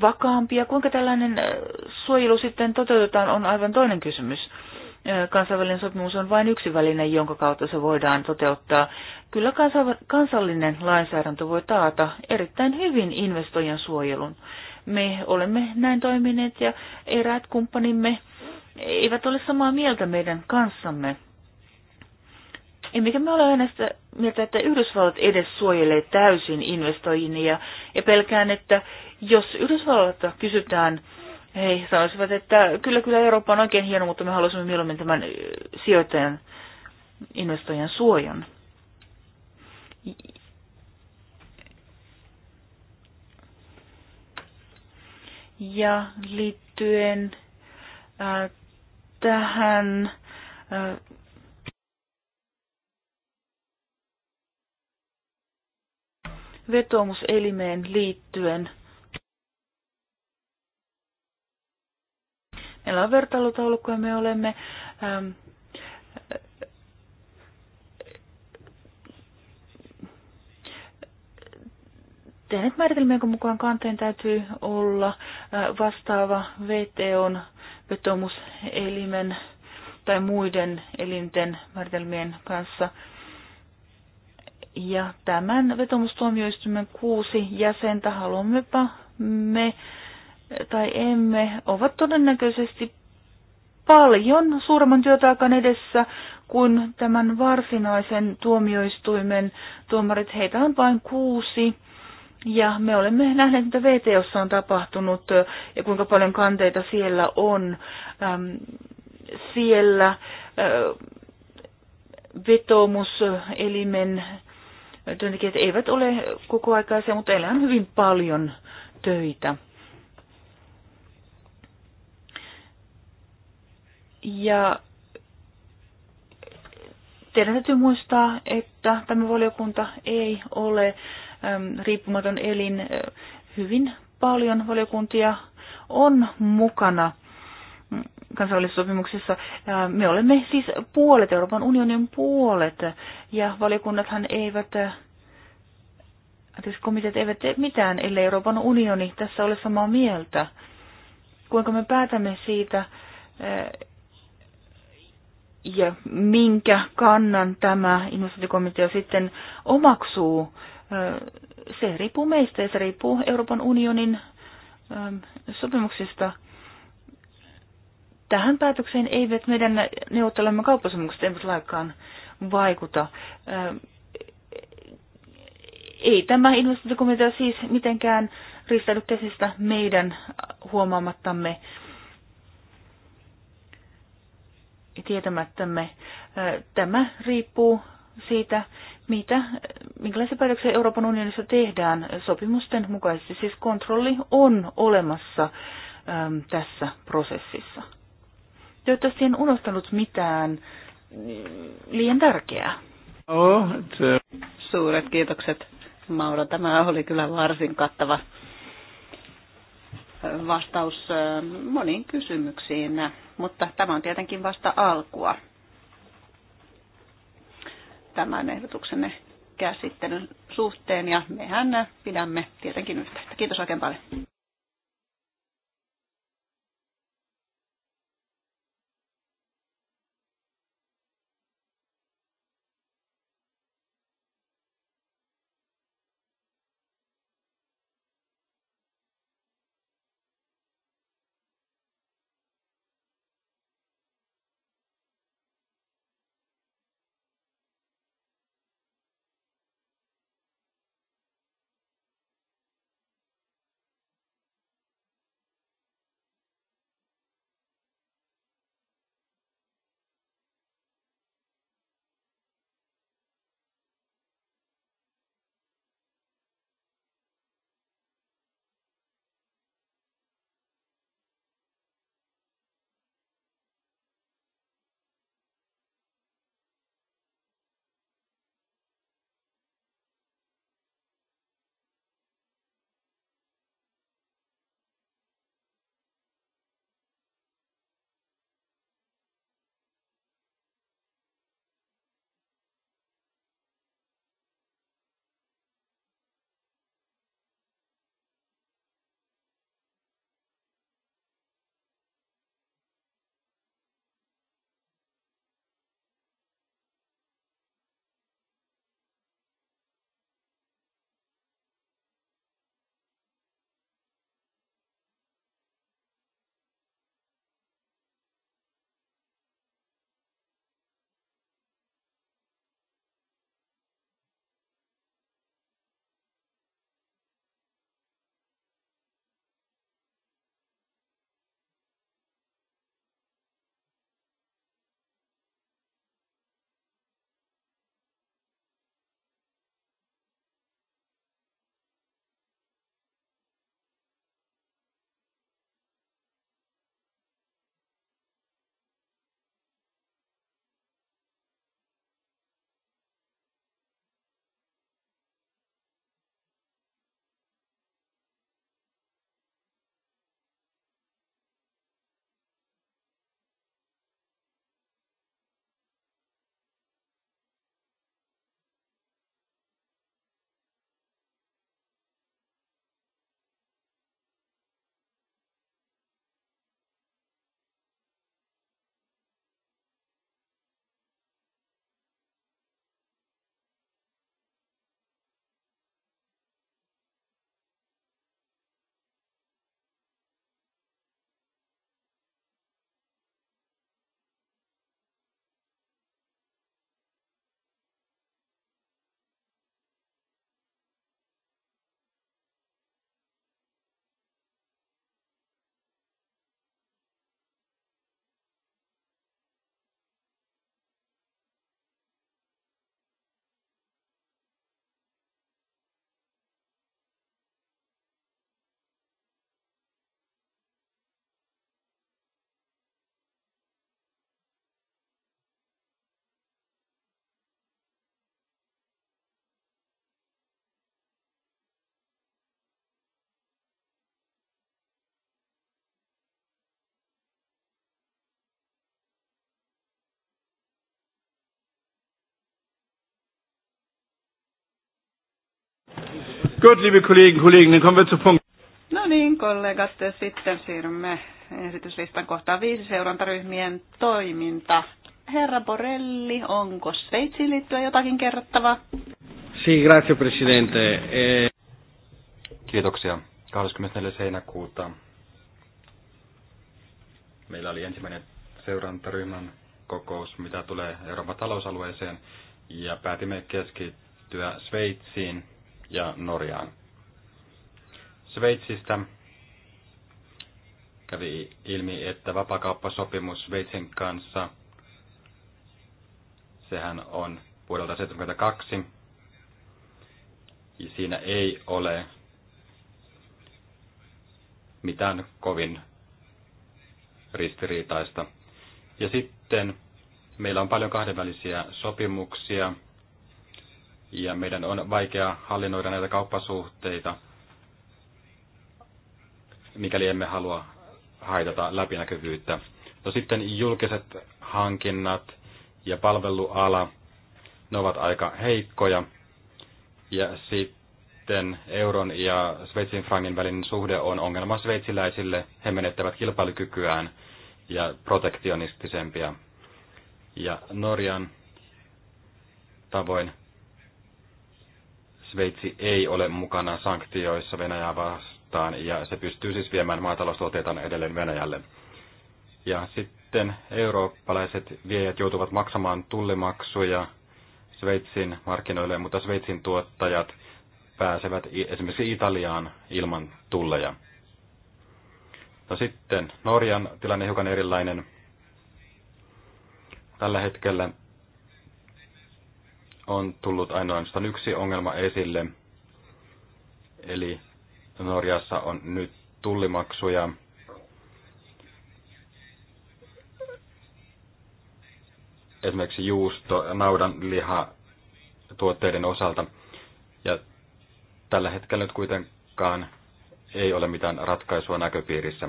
vakaampia. Kuinka tällainen suojelu sitten toteutetaan on aivan toinen kysymys. Kansainvälinen sopimus on vain yksi väline, jonka kautta se voidaan toteuttaa. Kyllä kansallinen lainsäädäntö voi taata erittäin hyvin investoijan suojelun. Me olemme näin toimineet ja eräät kumppanimme eivät ole samaa mieltä meidän kanssamme. Emmekä me ole aina sitä mieltä, että Yhdysvallat edes suojelee täysin investoijia. Ja pelkään, että jos Yhdysvallalta kysytään, he sanoisivat, että kyllä, kyllä Eurooppa on oikein hieno, mutta me haluaisimme mieluummin tämän sijoittajan investoijan suojan. Ja liittyen äh, tähän äh, vetoomuselimeen liittyen. Meillä on vertailutaulukko ja me olemme ähm, tehneet määritelmän, jonka mukaan kanteen täytyy olla äh, vastaava VTOn vetomuselimen tai muiden elinten määritelmien kanssa – ja tämän vetomustuomioistuimen kuusi jäsentä, haluammepa me tai emme, ovat todennäköisesti paljon suuremman työtaakan edessä kuin tämän varsinaisen tuomioistuimen tuomarit. Heitä on vain kuusi. Ja me olemme nähneet, mitä VTOssa on tapahtunut ja kuinka paljon kanteita siellä on. Ähm, siellä äh, vetomuselimen äh, työntekijät eivät ole kokoaikaisia, mutta elää hyvin paljon töitä. Ja teidän täytyy muistaa, että tämä valiokunta ei ole äm, riippumaton elin. Hyvin paljon valiokuntia on mukana kansainvälisissä sopimuksissa. Me olemme siis puolet, Euroopan unionin puolet, ja valiokunnathan eivät, siis komiteat eivät tee mitään, ellei Euroopan unioni tässä ole samaa mieltä. Kuinka me päätämme siitä, eh, ja minkä kannan tämä investointikomitea sitten omaksuu, eh, se riippuu meistä ja se riippuu Euroopan unionin eh, sopimuksista tähän päätökseen eivät meidän neuvottelemme kauppasopimukset eivät lainkaan vaikuta. Ei tämä investointikomitea siis mitenkään riistäydy käsistä meidän huomaamattamme tietämättämme. Tämä riippuu siitä, mitä, minkälaisia päätöksiä Euroopan unionissa tehdään sopimusten mukaisesti. Siis kontrolli on olemassa tässä prosessissa. Toivottavasti en unohtanut mitään liian tärkeää. Oh, Suuret kiitokset, Maura. Tämä oli kyllä varsin kattava vastaus ähm, moniin kysymyksiin, mutta tämä on tietenkin vasta alkua tämän ehdotuksenne käsittelyn suhteen ja mehän pidämme tietenkin yhteyttä. Kiitos oikein paljon. Gut, liebe Kollegen, Kollegen, dann kommen wir zu Punkt. No niin, kollegat, sitten siirrymme esityslistan kohtaan viisi seurantaryhmien toiminta. Herra Borelli, onko Sveitsiin liittyen jotakin kerrottavaa? Si, grazie presidente. E... Kiitoksia. 24. heinäkuuta meillä oli ensimmäinen seurantaryhmän kokous, mitä tulee Euroopan talousalueeseen, ja päätimme keskittyä Sveitsiin ja Norjaan. Sveitsistä kävi ilmi, että vapakauppasopimus Sveitsin kanssa, sehän on vuodelta 72, ja siinä ei ole mitään kovin ristiriitaista. Ja sitten meillä on paljon kahdenvälisiä sopimuksia ja meidän on vaikea hallinnoida näitä kauppasuhteita, mikäli emme halua haitata läpinäkyvyyttä. No sitten julkiset hankinnat ja palveluala, ne ovat aika heikkoja. Ja sitten euron ja Sveitsin frangin välinen suhde on ongelma sveitsiläisille. He menettävät kilpailukykyään ja protektionistisempia. Ja Norjan tavoin Sveitsi ei ole mukana sanktioissa Venäjää vastaan ja se pystyy siis viemään maataloustuotteita edelleen Venäjälle. Ja sitten eurooppalaiset viejät joutuvat maksamaan tullimaksuja Sveitsin markkinoille, mutta Sveitsin tuottajat pääsevät esimerkiksi Italiaan ilman tulleja. No sitten Norjan tilanne hiukan erilainen. Tällä hetkellä on tullut ainoastaan yksi ongelma esille. Eli Norjassa on nyt tullimaksuja esimerkiksi juusto, naudan, liha tuotteiden osalta. Ja tällä hetkellä nyt kuitenkaan ei ole mitään ratkaisua näköpiirissä.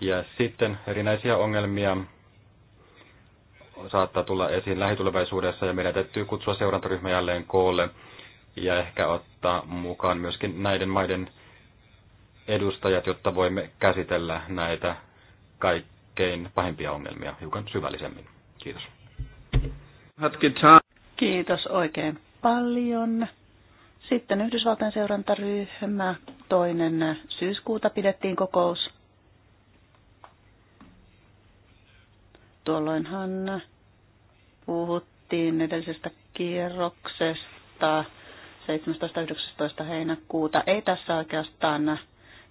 Ja sitten erinäisiä ongelmia saattaa tulla esiin lähitulevaisuudessa ja meidän täytyy kutsua seurantaryhmä jälleen koolle ja ehkä ottaa mukaan myöskin näiden maiden edustajat, jotta voimme käsitellä näitä kaikkein pahimpia ongelmia hiukan syvällisemmin. Kiitos. Kiitos oikein paljon. Sitten Yhdysvaltain seurantaryhmä, toinen syyskuuta pidettiin kokous Tuolloinhan puhuttiin edellisestä kierroksesta 17.19. heinäkuuta. Ei tässä oikeastaan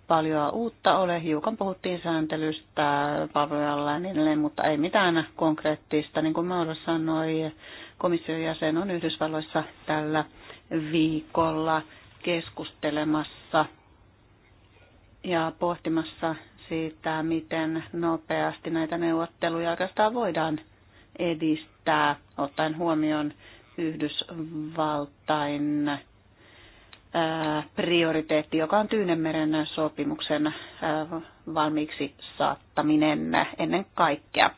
paljon uutta ole. Hiukan puhuttiin sääntelystä palvelujalla ja niin edelleen, mutta ei mitään konkreettista. Niin kuin Mauro sanoi, komission jäsen on Yhdysvalloissa tällä viikolla keskustelemassa ja pohtimassa siitä, miten nopeasti näitä neuvotteluja oikeastaan voidaan edistää, ottaen huomioon Yhdysvaltain prioriteetti, joka on Tyynemeren sopimuksen valmiiksi saattaminen ennen kaikkea.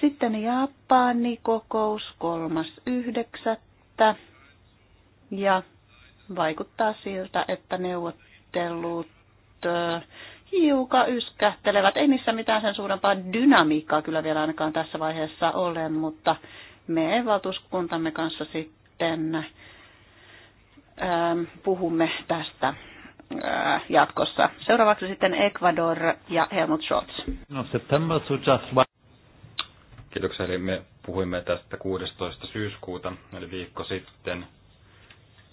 Sitten Japani kokous 3.9. Ja vaikuttaa siltä, että neuvottelut hiukan yskähtelevät. Ei niissä mitään sen suurempaa dynamiikkaa kyllä vielä ainakaan tässä vaiheessa ole, mutta me valtuuskuntamme kanssa sitten ähm, puhumme tästä äh, jatkossa. Seuraavaksi sitten Ecuador ja Helmut Scholz. No September so just one. Kiitoksia. Eli me puhuimme tästä 16. syyskuuta, eli viikko sitten,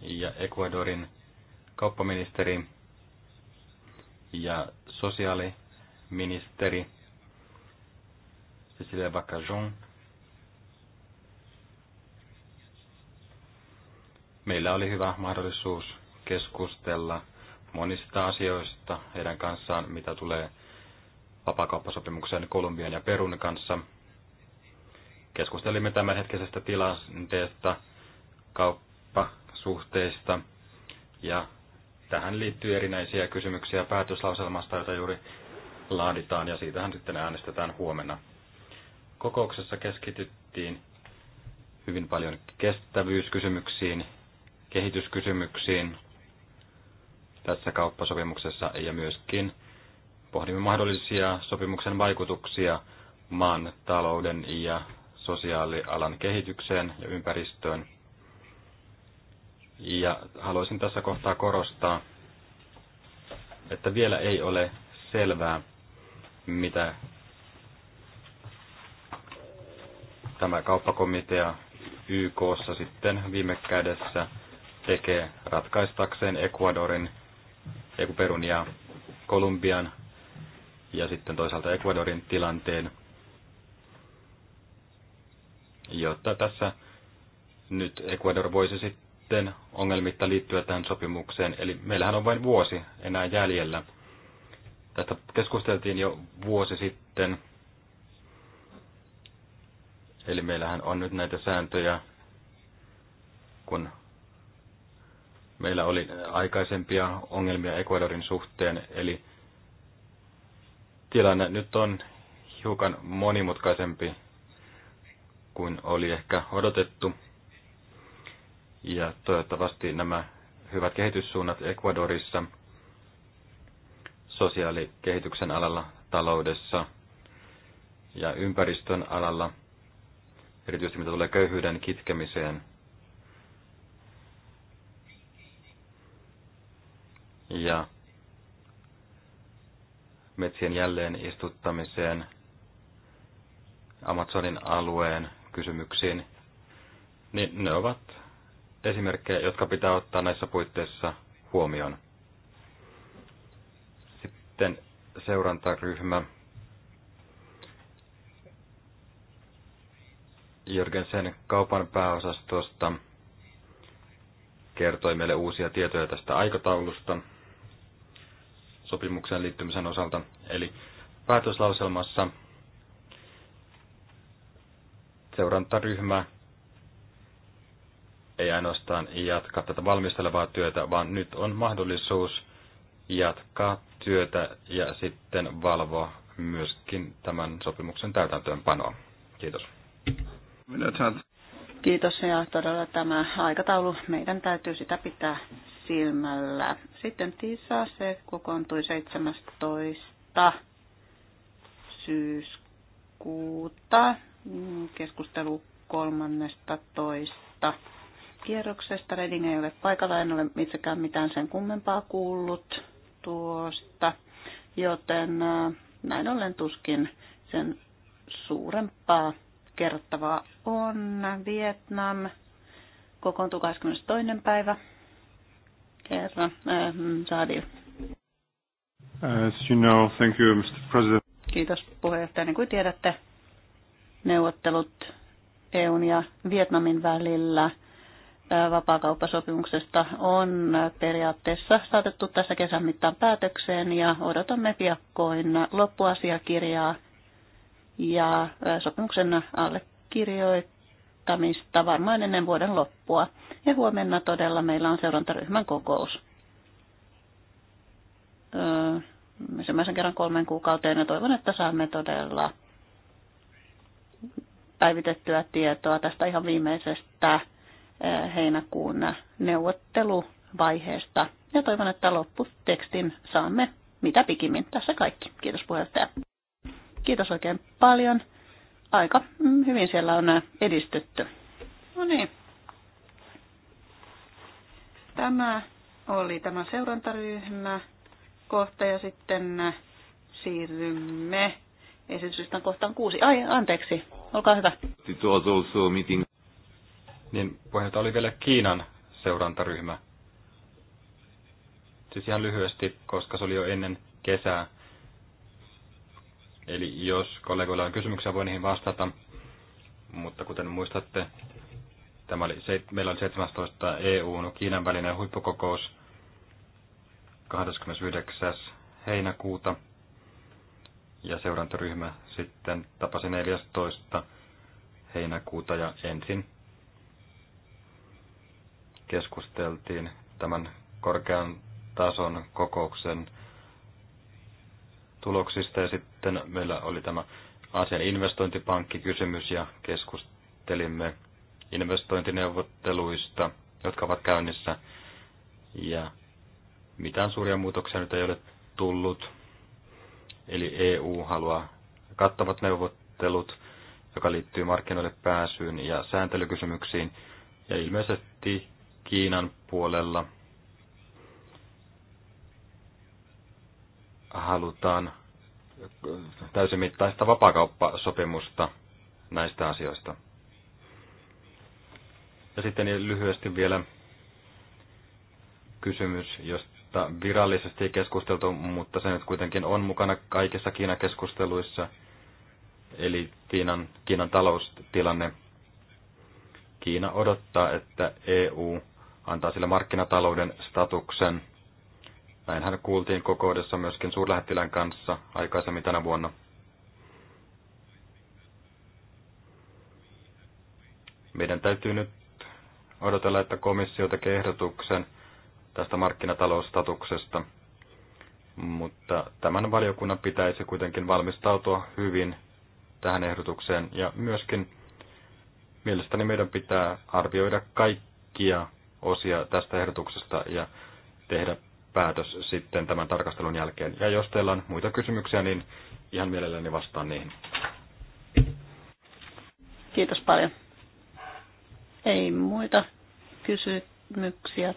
ja Ecuadorin kauppaministeri ja sosiaaliministeri Cecilia Bacajon. Meillä oli hyvä mahdollisuus keskustella monista asioista heidän kanssaan, mitä tulee vapakauppasopimukseen Kolumbian ja Perun kanssa. Keskustelimme tämänhetkisestä tilanteesta, kauppasuhteista ja tähän liittyy erinäisiä kysymyksiä päätöslauselmasta, jota juuri laaditaan, ja siitähän sitten äänestetään huomenna. Kokouksessa keskityttiin hyvin paljon kestävyyskysymyksiin, kehityskysymyksiin tässä kauppasopimuksessa ja myöskin pohdimme mahdollisia sopimuksen vaikutuksia maan talouden ja sosiaalialan kehitykseen ja ympäristöön ja haluaisin tässä kohtaa korostaa, että vielä ei ole selvää, mitä tämä kauppakomitea YKssa sitten viime kädessä tekee ratkaistakseen Ecuadorin, Ecuperun ja Kolumbian ja sitten toisaalta Ecuadorin tilanteen, jotta tässä nyt Ecuador voisi sitten sitten ongelmitta liittyä tähän sopimukseen. Eli meillähän on vain vuosi enää jäljellä. Tästä keskusteltiin jo vuosi sitten. Eli meillähän on nyt näitä sääntöjä, kun meillä oli aikaisempia ongelmia Ecuadorin suhteen. Eli tilanne nyt on hiukan monimutkaisempi kuin oli ehkä odotettu. Ja toivottavasti nämä hyvät kehityssuunnat Ecuadorissa sosiaalikehityksen alalla, taloudessa ja ympäristön alalla, erityisesti mitä tulee köyhyyden kitkemiseen. Ja metsien jälleen istuttamiseen, Amazonin alueen kysymyksiin, niin ne ovat esimerkkejä, jotka pitää ottaa näissä puitteissa huomioon. Sitten seurantaryhmä. Jörgensen kaupan pääosastosta kertoi meille uusia tietoja tästä aikataulusta sopimukseen liittymisen osalta. Eli päätöslauselmassa seurantaryhmä ei ainoastaan jatka tätä valmistelevaa työtä, vaan nyt on mahdollisuus jatkaa työtä ja sitten valvoa myöskin tämän sopimuksen täytäntöönpanoa. Kiitos. Kiitos ja todella tämä aikataulu, meidän täytyy sitä pitää silmällä. Sitten TISA, se kokoontui 17. syyskuuta, mm, keskustelu 13 kierroksesta. Reding ei ole paikalla, en ole itsekään mitään sen kummempaa kuullut tuosta, joten äh, näin ollen tuskin sen suurempaa kerrottavaa on Vietnam. Kokoontuu 22. päivä. Herra äh, Saadil. As you know, thank you, Mr. President. Kiitos puheenjohtaja. Niin kuin tiedätte, neuvottelut EUn ja Vietnamin välillä – vapaakauppasopimuksesta on periaatteessa saatettu tässä kesän mittaan päätökseen ja odotamme piakkoin loppuasiakirjaa ja sopimuksen allekirjoittamista varmaan ennen vuoden loppua. Ja huomenna todella meillä on seurantaryhmän kokous. ensimmäisen kerran kolmen kuukauteen ja toivon, että saamme todella päivitettyä tietoa tästä ihan viimeisestä Eh, heinäkuun neuvotteluvaiheesta. Ja toivon, että lopputekstin saamme mitä pikimmin. Tässä kaikki. Kiitos puheenjohtaja. Kiitos oikein paljon. Aika hyvin siellä on edistytty. No niin. Tämä oli tämä seurantaryhmä. Kohta ja sitten siirrymme esityslistan kohtaan kuusi. Ai, anteeksi. Olkaa hyvä niin puheenjohtaja oli vielä Kiinan seurantaryhmä. Siis ihan lyhyesti, koska se oli jo ennen kesää. Eli jos kollegoilla on kysymyksiä, voi niihin vastata. Mutta kuten muistatte, tämä oli, meillä oli 17. EUn Kiinan välinen huippukokous 29. heinäkuuta. Ja seurantaryhmä sitten tapasi 14. heinäkuuta ja ensin keskusteltiin tämän korkean tason kokouksen tuloksista ja sitten meillä oli tämä Aasian investointipankkikysymys ja keskustelimme investointineuvotteluista, jotka ovat käynnissä ja mitään suuria muutoksia nyt ei ole tullut. Eli EU haluaa kattavat neuvottelut, joka liittyy markkinoille pääsyyn ja sääntelykysymyksiin. Ja ilmeisesti Kiinan puolella halutaan täysimittaista vapakauppasopimusta näistä asioista. Ja sitten lyhyesti vielä kysymys, josta virallisesti ei keskusteltu, mutta se nyt kuitenkin on mukana kaikissa Kiinan keskusteluissa, eli Kiinan, Kiinan taloustilanne. Kiina odottaa, että EU antaa sille markkinatalouden statuksen. Näinhän kuultiin kokoudessa myöskin suurlähettilän kanssa aikaisemmin tänä vuonna. Meidän täytyy nyt odotella, että komissio tekee ehdotuksen tästä markkinataloustatuksesta, mutta tämän valiokunnan pitäisi kuitenkin valmistautua hyvin tähän ehdotukseen ja myöskin mielestäni meidän pitää arvioida kaikkia osia tästä ehdotuksesta ja tehdä päätös sitten tämän tarkastelun jälkeen. Ja jos teillä on muita kysymyksiä, niin ihan mielelläni vastaan niihin. Kiitos paljon. Ei muita kysymyksiä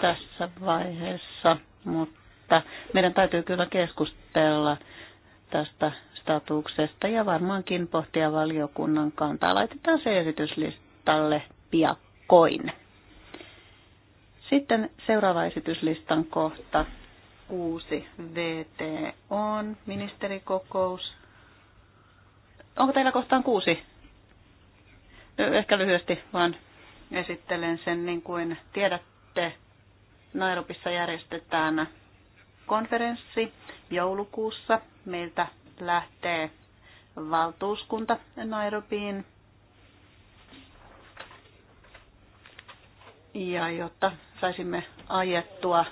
tässä vaiheessa, mutta meidän täytyy kyllä keskustella tästä statuksesta ja varmaankin pohtia valiokunnan kantaa. Laitetaan se esityslistalle piakkoin. Sitten seuraava esityslistan kohta 6. VT on ministerikokous. Onko teillä kohtaan kuusi? No, ehkä lyhyesti vaan esittelen sen, niin kuin tiedätte, Nairobissa järjestetään konferenssi joulukuussa. Meiltä lähtee valtuuskunta Nairobiin. Ja jotta saisimme ajettua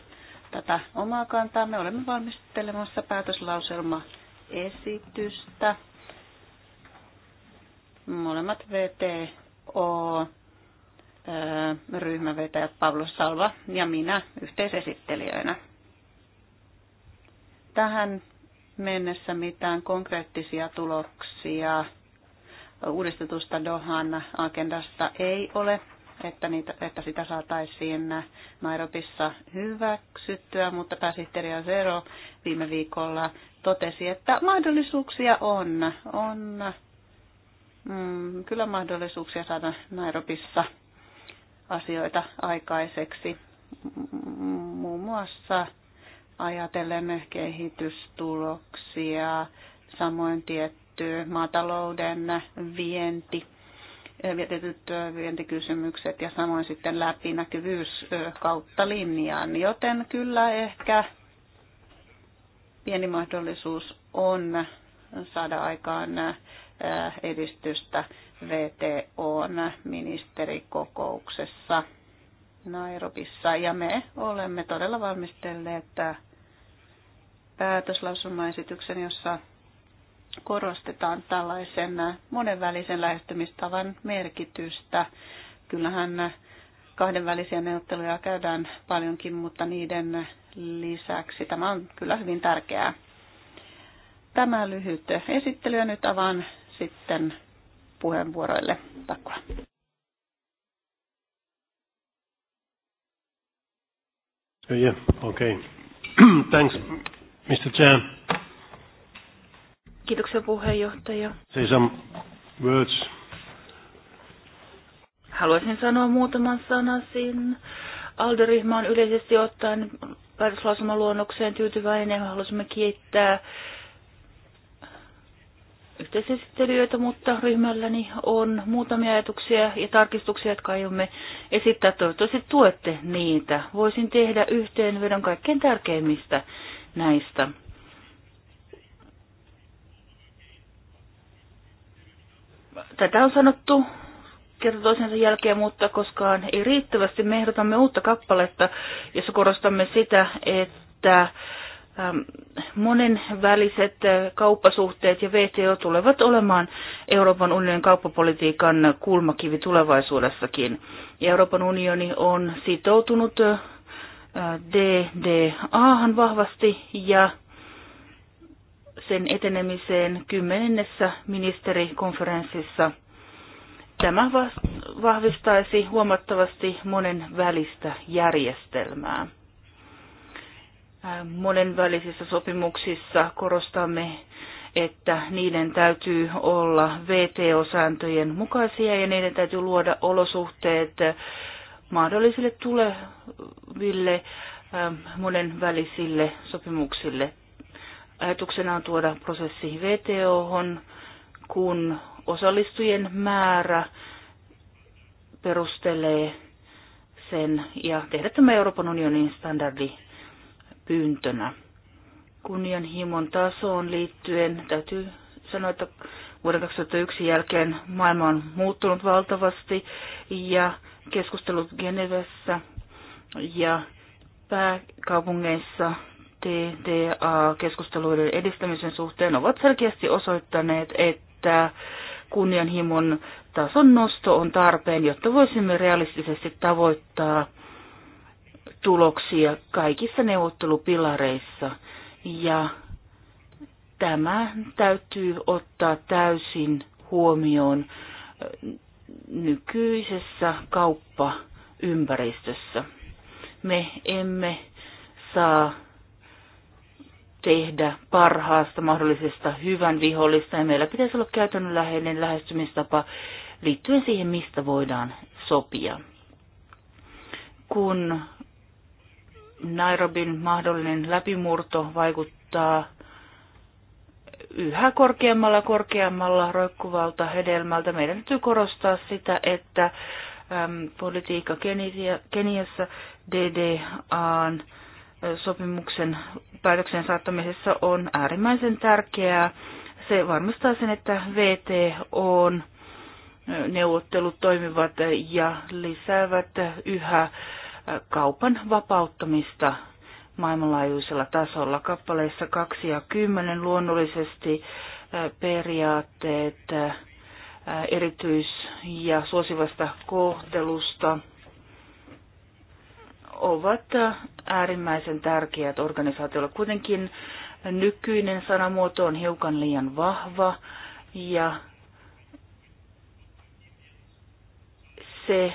tätä omaa kantaa. Me olemme valmistelemassa päätöslauselmaesitystä. Molemmat VTO ryhmävetäjät Pablo Salva ja minä yhteisesittelijöinä. Tähän mennessä mitään konkreettisia tuloksia uudistetusta Dohan agendasta ei ole että, niitä, että sitä saataisiin Nairobissa hyväksyttyä, mutta pääsihteeri Azero viime viikolla totesi, että mahdollisuuksia on. On mm, kyllä mahdollisuuksia saada Nairobissa asioita aikaiseksi, muun muassa ajatellen kehitystuloksia, samoin tietty maatalouden vienti vietetyt vientikysymykset ja samoin sitten läpinäkyvyys kautta linjaan. Joten kyllä ehkä pieni mahdollisuus on saada aikaan edistystä VTOn ministerikokouksessa Nairobissa. Ja me olemme todella valmistelleet päätöslausumaesityksen, jossa korostetaan tällaisen monenvälisen lähestymistavan merkitystä. Kyllähän kahdenvälisiä neuvotteluja käydään paljonkin, mutta niiden lisäksi tämä on kyllä hyvin tärkeää. Tämä lyhyt esittely ja nyt avaan sitten puheenvuoroille takua. Uh, yeah, okay. Thanks, Mr. Chair. Kiitoksia puheenjohtaja. Say some words. Haluaisin sanoa muutaman sanasin. Alderihma on yleisesti ottaen päätöslausumaluonnokseen tyytyväinen. Haluaisimme kiittää yhteisesittelyitä, mutta ryhmälläni on muutamia ajatuksia ja tarkistuksia, jotka aiomme esittää. Toivottavasti tuette niitä. Voisin tehdä yhteenvedon kaikkein tärkeimmistä näistä Tätä on sanottu kerta toisensa jälkeen, mutta koskaan ei riittävästi. Me ehdotamme uutta kappaletta, jossa korostamme sitä, että ähm, monenväliset äh, kauppasuhteet ja VTO tulevat olemaan Euroopan unionin kauppapolitiikan kulmakivi tulevaisuudessakin. Euroopan unioni on sitoutunut äh, DDAhan vahvasti ja sen etenemiseen kymmenennessä ministerikonferenssissa. Tämä vahvistaisi huomattavasti monen välistä järjestelmää. Äh, monen välisissä sopimuksissa korostamme, että niiden täytyy olla VTO-sääntöjen mukaisia ja niiden täytyy luoda olosuhteet mahdollisille tuleville äh, monen välisille sopimuksille. Ajatuksena on tuoda prosessi VTO, kun osallistujien määrä perustelee sen ja tehdä tämä Euroopan unionin standardi pyyntönä. Kunnianhimon tasoon liittyen täytyy sanoa, että vuoden 2001 jälkeen maailma on muuttunut valtavasti ja keskustelut Genevessä ja pääkaupungeissa TTA-keskusteluiden edistämisen suhteen ovat selkeästi osoittaneet, että kunnianhimon tason nosto on tarpeen, jotta voisimme realistisesti tavoittaa tuloksia kaikissa neuvottelupilareissa. Ja tämä täytyy ottaa täysin huomioon äh, nykyisessä kauppaympäristössä. Me emme saa tehdä parhaasta mahdollisesta hyvän vihollista ja meillä pitäisi olla käytännönläheinen lähestymistapa liittyen siihen, mistä voidaan sopia. Kun Nairobin mahdollinen läpimurto vaikuttaa yhä korkeammalla korkeammalla roikkuvalta hedelmältä, meidän täytyy korostaa sitä, että äm, politiikka Keniassa DDAn sopimuksen päätöksen saattamisessa on äärimmäisen tärkeää. Se varmistaa sen, että on neuvottelut toimivat ja lisäävät yhä kaupan vapauttamista maailmanlaajuisella tasolla. Kappaleissa 2 ja 10 luonnollisesti periaatteet erityis- ja suosivasta kohtelusta – ovat äärimmäisen tärkeät organisaatiolle. Kuitenkin nykyinen sanamuoto on hiukan liian vahva ja se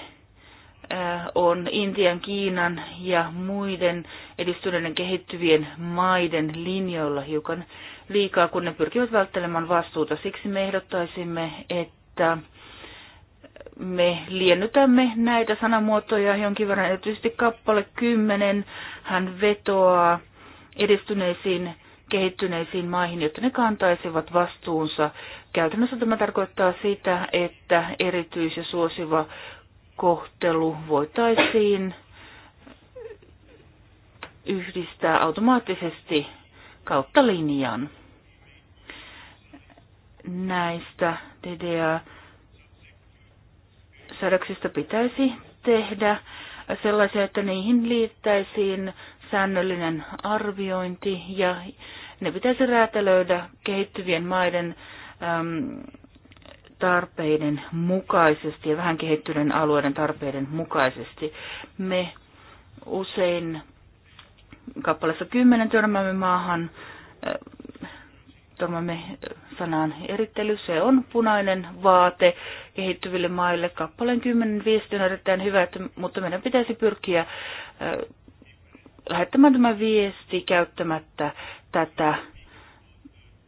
on Intian, Kiinan ja muiden edistyneiden kehittyvien maiden linjoilla hiukan liikaa, kun ne pyrkivät välttelemään vastuuta. Siksi me ehdottaisimme, että me liennytämme näitä sanamuotoja jonkin verran, erityisesti kappale 10, hän vetoaa edistyneisiin kehittyneisiin maihin, jotta ne kantaisivat vastuunsa. Käytännössä tämä tarkoittaa sitä, että erityis- ja suosiva kohtelu voitaisiin yhdistää automaattisesti kautta linjan. Näistä DDR säädöksistä pitäisi tehdä sellaisia, että niihin liittäisiin säännöllinen arviointi ja ne pitäisi räätälöidä kehittyvien maiden äm, tarpeiden mukaisesti ja vähän kehittyneiden alueiden tarpeiden mukaisesti. Me usein kappaleessa 10 törmäämme maahan käyttämämme sanan erittely, se on punainen vaate kehittyville maille. Kappaleen 10 viesti on erittäin hyvä, että, mutta meidän pitäisi pyrkiä lähettämään tämä viesti käyttämättä tätä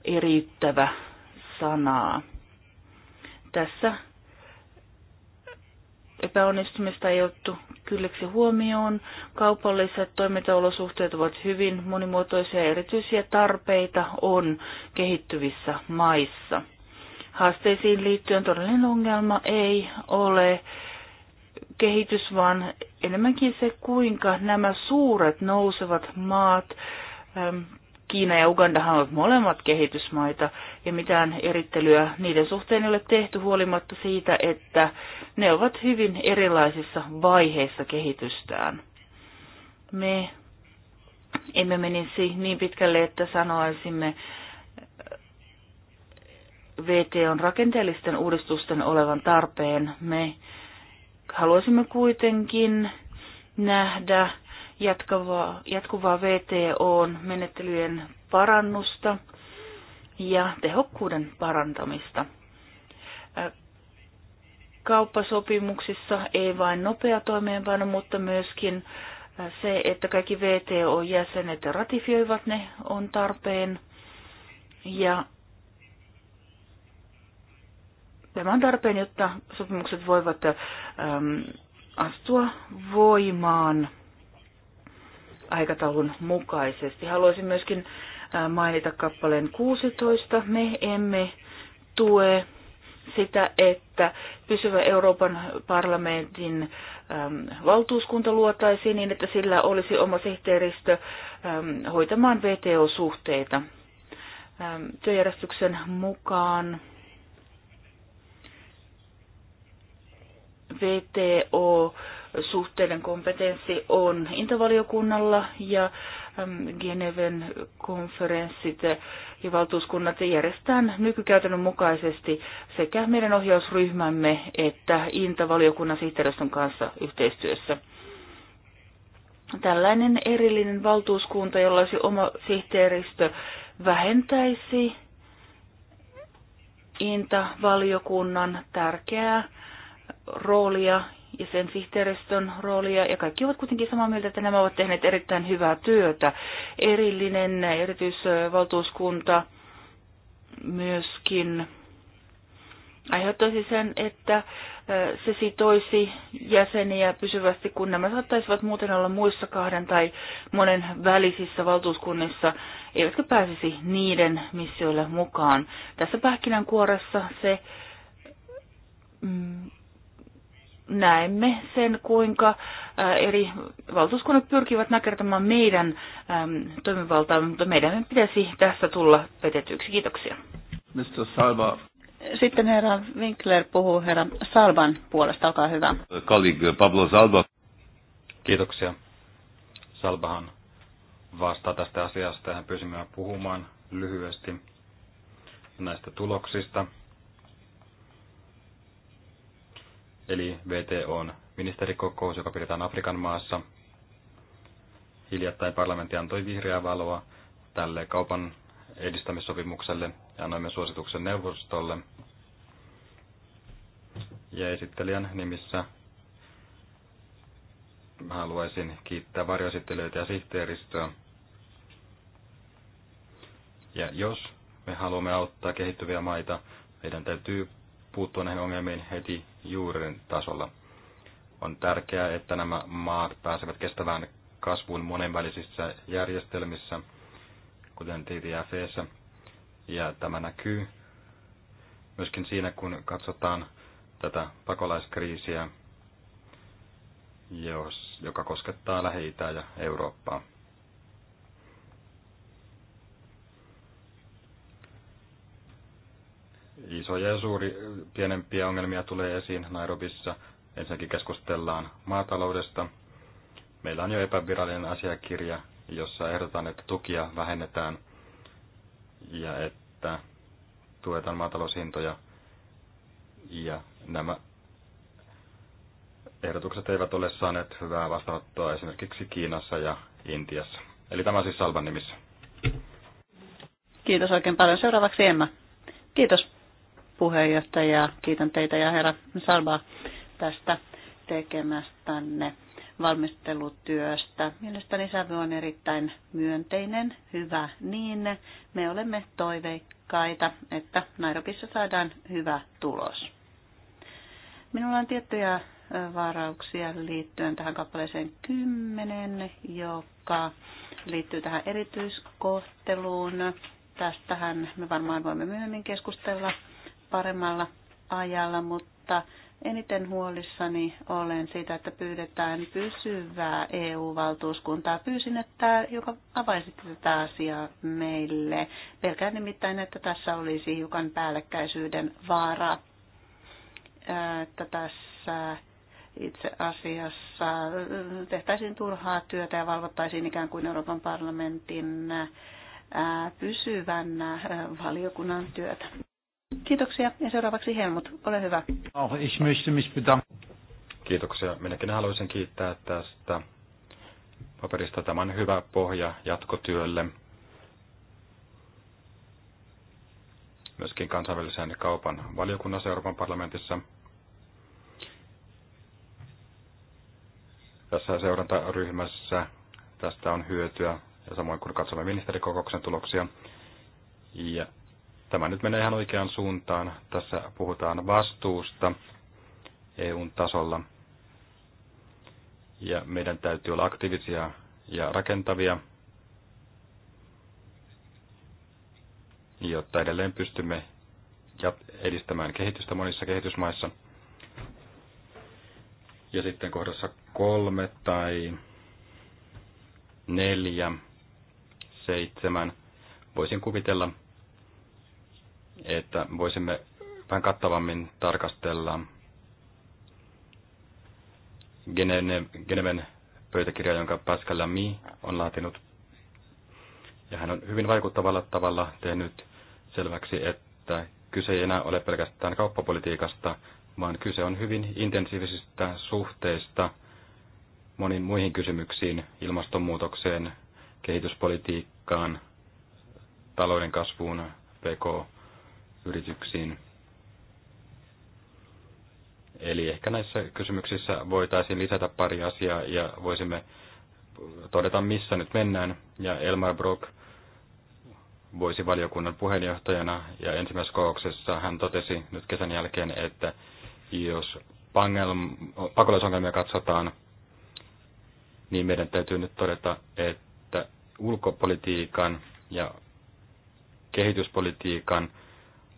eriyttävä sanaa. Tässä epäonnistumista ei ottu kylliksi huomioon. Kaupalliset toimintaolosuhteet ovat hyvin monimuotoisia ja erityisiä tarpeita on kehittyvissä maissa. Haasteisiin liittyen todellinen ongelma ei ole kehitys, vaan enemmänkin se, kuinka nämä suuret nousevat maat Kiina ja Ugandahan ovat molemmat kehitysmaita ja mitään erittelyä niiden suhteen ei ole tehty huolimatta siitä, että ne ovat hyvin erilaisissa vaiheissa kehitystään. Me emme menisi niin pitkälle, että sanoisimme VTOn rakenteellisten uudistusten olevan tarpeen. Me haluaisimme kuitenkin nähdä jatkuvaa, jatkuvaa VTO-menettelyjen parannusta ja tehokkuuden parantamista. Äh, kauppasopimuksissa ei vain nopea toimeenpano, mutta myöskin äh, se, että kaikki VTO-jäsenet ratifioivat ne, on tarpeen. Ja tämä on tarpeen, jotta sopimukset voivat äm, astua voimaan – aikataulun mukaisesti. Haluaisin myöskin mainita kappaleen 16. Me emme tue sitä, että pysyvä Euroopan parlamentin äm, valtuuskunta luotaisiin niin, että sillä olisi oma sihteeristö äm, hoitamaan VTO-suhteita. Äm, työjärjestyksen mukaan VTO suhteiden kompetenssi on intavaliokunnalla ja Geneven konferenssit ja valtuuskunnat järjestetään nykykäytännön mukaisesti sekä meidän ohjausryhmämme että Intavaliokunnan sihteeristön kanssa yhteistyössä. Tällainen erillinen valtuuskunta, jolla olisi oma sihteeristö, vähentäisi Inta-valiokunnan tärkeää roolia ja sen sihteeristön roolia, ja kaikki ovat kuitenkin samaa mieltä, että nämä ovat tehneet erittäin hyvää työtä. Erillinen erityisvaltuuskunta myöskin aiheuttaisi sen, että se sitoisi jäseniä pysyvästi, kun nämä saattaisivat muuten olla muissa kahden tai monen välisissä valtuuskunnissa, eivätkä pääsisi niiden missioille mukaan. Tässä pähkinänkuoressa se mm, näemme sen, kuinka eri valtuuskunnat pyrkivät nakertamaan meidän toimivaltaamme, mutta meidän pitäisi tässä tulla petetyksi. Kiitoksia. Mr. Salva. Sitten herra Winkler puhuu herra Salvan puolesta. Olkaa hyvä. Kollegi Pablo Salva. Kiitoksia. Salvahan vastaa tästä asiasta ja hän pyysi puhumaan lyhyesti näistä tuloksista eli VTOn ministerikokous, joka pidetään Afrikan maassa. Hiljattain parlamentti antoi vihreää valoa tälle kaupan edistämissopimukselle ja annoimme suosituksen neuvostolle. Ja esittelijän nimissä haluaisin kiittää varjoesittelijöitä ja sihteeristöä. Ja jos me haluamme auttaa kehittyviä maita, meidän täytyy puuttua näihin ongelmiin heti juuren tasolla. On tärkeää, että nämä maat pääsevät kestävään kasvuun monenvälisissä järjestelmissä, kuten TTFEssä, ja tämä näkyy myöskin siinä, kun katsotaan tätä pakolaiskriisiä, joka koskettaa lähi ja Eurooppaa. isoja ja suuri, pienempiä ongelmia tulee esiin Nairobissa. Ensinnäkin keskustellaan maataloudesta. Meillä on jo epävirallinen asiakirja, jossa ehdotetaan, että tukia vähennetään ja että tuetaan maataloushintoja. Ja nämä ehdotukset eivät ole saaneet hyvää vastaanottoa esimerkiksi Kiinassa ja Intiassa. Eli tämä siis Salvan nimissä. Kiitos oikein paljon. Seuraavaksi Emma. Kiitos puheenjohtaja. Kiitän teitä ja herra Salva tästä tekemästänne valmistelutyöstä. Mielestäni sävy on erittäin myönteinen, hyvä niin. Me olemme toiveikkaita, että Nairobissa saadaan hyvä tulos. Minulla on tiettyjä varauksia liittyen tähän kappaleeseen 10, joka liittyy tähän erityiskohteluun. Tästähän me varmaan voimme myöhemmin keskustella paremmalla ajalla, mutta eniten huolissani olen siitä, että pyydetään pysyvää EU-valtuuskuntaa. Pyysin, että joka avaisi tätä asiaa meille. Pelkään nimittäin, että tässä olisi hiukan päällekkäisyyden vaara. Että tässä itse asiassa tehtäisiin turhaa työtä ja valvottaisiin ikään kuin Euroopan parlamentin pysyvän valiokunnan työtä. Kiitoksia. Ja seuraavaksi Helmut, ole hyvä. Ich möchte mich bedanken. Kiitoksia. Minäkin haluaisin kiittää tästä paperista. Tämä on hyvä pohja jatkotyölle. Myöskin kansainvälisen kaupan valiokunnassa Euroopan parlamentissa. Tässä seurantaryhmässä tästä on hyötyä ja samoin kun katsomme ministerikokouksen tuloksia. Ja Tämä nyt menee ihan oikeaan suuntaan. Tässä puhutaan vastuusta EUn tasolla. Ja meidän täytyy olla aktiivisia ja rakentavia, jotta edelleen pystymme edistämään kehitystä monissa kehitysmaissa. Ja sitten kohdassa kolme tai neljä, seitsemän. Voisin kuvitella, että voisimme vähän kattavammin tarkastella Geneven pöytäkirja, jonka Pascal Lamy on laatinut. Ja hän on hyvin vaikuttavalla tavalla tehnyt selväksi, että kyse ei enää ole pelkästään kauppapolitiikasta, vaan kyse on hyvin intensiivisistä suhteista moniin muihin kysymyksiin, ilmastonmuutokseen, kehityspolitiikkaan, talouden kasvuun, pk yrityksiin. Eli ehkä näissä kysymyksissä voitaisiin lisätä pari asiaa ja voisimme todeta, missä nyt mennään. Ja Elmar Brock voisi valiokunnan puheenjohtajana ja ensimmäisessä kokouksessa hän totesi nyt kesän jälkeen, että jos pakolaisongelmia katsotaan, niin meidän täytyy nyt todeta, että ulkopolitiikan ja kehityspolitiikan –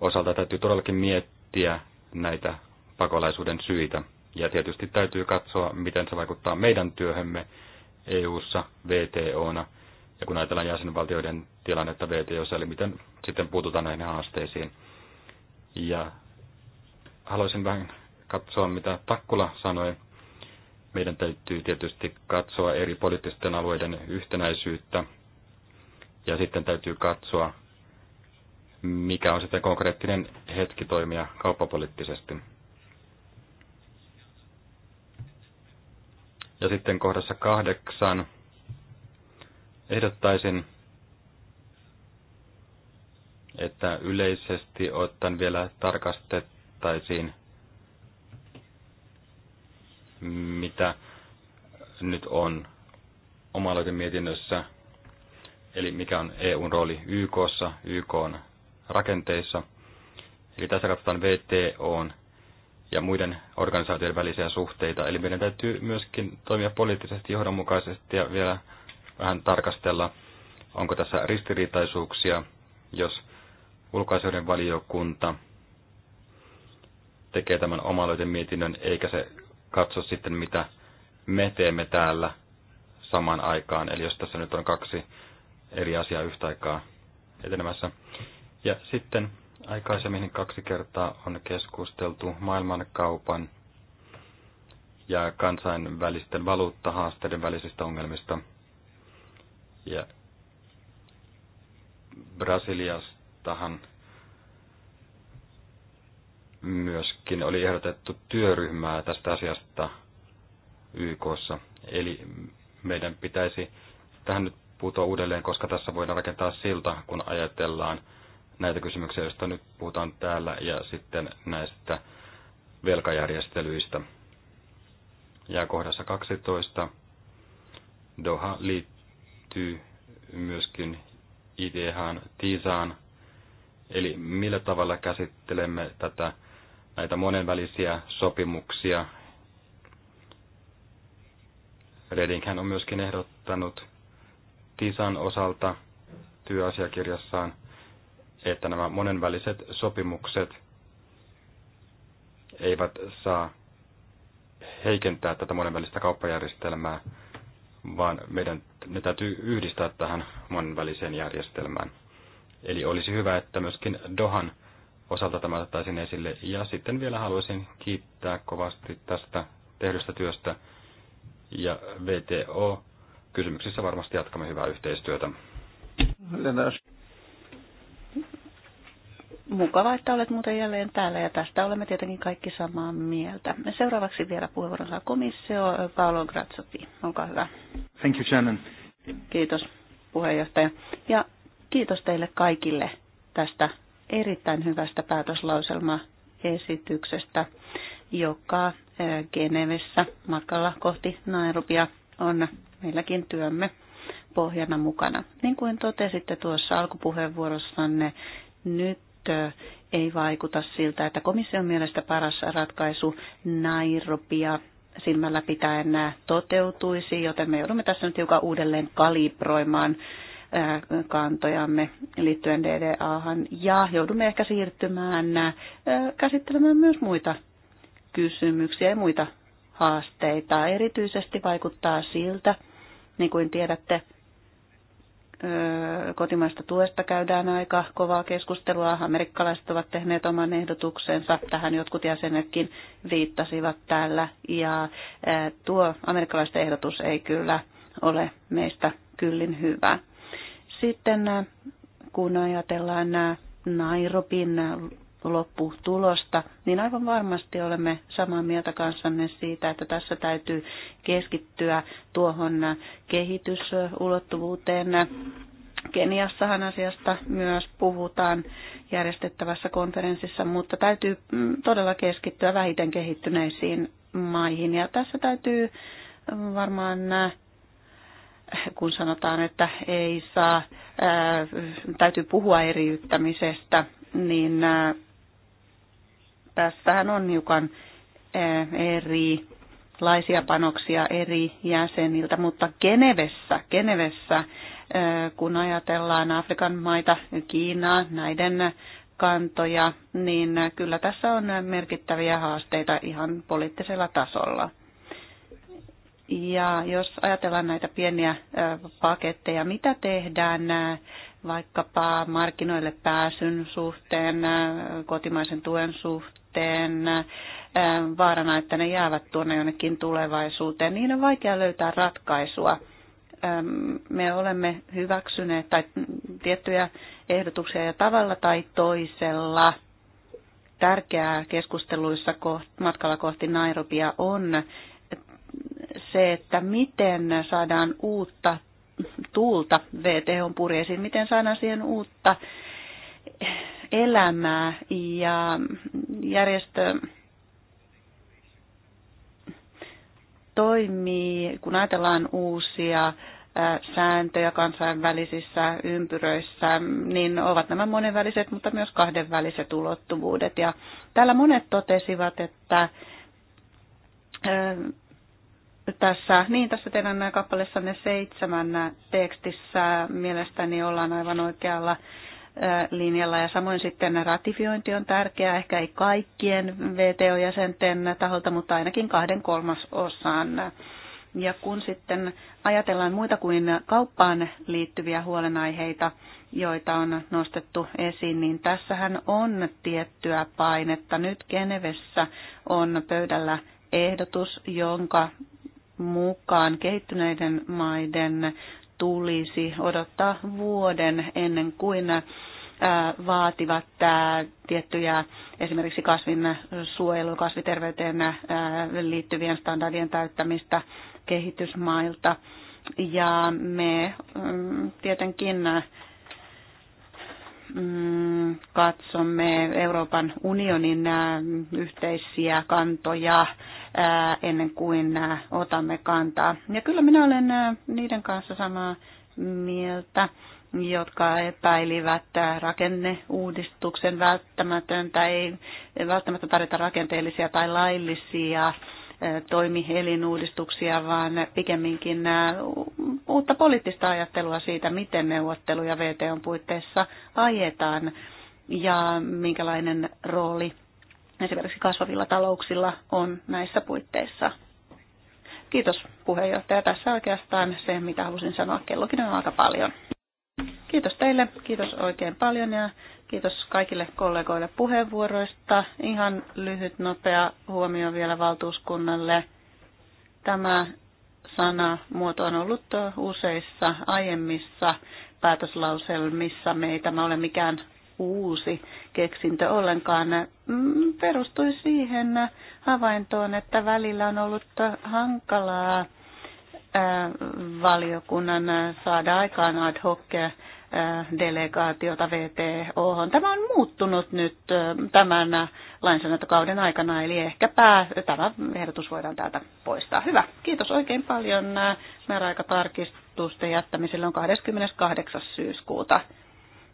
osalta täytyy todellakin miettiä näitä pakolaisuuden syitä. Ja tietysti täytyy katsoa, miten se vaikuttaa meidän työhömme EU-ssa, VTOna, ja kun ajatellaan jäsenvaltioiden tilannetta VTOssa, eli miten sitten puututaan näihin haasteisiin. Ja haluaisin vähän katsoa, mitä Takkula sanoi. Meidän täytyy tietysti katsoa eri poliittisten alueiden yhtenäisyyttä, ja sitten täytyy katsoa, mikä on sitten konkreettinen hetki toimia kauppapoliittisesti. Ja sitten kohdassa kahdeksan ehdottaisin, että yleisesti ottaen vielä tarkastettaisiin, mitä nyt on oma mietinnössä, eli mikä on EUn rooli YKssa, YK on rakenteissa. Eli tässä katsotaan VTO ja muiden organisaatioiden välisiä suhteita. Eli meidän täytyy myöskin toimia poliittisesti johdonmukaisesti ja vielä vähän tarkastella, onko tässä ristiriitaisuuksia, jos ulkoasioiden valiokunta tekee tämän omaloiden mietinnön, eikä se katso sitten, mitä me teemme täällä samaan aikaan. Eli jos tässä nyt on kaksi eri asiaa yhtä aikaa etenemässä. Ja sitten aikaisemmin kaksi kertaa on keskusteltu maailmankaupan ja kansainvälisten valuuttahaasteiden välisistä ongelmista. Ja Brasiliastahan myöskin oli ehdotettu työryhmää tästä asiasta YKssa. Eli meidän pitäisi tähän nyt putoa uudelleen, koska tässä voidaan rakentaa silta, kun ajatellaan – näitä kysymyksiä, joista nyt puhutaan täällä, ja sitten näistä velkajärjestelyistä. Ja kohdassa 12 Doha liittyy myöskin IDEAan, TISAan, eli millä tavalla käsittelemme tätä, näitä monenvälisiä sopimuksia. Redinghän on myöskin ehdottanut TISAn osalta työasiakirjassaan – että nämä monenväliset sopimukset eivät saa heikentää tätä monenvälistä kauppajärjestelmää, vaan meidän, ne täytyy yhdistää tähän monenväliseen järjestelmään. Eli olisi hyvä, että myöskin Dohan osalta tämä ottaisin esille. Ja sitten vielä haluaisin kiittää kovasti tästä tehdystä työstä ja VTO. Kysymyksissä varmasti jatkamme hyvää yhteistyötä. Mukava, että olet muuten jälleen täällä ja tästä olemme tietenkin kaikki samaa mieltä. Seuraavaksi vielä puheenvuoron saa komissio eh, Paolo Grazzotti. Olkaa hyvä. Thank you, Shannon. Kiitos puheenjohtaja. Ja kiitos teille kaikille tästä erittäin hyvästä päätöslauselmaesityksestä, joka eh, Genevessä matkalla kohti Nairobia on meilläkin työmme pohjana mukana. Niin kuin totesitte tuossa alkupuheenvuorossanne, nyt ei vaikuta siltä, että komission mielestä paras ratkaisu Nairobia silmällä pitäen toteutuisi, joten me joudumme tässä nyt hiukan uudelleen kalibroimaan äh, kantojamme liittyen DDAhan ja joudumme ehkä siirtymään äh, käsittelemään myös muita kysymyksiä ja muita haasteita. Erityisesti vaikuttaa siltä, niin kuin tiedätte, kotimaista tuesta käydään aika kovaa keskustelua. Amerikkalaiset ovat tehneet oman ehdotuksensa. Tähän jotkut jäsenetkin viittasivat täällä. Ja tuo amerikkalaisten ehdotus ei kyllä ole meistä kyllin hyvä. Sitten kun ajatellaan Nairobin lopputulosta, niin aivan varmasti olemme samaa mieltä kanssanne siitä, että tässä täytyy keskittyä tuohon kehitysulottuvuuteen. Keniassahan asiasta myös puhutaan järjestettävässä konferenssissa, mutta täytyy mm, todella keskittyä vähiten kehittyneisiin maihin. Ja tässä täytyy varmaan kun sanotaan, että ei saa, ää, täytyy puhua eriyttämisestä, niin tässähän on hiukan eh, erilaisia panoksia eri jäseniltä, mutta Genevessä, Genevessä eh, kun ajatellaan Afrikan maita, Kiinaa, näiden kantoja, niin kyllä tässä on merkittäviä haasteita ihan poliittisella tasolla. Ja jos ajatellaan näitä pieniä eh, paketteja, mitä tehdään vaikkapa markkinoille pääsyn suhteen, kotimaisen tuen suhteen, suhteen vaarana, että ne jäävät tuonne jonnekin tulevaisuuteen. Niin on vaikea löytää ratkaisua. Me olemme hyväksyneet tai tiettyjä ehdotuksia ja tavalla tai toisella tärkeää keskusteluissa matkalla kohti Nairobia on se, että miten saadaan uutta tuulta on purjeisiin, miten saadaan siihen uutta elämää ja järjestö toimii, kun ajatellaan uusia sääntöjä kansainvälisissä ympyröissä, niin ovat nämä monenväliset, mutta myös kahdenväliset ulottuvuudet. Ja täällä monet totesivat, että tässä, niin tässä teidän kappaleessanne seitsemän tekstissä mielestäni ollaan aivan oikealla linjalla ja samoin sitten ratifiointi on tärkeää, ehkä ei kaikkien VTO-jäsenten taholta, mutta ainakin kahden kolmasosan. Ja kun sitten ajatellaan muita kuin kauppaan liittyviä huolenaiheita, joita on nostettu esiin, niin tässähän on tiettyä painetta. Nyt Genevessä on pöydällä ehdotus, jonka mukaan kehittyneiden maiden tulisi odottaa vuoden ennen kuin vaativat tiettyjä esimerkiksi kasvin suojelu- kasviterveyteen liittyvien standardien täyttämistä kehitysmailta. Ja me mm, tietenkin mm, katsomme Euroopan unionin yhteisiä kantoja ennen kuin otamme kantaa. Ja kyllä minä olen niiden kanssa samaa mieltä, jotka epäilivät rakenneuudistuksen välttämätöntä, ei välttämättä tarvita rakenteellisia tai laillisia toimielinuudistuksia, vaan pikemminkin uutta poliittista ajattelua siitä, miten neuvotteluja VTOn puitteissa ajetaan ja minkälainen rooli esimerkiksi kasvavilla talouksilla on näissä puitteissa. Kiitos puheenjohtaja. Tässä oikeastaan se, mitä halusin sanoa. Kellokin on aika paljon. Kiitos teille, kiitos oikein paljon ja kiitos kaikille kollegoille puheenvuoroista. Ihan lyhyt, nopea huomio vielä valtuuskunnalle. Tämä sana muoto on ollut useissa aiemmissa päätöslauselmissa. Me ei tämä ole mikään uusi keksintö ollenkaan. Mm, perustui siihen havaintoon, että välillä on ollut hankalaa äh, valiokunnan saada aikaan ad hoc äh, delegaatiota VTO. Tämä on muuttunut nyt äh, tämän lainsäädäntökauden aikana, eli ehkäpä tämä ehdotus voidaan täältä poistaa. Hyvä, kiitos oikein paljon määräaikatarkistusten jättämiselle on 28. syyskuuta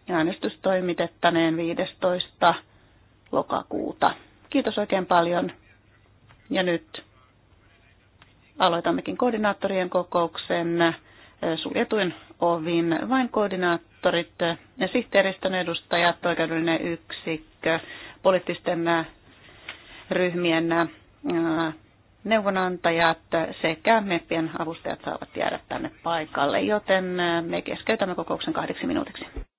äänestys toimitettaneen 15. lokakuuta. Kiitos oikein paljon. Ja nyt aloitammekin koordinaattorien kokouksen eh, suljetuin ovin. Vain koordinaattorit ja sihteeristön edustajat, oikeudellinen yksikkö, poliittisten eh, ryhmien eh, neuvonantajat sekä meppien avustajat saavat jäädä tänne paikalle, joten me keskeytämme kokouksen kahdeksi minuutiksi.